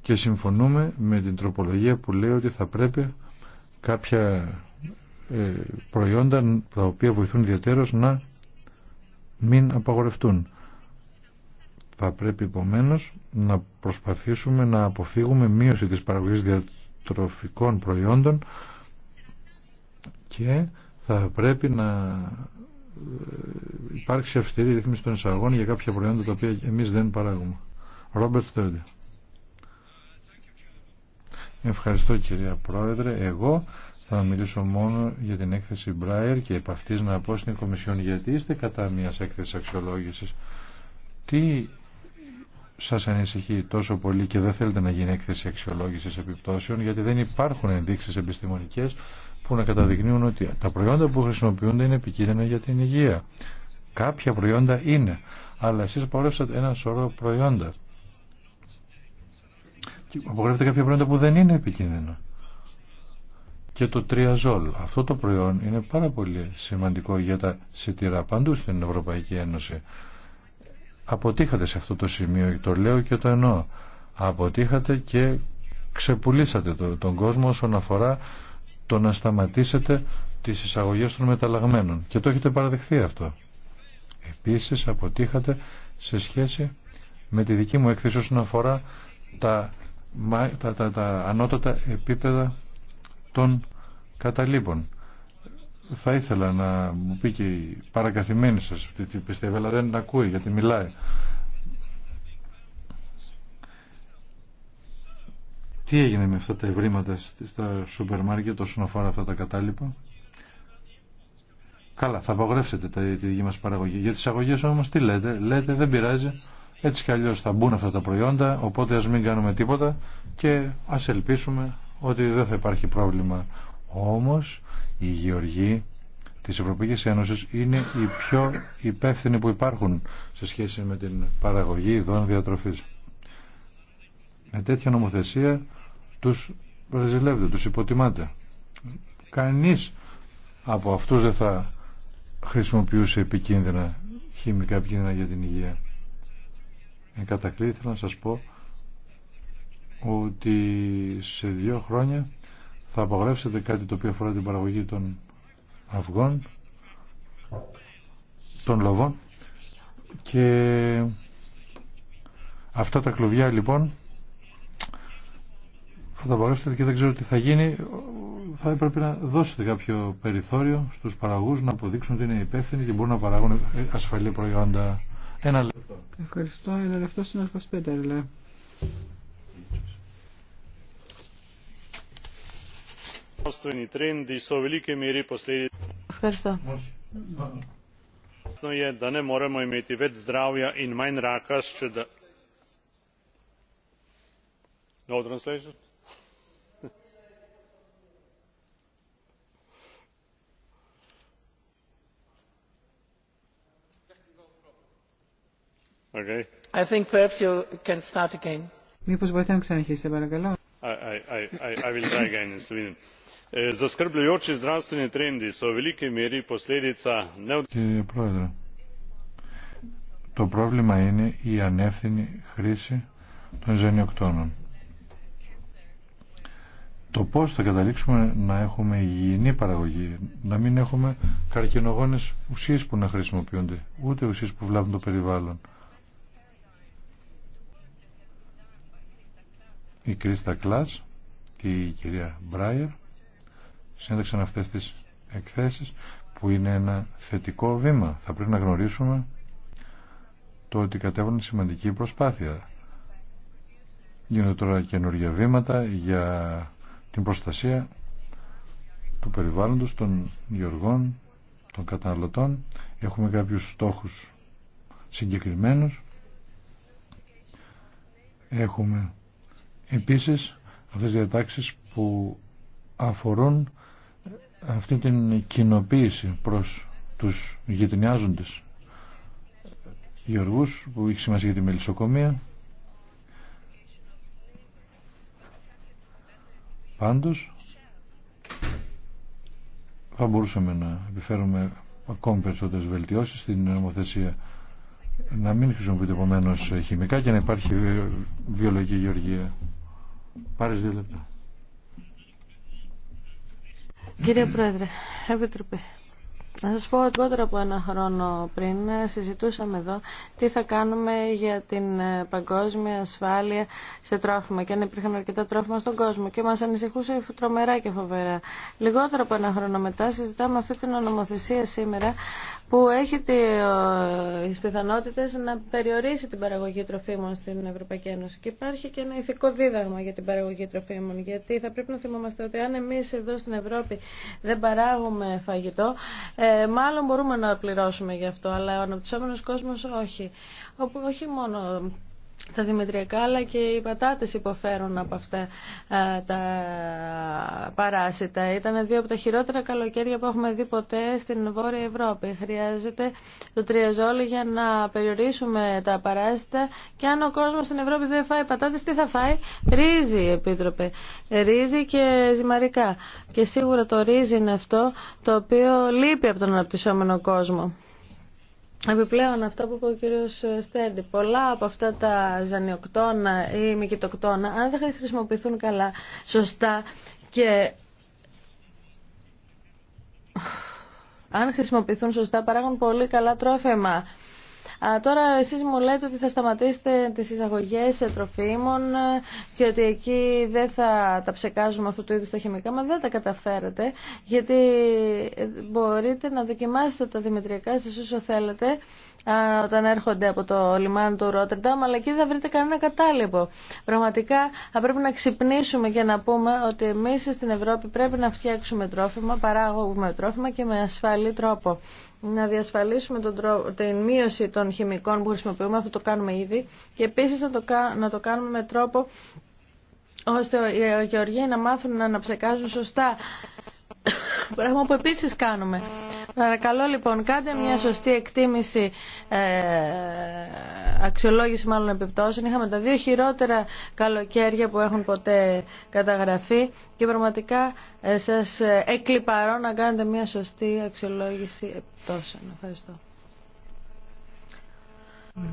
και συμφωνούμε με την τροπολογία που λέει ότι θα πρέπει κάποια ε, προϊόντα τα οποία βοηθούν ιδιαίτερως να μην απαγορευτούν. Θα πρέπει επομένω να προσπαθήσουμε να αποφύγουμε μείωση της παραγωγής διατροφικών προϊόντων και θα πρέπει να ε, υπάρξει αυστηρή ρύθμιση των εισαγών για κάποια προϊόντα τα οποία εμείς δεν παράγουμε. Robert Sturdy. Ευχαριστώ κυρία Πρόεδρε. Εγώ θα μιλήσω μόνο για την έκθεση Μπράιερ και επ' αυτής να πω στην Κομισιόν γιατί είστε κατά μιας έκθεσης αξιολόγησης. Τι σας ανησυχεί τόσο πολύ και δεν θέλετε να γίνει έκθεση αξιολόγησης επιπτώσεων γιατί δεν υπάρχουν ενδείξεις επιστημονικές που να καταδεικνύουν ότι τα προϊόντα που χρησιμοποιούνται είναι επικίνδυνα για την υγεία. Κάποια προϊόντα είναι, αλλά εσείς πόρευσατε ένα σωρό προϊόντα απογορεύεται κάποια προϊόντα που δεν είναι επικίνδυνα. Και το τριαζόλ. Αυτό το προϊόν είναι πάρα πολύ σημαντικό για τα σιτήρα παντού στην Ευρωπαϊκή Ένωση. Αποτύχατε σε αυτό το σημείο, το λέω και το εννοώ. Αποτύχατε και ξεπουλήσατε τον κόσμο όσον αφορά το να σταματήσετε τις εισαγωγές των μεταλλαγμένων. Και το έχετε παραδεχθεί αυτό. Επίσης αποτύχατε σε σχέση με τη δική μου έκθεση όσον αφορά τα τα, τα, τα ανώτατα επίπεδα των καταλήπων. Θα ήθελα να μου πει και η παρακαθημένη σας ότι τι πιστεύει, αλλά δεν ακούει γιατί μιλάει. Τι έγινε με αυτά τα ευρήματα στα σούπερ μάρκετ όσον αφορά αυτά τα κατάλοιπα. Καλά, θα απαγορεύσετε τη δική μας παραγωγή. Για τις αγωγές όμως τι λέτε, λέτε δεν πειράζει έτσι κι αλλιώς θα μπουν αυτά τα προϊόντα, οπότε ας μην κάνουμε τίποτα και ας ελπίσουμε ότι δεν θα υπάρχει πρόβλημα. Όμως η γεωργοί της Ευρωπαϊκής Ένωσης είναι οι πιο υπεύθυνοι που υπάρχουν σε σχέση με την παραγωγή ειδών διατροφής. Με τέτοια νομοθεσία τους βραζιλεύεται, τους υποτιμάται. Κανείς από αυτούς δεν θα χρησιμοποιούσε επικίνδυνα, χημικά επικίνδυνα για την υγεία. Εν κατακλείδη θέλω να σας πω ότι σε δύο χρόνια θα απαγορεύσετε κάτι το οποίο αφορά την παραγωγή των αυγών, των λαβών και αυτά τα κλουβιά λοιπόν θα τα απαγορεύσετε και δεν ξέρω τι θα γίνει θα έπρεπε να δώσετε κάποιο περιθώριο στους παραγωγούς να αποδείξουν ότι είναι υπεύθυνοι και μπορούν να παράγουν ασφαλή προϊόντα ένα λεπτό. Ευχαριστώ. Ένα λεπτό
στην 25 λέει.
Ευχαριστώ.
Ευχαριστώ.
Okay.
I think
perhaps you can start again. Μήπως μπορείτε να ξαναρχίσετε παρακαλώ.
Κύριε Πρόεδρε, το πρόβλημα είναι η ανεύθυνη χρήση των ζενιοκτώνων. Το πώς θα καταλήξουμε να έχουμε υγιεινή παραγωγή, να μην έχουμε καρκινογόνες ουσίες που να χρησιμοποιούνται, ούτε ουσίες που βλάβουν το περιβάλλον. η Κρίστα Κλάς και η κυρία Μπράιερ συνέταξαν αυτές τις εκθέσεις που είναι ένα θετικό βήμα. Θα πρέπει να γνωρίσουμε το ότι κατέβαλαν σημαντική προσπάθεια. Γίνονται τώρα καινούργια βήματα για την προστασία του περιβάλλοντος των γεωργών, των καταναλωτών. Έχουμε κάποιους στόχους συγκεκριμένους. Έχουμε Επίσης, αυτές οι διατάξεις που αφορούν αυτή την κοινοποίηση προς τους γειτονιάζοντες γεωργούς που έχει σημασία για τη μελισσοκομεία. Πάντως, θα μπορούσαμε να επιφέρουμε ακόμη περισσότερες βελτιώσεις στην νομοθεσία να μην χρησιμοποιείται επομένω χημικά και να υπάρχει βιολογική γεωργία. Πάρε δύο λεπτά.
Κύριε Πρόεδρε, επιτροπή. Να σας πω λιγότερο από ένα χρόνο πριν ε, συζητούσαμε εδώ τι θα κάνουμε για την ε, παγκόσμια ασφάλεια σε τρόφιμα και αν υπήρχαν αρκετά τρόφιμα στον κόσμο και μας ανησυχούσε τρομερά και φοβερά. Λιγότερο από ένα χρόνο μετά συζητάμε αυτή την ονομοθεσία σήμερα που έχει τι πιθανότητε να περιορίσει την παραγωγή τροφίμων στην Ευρωπαϊκή Ένωση. Και υπάρχει και ένα ηθικό δίδαγμα για την παραγωγή τροφίμων, γιατί θα πρέπει να θυμόμαστε ότι αν εμεί εδώ στην Ευρώπη δεν παράγουμε φαγητό, ε, μάλλον μπορούμε να πληρώσουμε γι' αυτό, αλλά ο αναπτυσσόμενος κόσμος όχι. Όχι μόνο τα δημητριακά αλλά και οι πατάτες υποφέρουν από αυτά ε, τα παράσιτα. Ήταν δύο από τα χειρότερα καλοκαίρια που έχουμε δει ποτέ στην Βόρεια Ευρώπη. Χρειάζεται το τριαζόλι για να περιορίσουμε τα παράσιτα και αν ο κόσμος στην Ευρώπη δεν φάει πατάτες, τι θα φάει. Ρύζι, Επίτροπε. Ρύζι και ζυμαρικά. Και σίγουρα το ρύζι είναι αυτό το οποίο λείπει από τον αναπτυσσόμενο κόσμο. Επιπλέον αυτό που είπε ο κύριος Στέρντι, πολλά από αυτά τα ζανιοκτώνα ή μικητοκτώνα, αν δεν χρησιμοποιηθούν καλά, σωστά και αν χρησιμοποιηθούν σωστά, παράγουν πολύ καλά τρόφιμα τώρα εσείς μου λέτε ότι θα σταματήσετε τις εισαγωγές τροφίμων και ότι εκεί δεν θα τα ψεκάζουμε αυτού του είδους τα χημικά, μα δεν τα καταφέρατε γιατί μπορείτε να δοκιμάσετε τα δημητριακά σας όσο θέλετε όταν έρχονται από το λιμάνι του Ρότερνταμ, αλλά εκεί δεν θα βρείτε κανένα κατάλοιπο. Πραγματικά θα πρέπει να ξυπνήσουμε και να πούμε ότι εμεί στην Ευρώπη πρέπει να φτιάξουμε τρόφιμα, παράγουμε τρόφιμα και με ασφαλή τρόπο. Να διασφαλίσουμε τον την μείωση των χημικών που χρησιμοποιούμε, αυτό το κάνουμε ήδη, και επίση να, το... να το κάνουμε με τρόπο ώστε οι Γεωργοί να μάθουν να αναψεκάζουν σωστά Πράγμα που επίσης κάνουμε. Παρακαλώ λοιπόν κάντε μια σωστή εκτίμηση, ε, αξιολόγηση μάλλον επιπτώσεων. Είχαμε τα δύο χειρότερα καλοκαίρια που έχουν ποτέ καταγραφεί και πραγματικά ε, σας εκλυπαρώ να κάνετε μια σωστή αξιολόγηση επιπτώσεων. Ευχαριστώ.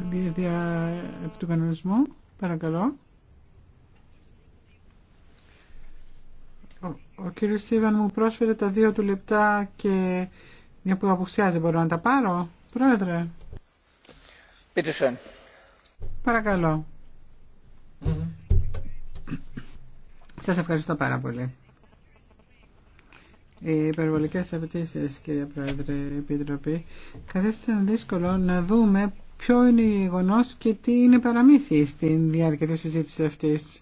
Επί του κανονισμού, παρακαλώ. Ο κύριος Στίβαν μου πρόσφερε τα δύο του λεπτά και μια που αποξιάζει μπορώ να τα πάρω. Πρόεδρε. Παρακαλώ. Σα mm-hmm. Σας ευχαριστώ πάρα πολύ. Οι υπερβολικές απαιτήσει, κύριε Πρόεδρε, Επίτροπη, καθίστησαν δύσκολο να δούμε ποιο είναι η γεγονό και τι είναι παραμύθι στην διάρκεια της συζήτησης αυτής.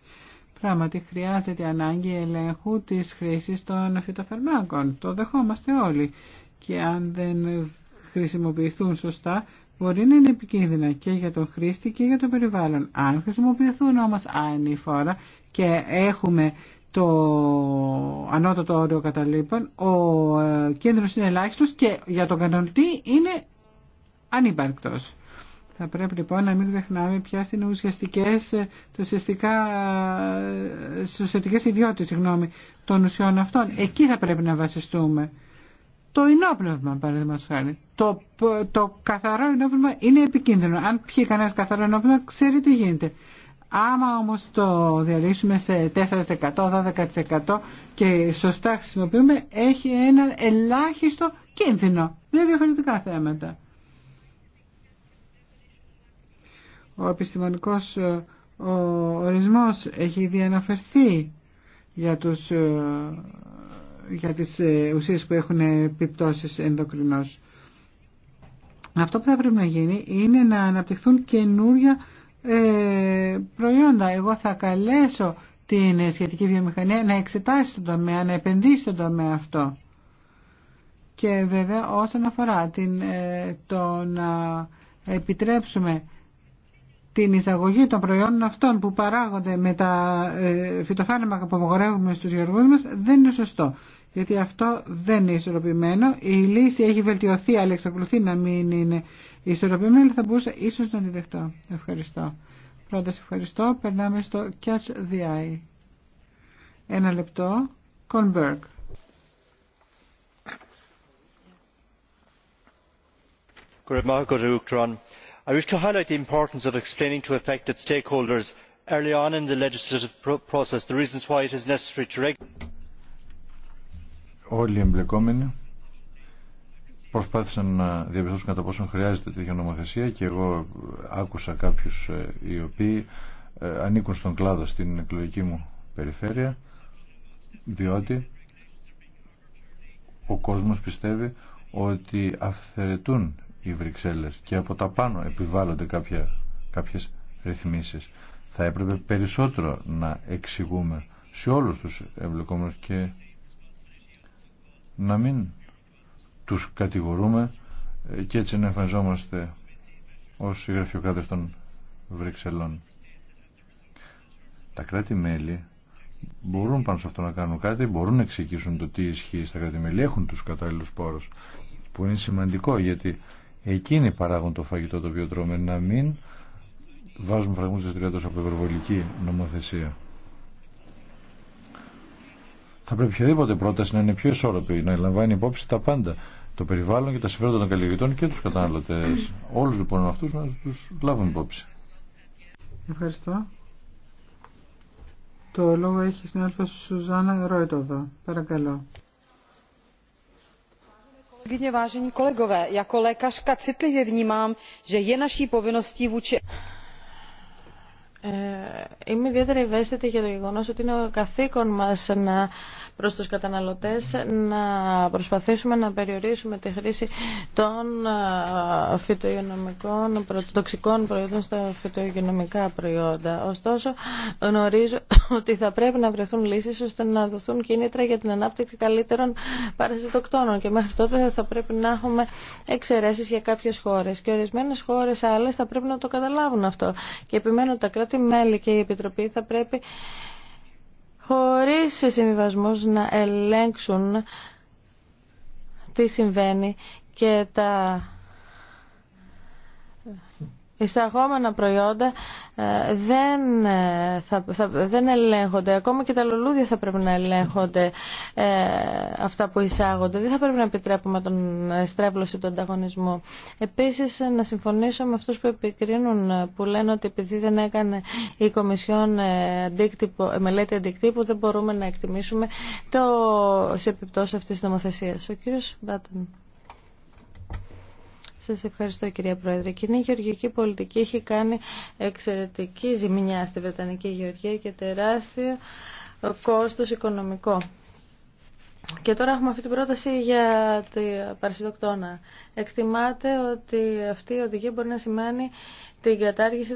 Πράγματι χρειάζεται ανάγκη ελέγχου της χρήσης των φυτοφαρμάκων. Το δεχόμαστε όλοι. Και αν δεν χρησιμοποιηθούν σωστά, μπορεί να είναι επικίνδυνα και για τον χρήστη και για το περιβάλλον. Αν χρησιμοποιηθούν όμως φορά και έχουμε το ανώτατο όριο καταλήπων, ο ε, κίνδυνος είναι ελάχιστος και για τον κανονιτή είναι ανύπαρκτος. Θα πρέπει λοιπόν να μην ξεχνάμε ποιε είναι ουσιαστικέ ε, ουσιαστικά, ε, ε, ουσιαστικές ιδιότητες συγγνώμη, των ουσιών αυτών. Εκεί θα πρέπει να βασιστούμε. Το ενόπνευμα, παραδείγματο χάρη. Το, το καθαρό ενόπνευμα είναι επικίνδυνο. Αν πιει κανένα καθαρό ενόπνευμα, ξέρει τι γίνεται. Άμα όμω το διαλύσουμε σε 4%, 12% και σωστά χρησιμοποιούμε, έχει ένα ελάχιστο κίνδυνο. Δύο διαφορετικά θέματα. ο επιστημονικός ε, ο ορισμός έχει ήδη αναφερθεί για, τους, ε, για τις ε, ουσίες που έχουν επιπτώσεις ενδοκρινώς. Αυτό που θα πρέπει να γίνει είναι να αναπτυχθούν καινούρια προϊόντα. Εγώ θα καλέσω την σχετική βιομηχανία να εξετάσει τον τομέα, να επενδύσει τον τομέα αυτό. Και βέβαια όσον αφορά την, το να επιτρέψουμε την εισαγωγή των προϊόντων αυτών που παράγονται με τα ε, φυτοφάρμακα που απογορεύουμε στους γεωργούς μας δεν είναι σωστό. Γιατί αυτό δεν είναι ισορροπημένο. Η λύση έχει βελτιωθεί, αλλά εξακολουθεί να μην είναι ισορροπημένη, αλλά θα μπορούσα ίσως να τη δεχτώ. Ευχαριστώ. Πρώτα σε ευχαριστώ. Περνάμε στο Catch the Eye. Ένα λεπτό. Κονμπέργκ.
Ευχαριστώ i wish to highlight the importance of explaining to affected stakeholders early on in the legislative process the reasons why it is necessary to regulate.
Όλοι οι εμπλεκόμενοι προσπάθησαν να διαπιστώσουν κατά πόσο χρειάζεται τέτοια νομοθεσία και εγώ άκουσα κάποιους ε, οι οποίοι ε, ανήκουν στον κλάδο στην εκλογική μου περιφέρεια διότι ο κόσμος πιστεύει ότι αυθαιρετούν οι Βρυξέλλες και από τα πάνω επιβάλλονται κάποια, κάποιες ρυθμίσεις. Θα έπρεπε περισσότερο να εξηγούμε σε όλους τους εμπλεκόμενους και να μην τους κατηγορούμε και έτσι να εμφανιζόμαστε ως οι γραφειοκράτες των Βρυξελών. Τα κράτη-μέλη μπορούν πάνω σε αυτό να κάνουν κάτι, μπορούν να εξηγήσουν το τι ισχύει στα κράτη-μέλη, έχουν τους κατάλληλους πόρους, που είναι σημαντικό γιατί Εκείνοι παράγουν το φαγητό το οποίο τρώμε, να μην βάζουν φραγμούς δραστηριότητας από υπερβολική νομοθεσία. Θα πρέπει οποιαδήποτε πρόταση να είναι πιο ισόρροπη, να λαμβάνει υπόψη τα πάντα. Το περιβάλλον και τα συμφέροντα των καλλιεργητών και τους καταναλωτές. Όλους λοιπόν αυτούς να τους λάβουν υπόψη.
Ευχαριστώ. Το λόγο έχει συνάδελφος Σουζάννα Ρόιτοβα. Παρακαλώ
kolegyně vážení kolegové jako
lékařka citlivě vnímám že je naší povinností vůči. Ε, είμαι ιδιαίτερα ευαίσθητη για το γεγονό ότι είναι ο καθήκον μα να, προς τους καταναλωτές να προσπαθήσουμε να περιορίσουμε τη χρήση των ε, φυτογενομικών, τοξικών προϊόντων στα φυτογενομικά προϊόντα. Ωστόσο, γνωρίζω ότι θα πρέπει να βρεθούν λύσεις ώστε να δοθούν κίνητρα για την ανάπτυξη καλύτερων παρασιτοκτόνων και μέχρι τότε θα πρέπει να έχουμε εξαιρέσεις για κάποιες χώρες και ορισμένες χώρε άλλε θα πρέπει να το καταλάβουν αυτό και επιμένω τα κράτη κράτη-μέλη και η Επιτροπή θα πρέπει χωρίς συμβιβασμούς να ελέγξουν τι συμβαίνει και τα εισαγόμενα προϊόντα ε, δεν, ε, θα, δεν ελέγχονται. Ακόμα και τα λουλούδια θα πρέπει να ελέγχονται ε, αυτά που εισάγονται. Δεν θα πρέπει να επιτρέπουμε τον στρέβλωση του ανταγωνισμού. Επίσης, να συμφωνήσω με αυτούς που επικρίνουν, που λένε ότι επειδή δεν έκανε η Κομισιόν αντίκτυπο, μελέτη αντικτύπου, δεν μπορούμε να εκτιμήσουμε το, σε επιπτώσει αυτής της νομοθεσίας. Ο κύριος Μπάτον. Σα ευχαριστώ κυρία Πρόεδρε. Η κοινή γεωργική πολιτική έχει κάνει εξαιρετική ζημιά στη Βρετανική Γεωργία και τεράστιο κόστος οικονομικό. Και τώρα έχουμε αυτή την πρόταση για τη παρασιτοκτόνα. Εκτιμάται ότι αυτή η οδηγία μπορεί να σημαίνει την κατάργηση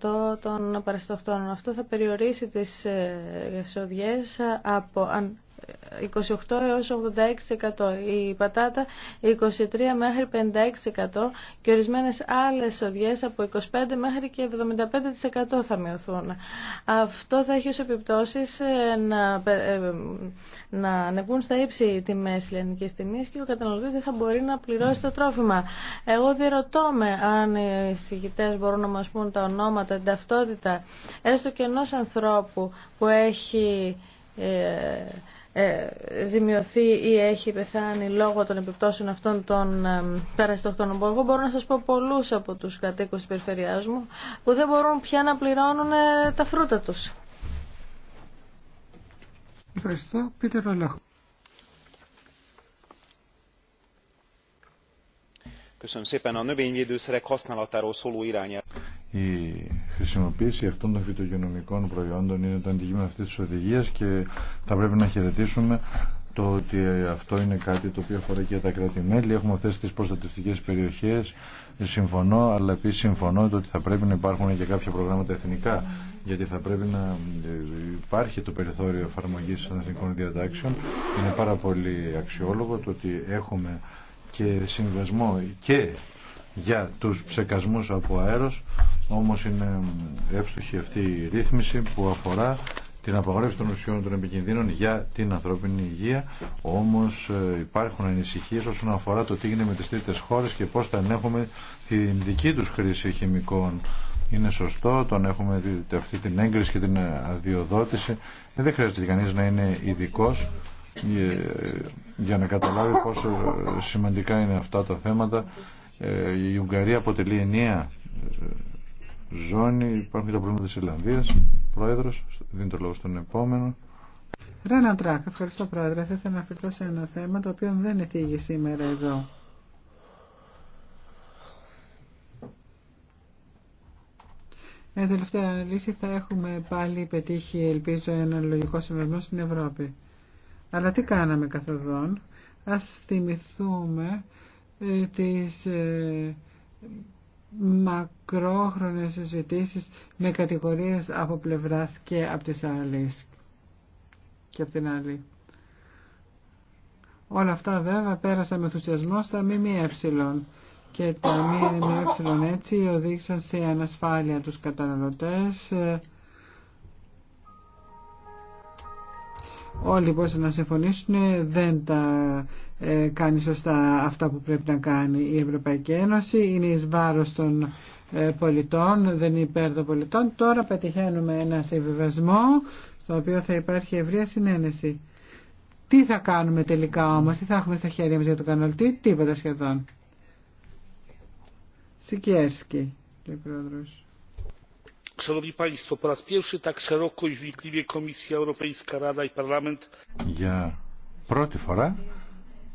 15% των παρασιτοκτόνων. Αυτό θα περιορίσει τις εσοδιές από, 28 έως 86%, η πατάτα 23 μέχρι 56% και ορισμένες άλλες οδιές από 25 μέχρι και 75% θα μειωθούν. Αυτό θα έχει ως επιπτώσεις ε, να, ε, να ανεβούν στα ύψη οι τιμές λιανικής τιμής και ο καταναλωτής δεν θα μπορεί να πληρώσει το τρόφιμα. Εγώ διερωτώ με αν οι συγκητές μπορούν να μας πούν τα ονόματα, την ταυτότητα, έστω και ενός ανθρώπου που έχει... Ε, ε, ζημιωθεί ή έχει πεθάνει λόγω των επιπτώσεων αυτών των ε, που Εγώ μπορώ να σας πω πολλούς από τους κατοίκους της περιφερειάς μου που δεν μπορούν πια να πληρώνουν ε, τα φρούτα τους.
Ευχαριστώ. Πείτε
η χρησιμοποίηση αυτών των φυτογενομικών προϊόντων είναι το αντικείμενο αυτής της οδηγίας και θα πρέπει να χαιρετήσουμε το ότι αυτό είναι κάτι το οποίο αφορά και τα κράτη-μέλη. Έχουμε θέσει τις προστατευτικές περιοχές, συμφωνώ, αλλά επίσης συμφωνώ ότι θα πρέπει να υπάρχουν και κάποια προγράμματα εθνικά, γιατί θα πρέπει να υπάρχει το περιθώριο εφαρμογής των εθνικών διατάξεων. Είναι πάρα πολύ αξιόλογο το ότι έχουμε και συμβασμό και για τους ψεκασμούς από αέρος όμως είναι εύστοχη αυτή η ρύθμιση που αφορά την απαγορεύση των ουσιών των επικινδύνων για την ανθρώπινη υγεία όμως ε, υπάρχουν ανησυχίες όσον αφορά το τι γίνεται με τις τρίτες χώρες και πώς θα έχουμε την δική τους χρήση χημικών είναι σωστό, τον έχουμε δει αυτή την έγκριση και την ε, αδειοδότηση. Ε, δεν χρειάζεται κανείς να είναι ειδικό για να καταλάβει πόσο σημαντικά είναι αυτά τα θέματα ε, η Ουγγαρία αποτελεί ενιαία ε, ζώνη, υπάρχουν και τα προβλήματα της Ιλλανδίας. Πρόεδρος, δίνει το λόγο στον επόμενο.
Ρένα Τράκ, ευχαριστώ πρόεδρε. Θα ήθελα να αφαιρθώ σε ένα θέμα το οποίο δεν εθίγει σήμερα εδώ. Με τελευταία αναλύση θα έχουμε πάλι πετύχει, ελπίζω, ένα λογικό συμβασμό στην Ευρώπη. Αλλά τι κάναμε καθοδόν. Ας θυμηθούμε ε, τις ε, μακρόχρονες συζητήσει με κατηγορίες από πλευράς και από τις άλλες και από την άλλη. Όλα αυτά βέβαια πέρασαν με ενθουσιασμό στα ΜΜΕ και τα ΜΜΕ έτσι οδήγησαν σε ανασφάλεια τους καταναλωτές, ε, όλοι μπορούσαν να συμφωνήσουν, δεν τα ε, κάνει σωστά αυτά που πρέπει να κάνει η Ευρωπαϊκή Ένωση, είναι εις βάρος των ε, πολιτών, δεν είναι υπέρ των πολιτών. Τώρα πετυχαίνουμε ένα συμβιβασμό στο οποίο θα υπάρχει ευρεία συνένεση. Τι θα κάνουμε τελικά όμως, τι θα έχουμε στα χέρια μας για το καναλτή, τίποτα σχεδόν. Σικιέρσκι,
πρόεδρος.
Για πρώτη φορά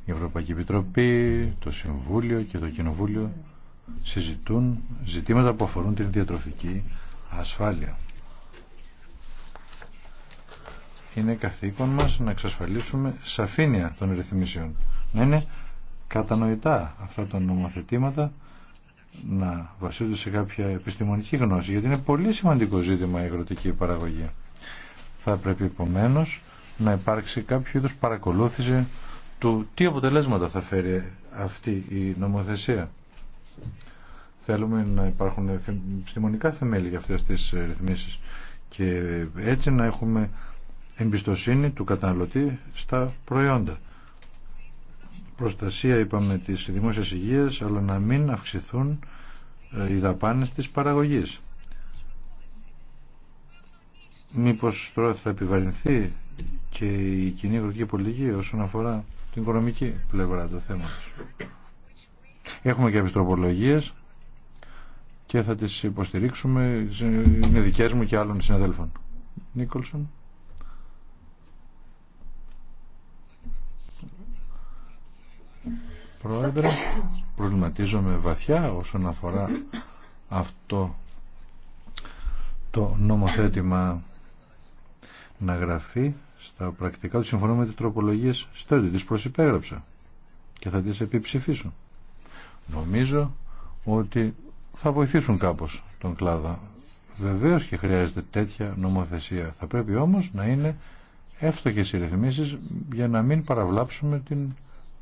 η Ευρωπαϊκή Επιτροπή, το Συμβούλιο και το Κοινοβούλιο συζητούν ζητήματα που αφορούν την διατροφική ασφάλεια. Είναι καθήκον μας να εξασφαλίσουμε σαφήνεια των ρυθμίσεων. Να είναι κατανοητά αυτά τα νομοθετήματα να βασίζονται σε κάποια επιστημονική γνώση, γιατί είναι πολύ σημαντικό ζήτημα η αγροτική παραγωγή. Θα πρέπει επομένω να υπάρξει κάποιο είδους παρακολούθηση του τι αποτελέσματα θα φέρει αυτή η νομοθεσία. Θέλουμε να υπάρχουν επιστημονικά θεμέλια για αυτές τις ε, ρυθμίσεις και έτσι να έχουμε εμπιστοσύνη του καταναλωτή στα προϊόντα προστασία είπαμε της δημόσιας υγείας αλλά να μην αυξηθούν ε, οι δαπάνες της παραγωγής. Μήπως τώρα θα επιβαρυνθεί και η κοινή αγροτική πολιτική όσον αφορά την οικονομική πλευρά του θέματος. Έχουμε και επιστροπολογίες και θα τις υποστηρίξουμε, είναι δικές μου και άλλων συναδέλφων. Νίκολσον. Πρόεδρε, προβληματίζομαι βαθιά όσον αφορά αυτό το νομοθέτημα να γραφεί στα πρακτικά του συμφωνώ με τις τροπολογίες στέλνει, τις προσυπέγραψα και θα τις επιψηφίσω. Νομίζω ότι θα βοηθήσουν κάπως τον κλάδο. Βεβαίως και χρειάζεται τέτοια νομοθεσία. Θα πρέπει όμως να είναι εύστοχες οι ρυθμίσεις για να μην παραβλάψουμε την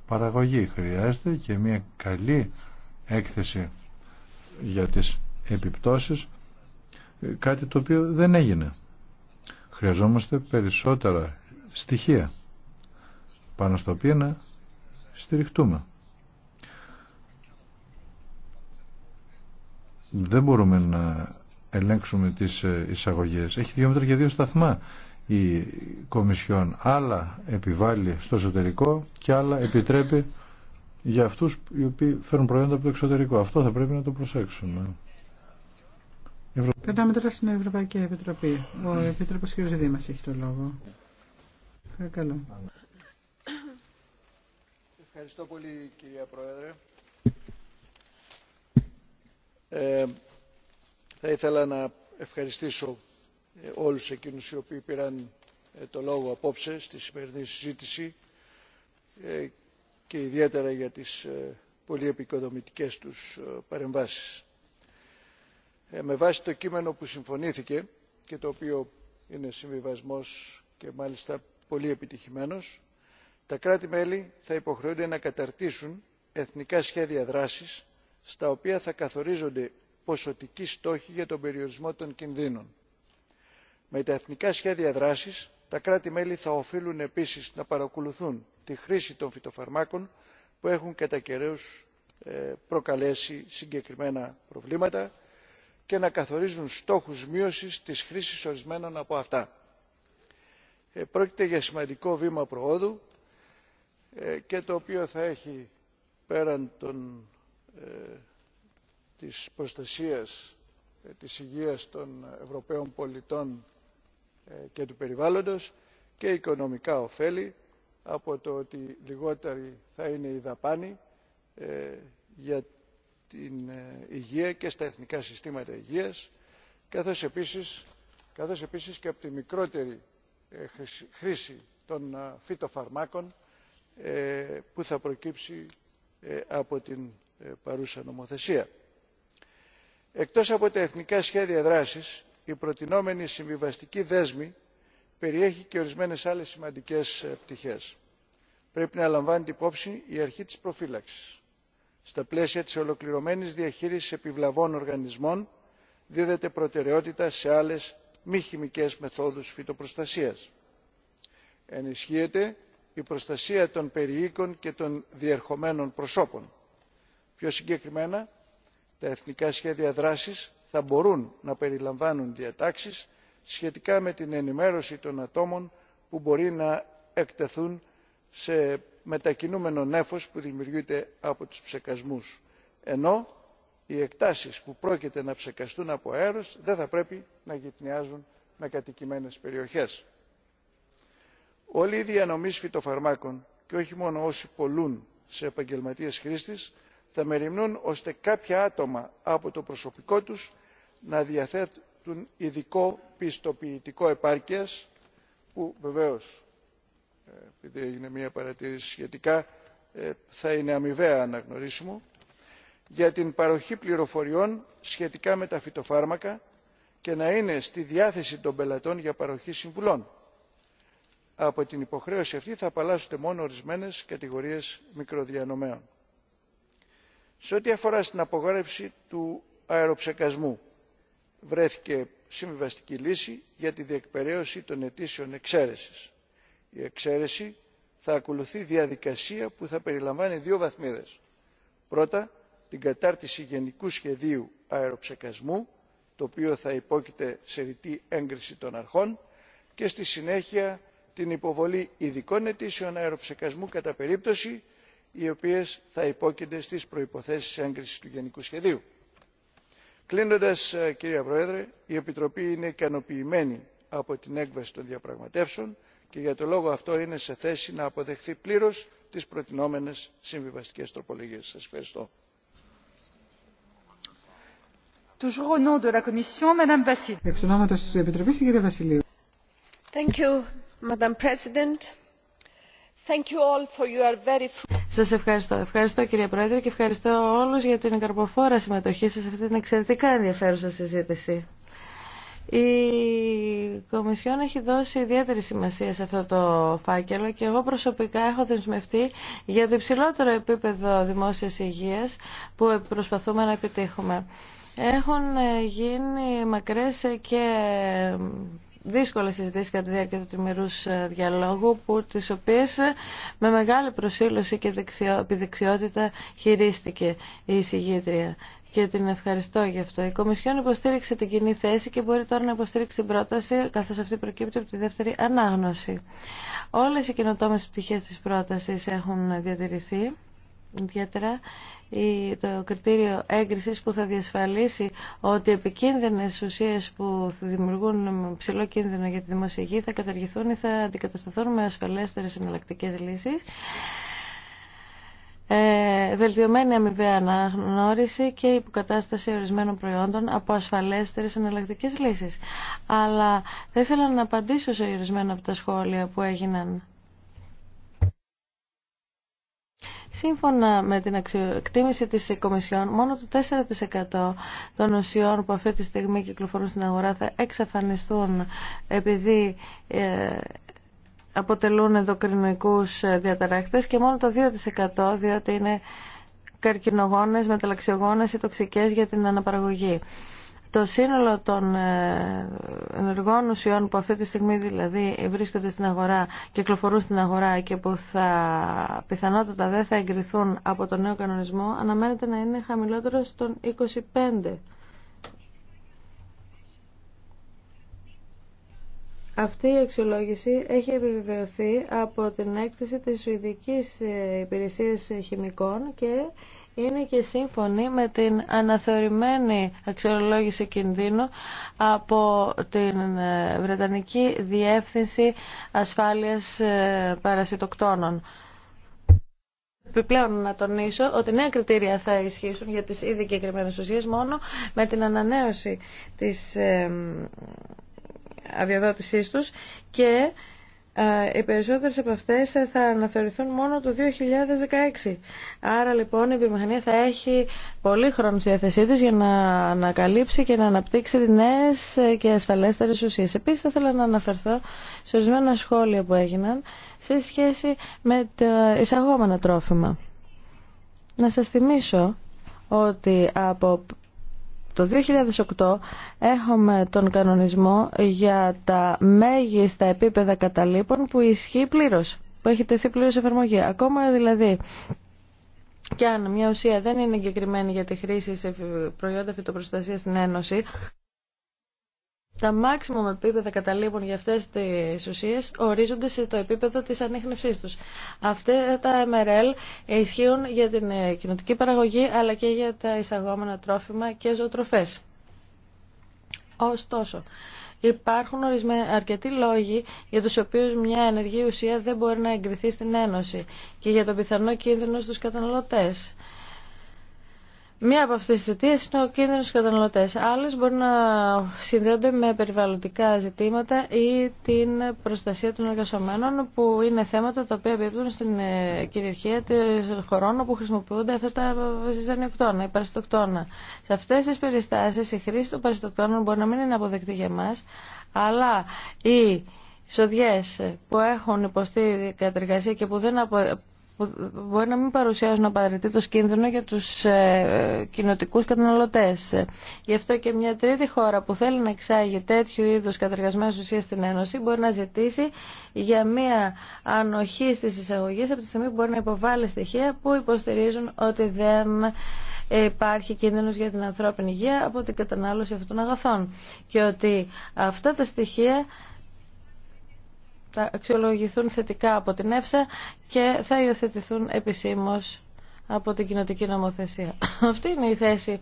παραγωγή. Χρειάζεται και μια καλή έκθεση για τις επιπτώσεις, κάτι το οποίο δεν έγινε. Χρειαζόμαστε περισσότερα στοιχεία πάνω στα οποία να στηριχτούμε. Δεν μπορούμε να ελέγξουμε τις εισαγωγές. Έχει δύο μέτρα και δύο σταθμά η Κομισιόν. Άλλα επιβάλλει στο εσωτερικό και άλλα επιτρέπει για αυτούς οι οποίοι φέρουν προϊόντα από το εξωτερικό. Αυτό θα πρέπει να το προσέξουμε.
Πετάμε τώρα στην Ευρωπαϊκή Επιτροπή. Ο Επίτροπος κ. Δήμας έχει το λόγο. Παρακαλώ.
Ευχαριστώ πολύ κυρία Πρόεδρε. Ε, θα ήθελα να ευχαριστήσω ε, όλους εκείνους οι οποίοι πήραν ε, το λόγο απόψε στη σημερινή συζήτηση ε, και ιδιαίτερα για τις πολύ επικοδομητικές τους παρεμβάσεις. Με βάση το κείμενο που συμφωνήθηκε και το οποίο είναι συμβιβασμός και μάλιστα πολύ επιτυχημένος, τα κράτη-μέλη θα υποχρεούνται να καταρτήσουν εθνικά σχέδια δράσης στα οποία θα καθορίζονται ποσοτικοί στόχοι για τον περιορισμό των κινδύνων με τα εθνικά σχέδια δράσης τα κράτη μέλη θα οφείλουν επίσης να παρακολουθούν τη χρήση των φυτοφαρμάκων που έχουν κατά ε, προκαλέσει συγκεκριμένα προβλήματα και να καθορίζουν στόχους μείωσης της χρήσης ορισμένων από αυτά. Ε, πρόκειται για σημαντικό βήμα προόδου ε, και το οποίο θα έχει πέραν των, προστασία της προστασίας της των Ευρωπαίων πολιτών ε, και του περιβάλλοντος και οικονομικά ωφέλη από το ότι λιγότερη θα είναι η δαπάνη ε, για την ε, υγεία και στα εθνικά συστήματα υγείας καθώς επίσης, καθώς επίσης και από τη μικρότερη χρήση των φυτοφαρμάκων που θα προκύψει από την παρούσα νομοθεσία. Εκτός από τα εθνικά σχέδια δράσης η προτινόμενη συμβιβαστική δέσμη περιέχει και ορισμένες άλλες σημαντικές ε, πτυχές. πρέπει να λαμβάνεται υπόψη η αρχή της προφύλαξης. στα πλαίσια της ολοκληρωμένης διαχείρισης επιβλαβών οργανισμών δίδεται προτεραιότητα σε άλλες μη χημικές μεθόδους φυτοπροστασίας. ενισχύεται η προστασία των περιοίκων και των διερχομένων προσώπων. πιο συγκεκριμένα τα εθνικά σχέδια δράσης θα μπορούν να περιλαμβάνουν διατάξεις σχετικά με την ενημέρωση των ατόμων που μπορεί να εκτεθούν σε μετακινούμενο νέφος που δημιουργείται από τους ψεκασμούς ενώ οι εκτάσεις που πρόκειται να ψεκαστούν από αέρος δεν θα πρέπει να γυτνιάζουν με κατοικημένες περιοχές. όλοι οι διανομής φυτοφαρμάκων και όχι μόνο όσοι πολλούν σε επαγγελματίες χρήστες θα μεριμνούν ώστε κάποια άτομα από το προσωπικό τους να διαθέτουν ειδικό πιστοποιητικό επάρκειας που βεβαίως ε, επειδή έγινε μια παρατήρηση σχετικά ε, θα είναι αμοιβαία αναγνωρίσιμο για την παροχή πληροφοριών σχετικά με τα φυτοφάρμακα και να είναι στη διάθεση των πελατών για παροχή συμβουλών. Από την υποχρέωση αυτή θα απαλλάσσονται μόνο ορισμένες κατηγορίες μικροδιανομέων. Σε ό,τι αφορά στην απογόρευση του αεροψεκασμού βρέθηκε συμβιβαστική λύση για τη διεκπαιρέωση των αιτήσεων εξαίρεσης. Η εξαίρεση θα ακολουθεί διαδικασία που θα περιλαμβάνει δύο βαθμίδες. Πρώτα, την κατάρτιση γενικού σχεδίου αεροψεκασμού, το οποίο θα υπόκειται σε ρητή έγκριση των αρχών και στη συνέχεια την υποβολή ειδικών αιτήσεων αεροψεκασμού κατά περίπτωση οι οποίες θα υπόκεινται στις προϋποθέσεις έγκρισης του γενικού σχεδίου κλείνοντας ε, κυρία πρόεδρε η επιτροπή είναι ικανοποιημένη από την έκβαση των διαπραγματεύσεων και για το λόγο αυτό είναι σε θέση να αποδεχθεί πλήρως τις προτινόμενε συμβιβαστικές τροπολογίες. σας ευχαριστώ.
Σα Σας ευχαριστώ. Ευχαριστώ κύριε Πρόεδρε και ευχαριστώ όλους για την καρποφόρα συμμετοχή σας σε αυτή την εξαιρετικά ενδιαφέρουσα συζήτηση. Η Κομισιόν έχει δώσει ιδιαίτερη σημασία σε αυτό το φάκελο και εγώ προσωπικά έχω δεσμευτεί για το υψηλότερο επίπεδο δημόσιας υγείας που προσπαθούμε να επιτύχουμε. Έχουν γίνει μακρές και δύσκολες συζητήσεις κατά τη διάρκεια του τριμερούς ε, διαλόγου, που, τις οποίες ε, με μεγάλη προσήλωση και δεξιο, επιδεξιότητα χειρίστηκε η εισηγήτρια και την ευχαριστώ γι' αυτό. Η Κομισιόν υποστήριξε την κοινή θέση και μπορεί τώρα να υποστήριξει την πρόταση, καθώ αυτή προκύπτει από τη δεύτερη ανάγνωση. Όλε οι καινοτόμε πτυχέ τη πρόταση έχουν διατηρηθεί ιδιαίτερα το κριτήριο έγκρισης που θα διασφαλίσει ότι επικίνδυνες ουσίες που δημιουργούν ψηλό κίνδυνο για τη δημόσια θα καταργηθούν ή θα αντικατασταθούν με ασφαλέστερες εναλλακτικέ λύσεις ε, βελτιωμένη αμοιβαία αναγνώριση και υποκατάσταση ορισμένων προϊόντων από ασφαλέστερες εναλλακτικές λύσεις. Αλλά δεν ήθελα να απαντήσω σε ορισμένα από τα σχόλια που έγιναν Σύμφωνα με την εκτίμηση της Κομισιόν, μόνο το 4% των ουσιών που αυτή τη στιγμή κυκλοφορούν στην αγορά θα εξαφανιστούν επειδή ε, αποτελούν ενδοκρινικούς ε, διαταράκτες και μόνο το 2% διότι είναι καρκινογόνες, μεταλλαξιογόνες ή τοξικές για την αναπαραγωγή. Το σύνολο των ε, ενεργών ουσιών που αυτή τη στιγμή δηλαδή βρίσκονται στην αγορά, κυκλοφορούν στην αγορά και που θα πιθανότατα δεν θα εγκριθούν από τον νέο κανονισμό αναμένεται να είναι χαμηλότερο των 25. Αυτή η αξιολόγηση έχει επιβεβαιωθεί από την έκθεση της Σουηδικής ε, Υπηρεσίας Χημικών και είναι και σύμφωνη με την αναθεωρημένη αξιολόγηση κινδύνου από την ε, Βρετανική Διεύθυνση Ασφάλειας ε, Παρασυτοκτόνων. Επιπλέον να τονίσω ότι νέα κριτήρια θα ισχύσουν για τις ήδη κεκριμένες ουσίες μόνο με την ανανέωση της ε, αδειοδότησής τους και ε, οι περισσότερες από αυτές θα αναθεωρηθούν μόνο το 2016. Άρα λοιπόν η βιομηχανία θα έχει πολύ χρόνο στη διάθεσή της για να ανακαλύψει και να αναπτύξει νέες και ασφαλέστερες ουσίες. Επίσης θα ήθελα να αναφερθώ σε ορισμένα σχόλια που έγιναν σε σχέση με τα εισαγόμενα τρόφιμα. Να σας θυμίσω ότι από το 2008 έχουμε τον κανονισμό για τα μέγιστα επίπεδα καταλήπων που ισχύει πλήρως, που έχει τεθεί πλήρως εφαρμογή. Ακόμα δηλαδή και αν μια ουσία δεν είναι εγκεκριμένη για τη χρήση σε προϊόντα φυτοπροστασίας στην Ένωση, τα με επίπεδα καταλήπων για αυτές τις ουσίες ορίζονται σε το επίπεδο της ανείχνευσής τους. Αυτά τα MRL ισχύουν για την ε, κοινωτική παραγωγή αλλά και για τα εισαγόμενα τρόφιμα και ζωοτροφές. Ωστόσο, υπάρχουν αρκετοί λόγοι για τους οποίους μια ενεργή ουσία δεν μπορεί να εγκριθεί στην Ένωση και για τον πιθανό κίνδυνο στους καταναλωτές. Μία από αυτές τις αιτίε είναι ο κίνδυνος καταναλωτές. Άλλες μπορεί να συνδέονται με περιβαλλοντικά ζητήματα ή την προστασία των εργασομένων που είναι θέματα τα οποία επιπτούν στην ε, κυριαρχία των χωρών όπου χρησιμοποιούνται αυτά τα ζυζανιοκτώνα, η παραστοκτώνα. Σε αυτές τις περιστάσεις η χρήση των παραστοκτώνων τα ζυζανιοκτωνα οι παραστοκτωνα σε αυτες τις περιστασεις η χρηση των παραστοκτωνων μπορει να μην είναι αποδεκτή για εμά, αλλά οι σοδιές που έχουν υποστεί κατεργασία και που δεν που μπορεί να μην παρουσιάζουν απαραίτητο κίνδυνο για τους ε, καταναλωτές. Γι' αυτό και μια τρίτη χώρα που θέλει να εξάγει τέτοιου είδους κατεργασμένες ουσίες στην Ένωση μπορεί να ζητήσει για μια ανοχή στις εισαγωγές από τη στιγμή που μπορεί να υποβάλει στοιχεία που υποστηρίζουν ότι δεν υπάρχει κίνδυνο για την ανθρώπινη υγεία από την κατανάλωση αυτών των αγαθών και ότι αυτά τα στοιχεία θα αξιολογηθούν θετικά από την ΕΦΣΑ και θα υιοθετηθούν επισήμως από την κοινοτική νομοθεσία. Αυτή είναι η θέση,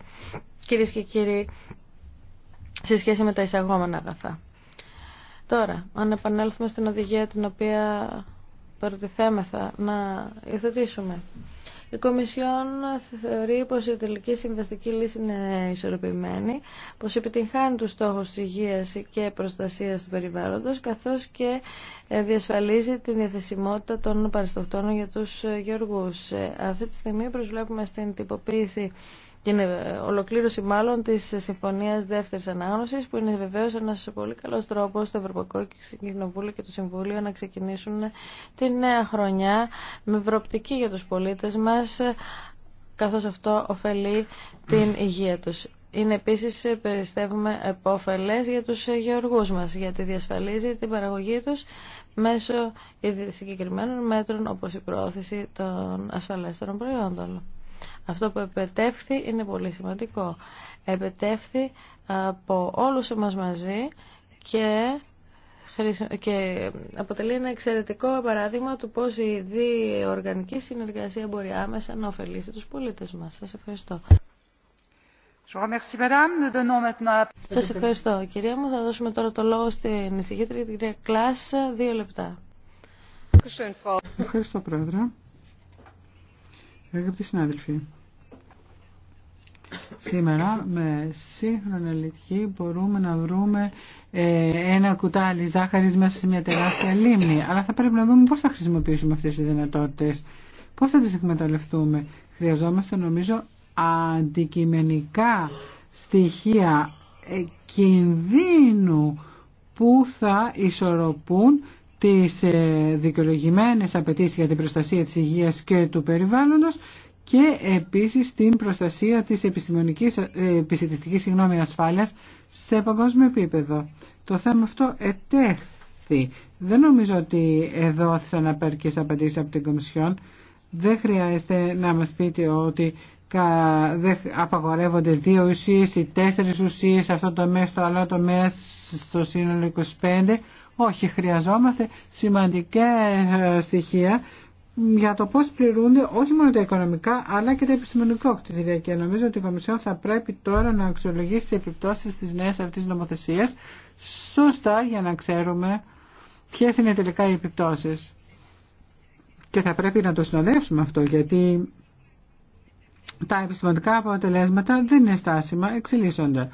κυρίες και κύριοι, σε σχέση με τα εισαγόμενα αγαθά. Τώρα, αν επανέλθουμε στην οδηγία την οποία προτιθέμεθα να υιοθετήσουμε. Η Κομισιόν θεωρεί πως η τελική συμβαστική λύση είναι ισορροπημένη, πως επιτυγχάνει τους στόχους της υγείας και προστασίας του περιβάλλοντος, καθώς και ε, διασφαλίζει την διαθεσιμότητα των παραστοχτών για τους ε, γεωργούς. Ε, αυτή τη στιγμή προσβλέπουμε στην τυποποίηση είναι ε, ολοκλήρωση μάλλον τη συμφωνία Δεύτερη Ανάγνωση, που είναι βεβαίω ένα πολύ καλό τρόπο στο Ευρωπαϊκό Κοινοβούλιο και το Συμβούλιο να ξεκινήσουν τη νέα χρονιά με προοπτική για του πολίτε μα, καθώ αυτό ωφελεί την υγεία του. Είναι επίση ε, περιστεύουμε, επόφελε για του γεωργού μα γιατί διασφαλίζει την παραγωγή του μέσω συγκεκριμένων μέτρων όπω η προώθηση των ασφαλέστερων προϊόντων. Αυτό που επετεύχθη είναι πολύ σημαντικό. Επετεύχθη από όλους μας μαζί και και αποτελεί ένα εξαιρετικό παράδειγμα του πώς η διοργανική συνεργασία μπορεί άμεσα να ωφελήσει τους πολίτες μας. Σας ευχαριστώ.
Σας ευχαριστώ. Κυρία μου, θα
δώσουμε τώρα το λόγο στην εισηγήτρια την κυρία Κλάσσα. δύο λεπτά.
Ευχαριστώ, Πρόεδρε. Αγαπητοί συνάδελφοι, σήμερα με σύγχρονη λυτική μπορούμε να βρούμε ε, ένα κουτάλι ζάχαρης μέσα σε μια τεράστια λίμνη. Αλλά θα πρέπει να δούμε πώς θα χρησιμοποιήσουμε αυτές τις δυνατότητες. Πώς θα τις εκμεταλλευτούμε. Χρειαζόμαστε νομίζω αντικειμενικά στοιχεία ε, κινδύνου που θα ισορροπούν τις ε, δικαιολογημένες απαιτήσει για την προστασία της υγείας και του περιβάλλοντος και επίσης την προστασία της επιστημονικής, ε, επιστημιστικής συγγνώμη, ασφάλειας σε παγκόσμιο επίπεδο. Το θέμα αυτό ετέχθη. Δεν νομίζω ότι εδώ θα απέρκες απαιτήσεις από την Κομισιόν. Δεν χρειάζεται να μας πείτε ότι δεν απαγορεύονται δύο ουσίες ή τέσσερις ουσίες σε αυτό το μέσο στο άλλο τομέα, στο σύνολο 25. Όχι, χρειαζόμαστε σημαντικά ε, στοιχεία για το πώς πληρούνται όχι μόνο τα οικονομικά αλλά και τα επιστημονικά κτίρια και νομίζω ότι η Κομισιόν θα πρέπει τώρα να αξιολογήσει τις επιπτώσεις της νέας αυτής νομοθεσίας σωστά για να ξέρουμε ποιες είναι τελικά οι επιπτώσεις. Και θα πρέπει να το συνοδεύσουμε αυτό γιατί τα επιστημονικά αποτελέσματα δεν είναι στάσιμα, εξελίσσονται.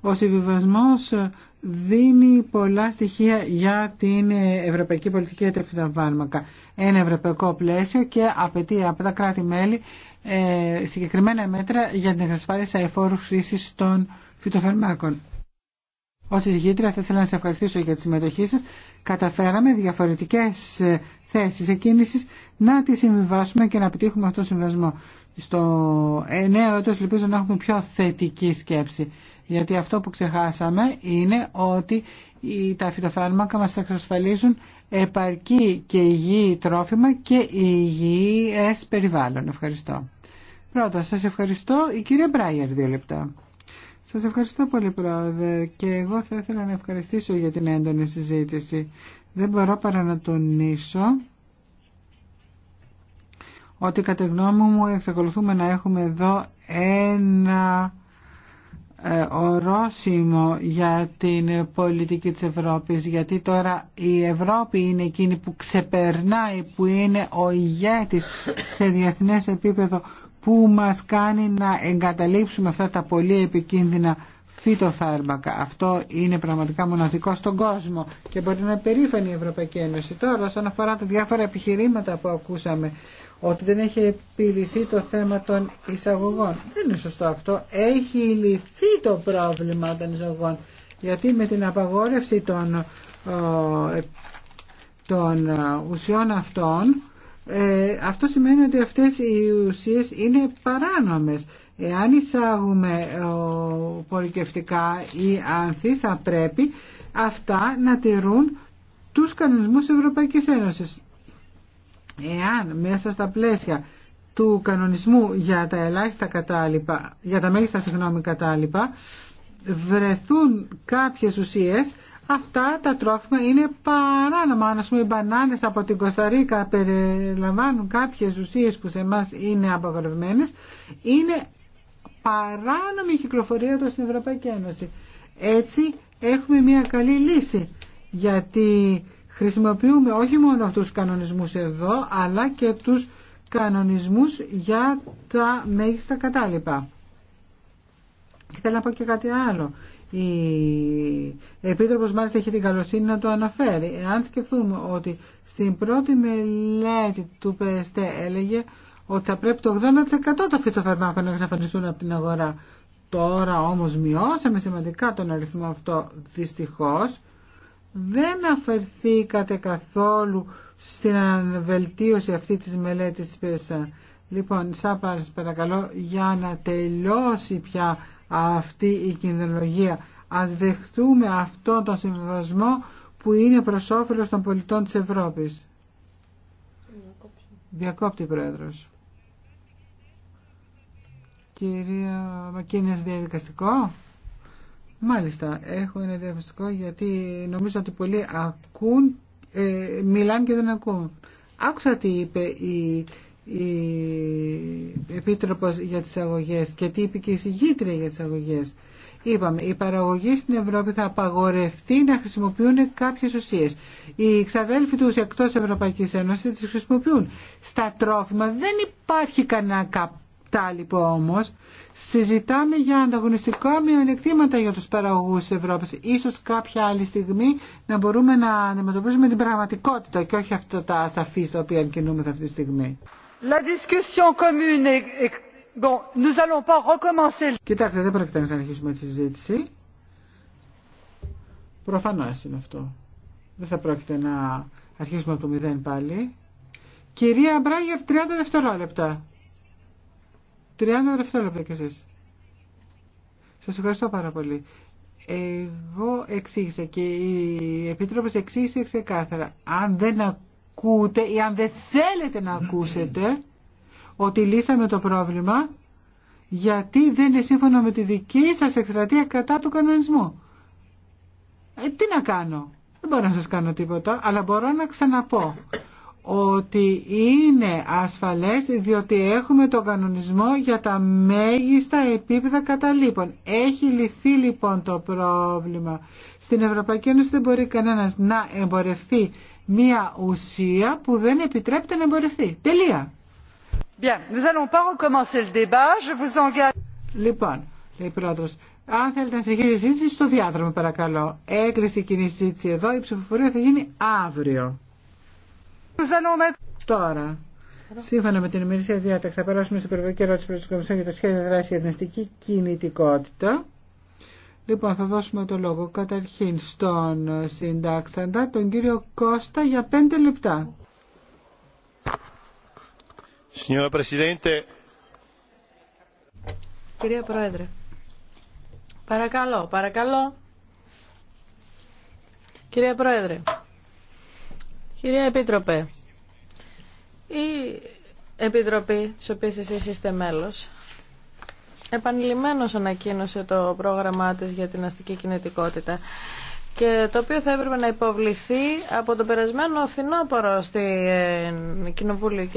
Ο συμβιβασμός δίνει πολλά στοιχεία για την ευρωπαϊκή πολιτική για τα φάρμακα. Ένα ευρωπαϊκό πλαίσιο και απαιτεί από τα κράτη-μέλη ε, συγκεκριμένα μέτρα για την εξασφάλιση αεφόρου χρήση των φυτοφαρμάκων. Ω εισηγήτρια θα ήθελα να σα ευχαριστήσω για τη συμμετοχή σας. Καταφέραμε διαφορετικές ε, θέσεις εκκίνησης να τις συμβιβάσουμε και να πετύχουμε αυτόν τον συμβιβασμό. Στο ε, νέο έτος ελπίζω να έχουμε πιο θετική σκέψη. Γιατί αυτό που ξεχάσαμε είναι ότι τα φυτοφάρμακα μας εξασφαλίζουν επαρκή και υγιή τρόφιμα και υγιές περιβάλλον. Ευχαριστώ. Πρώτα, σας ευχαριστώ. Η κυρία Μπράιερ, δύο λεπτά. Σας ευχαριστώ πολύ πρόεδρε και εγώ θα ήθελα να ευχαριστήσω για την έντονη συζήτηση. Δεν μπορώ παρά να τονίσω ότι κατά γνώμη μου εξακολουθούμε να έχουμε εδώ ένα ε, ορόσημο για την πολιτική της Ευρώπης γιατί τώρα η Ευρώπη είναι εκείνη που ξεπερνάει που είναι ο ηγέτης σε διεθνές επίπεδο που μας κάνει να εγκαταλείψουμε αυτά τα πολύ επικίνδυνα φυτοφάρμακα. Αυτό είναι πραγματικά μοναδικό στον κόσμο και μπορεί να είναι περήφανη η Ευρωπαϊκή Ένωση. Τώρα όσον αφορά τα διάφορα επιχειρήματα που ακούσαμε ότι δεν έχει επιληθεί το θέμα των εισαγωγών. Δεν είναι σωστό αυτό. Έχει λυθεί το πρόβλημα των εισαγωγών. Γιατί με την απαγόρευση των, ε, των ε, ουσιών αυτών, ε, αυτό σημαίνει ότι αυτές οι ουσίες είναι παράνομες. Εάν εισάγουμε πολικευτικά ή ανθή θα πρέπει αυτά να τηρούν τους κανονισμούς Ευρωπαϊκής Ένωσης. Εάν μέσα στα πλαίσια του κανονισμού για τα ελάχιστα κατάλοιπα, για τα μέγιστα συγγνώμη κατάλοιπα, βρεθούν κάποιες ουσίες, αυτά τα τρόφιμα είναι παράνομα. Αν πούμε οι μπανάνες από την Κωνσταντίνα περιλαμβάνουν κάποιες ουσίες που σε εμά είναι απαγορευμένες, είναι παράνομη κυκλοφορία του στην Ευρωπαϊκή Ένωση. Έτσι έχουμε μια καλή λύση γιατί Χρησιμοποιούμε όχι μόνο αυτούς τους κανονισμούς εδώ, αλλά και τους κανονισμούς για τα μέγιστα κατάλοιπα. Και θέλω να πω και κάτι άλλο. Η Επίτροπος μάλιστα έχει την καλοσύνη να το αναφέρει. Αν σκεφτούμε ότι στην πρώτη μελέτη του ΠΕΣΤΕ έλεγε ότι θα πρέπει το 80% των φυτοφαρμάκων να εξαφανιστούν από την αγορά. Τώρα όμως μειώσαμε σημαντικά τον αριθμό αυτό δυστυχώς δεν αφαιρθήκατε καθόλου στην αναβελτίωση αυτή της μελέτης πέσα. Λοιπόν, Σάπαρ, παρακαλώ, για να τελειώσει πια αυτή η κινδυνολογία. Ας δεχτούμε αυτόν τον συμβασμό που είναι προς όφελος των πολιτών της Ευρώπης. Διακόπτη, Πρόεδρος. Κυρία Μακίνες, διαδικαστικό. Μάλιστα, έχω ένα διαφορετικό γιατί νομίζω ότι πολλοί ακούν, ε, μιλάνε και δεν ακούν. Άκουσα τι είπε η, η Επίτροπος για τις αγωγές και τι είπε και η συγγήτρια για τις αγωγές. Είπαμε, οι παραγωγοί στην Ευρώπη θα απαγορευτεί να χρησιμοποιούν κάποιες ουσίες. Οι ξαδέλφοι τους εκτός Ευρωπαϊκής Ένωσης τις χρησιμοποιούν. Στα τρόφιμα δεν υπάρχει κανένα λοιπόν όμως συζητάμε για ανταγωνιστικά μειονεκτήματα για τους παραγωγούς της Ευρώπης. Ίσως κάποια άλλη στιγμή να μπορούμε να αντιμετωπίσουμε την πραγματικότητα και όχι αυτά τα ασαφή στα οποία κινούμεθα αυτή τη στιγμή. La discussion commune Bon, nous allons pas recommencer. Κοιτάξτε, δεν πρόκειται να ξαναρχίσουμε τη συζήτηση. Προφανώς είναι αυτό. Δεν θα πρόκειται να αρχίσουμε από το μηδέν πάλι. Κυρία Μπράγερ, 30 δευτερόλεπτα. 30 δευτερόλεπτα κι εσείς. Σας ευχαριστώ πάρα πολύ. Εγώ εξήγησα και η Επίτροπος εξήγησε ξεκάθαρα. Αν δεν ακούτε ή αν δεν θέλετε να ακούσετε ότι λύσαμε το πρόβλημα, γιατί δεν είναι σύμφωνο με τη δική σας εκστρατεία κατά του κανονισμού. Ε, τι να κάνω. Δεν μπορώ να σας κάνω τίποτα, αλλά μπορώ να ξαναπώ ότι είναι ασφαλές διότι έχουμε τον κανονισμό για τα μέγιστα επίπεδα καταλήπων. Έχει λυθεί λοιπόν το πρόβλημα. Στην Ευρωπαϊκή Ένωση δεν μπορεί κανένας να εμπορευτεί μία ουσία που δεν επιτρέπεται να εμπορευτεί. Τελεία. Bien, nous allons pas recommencer le débat. Je vous engage. Λοιπόν, λέει πρόεδρος, αν θέλετε να συνεχίσετε τη συζήτηση, στο διάδρομο παρακαλώ. Έκλεισε η κοινή συζήτηση εδώ. Η ψηφοφορία θα γίνει αύριο. Τώρα, σύμφωνα με την ημερήσια διάταξη, θα περάσουμε στην προεκλογική ερώτηση προ την Κομισιόν για το σχέδιο δράση για την κινητικότητα. Λοιπόν, θα δώσουμε το λόγο καταρχήν στον συντάξαντα, τον κύριο Κώστα, για πέντε λεπτά.
Κυρία Πρόεδρε, παρακαλώ, παρακαλώ. Κυρία Πρόεδρε. Κυρία Επίτροπε, η Επιτροπή της οποίας εσείς είστε μέλος επανειλημμένως ανακοίνωσε το πρόγραμμά της για την αστική κινητικότητα και το οποίο θα έπρεπε να υποβληθεί από τον περασμένο φθινόπωρο στην Κοινοβούλιο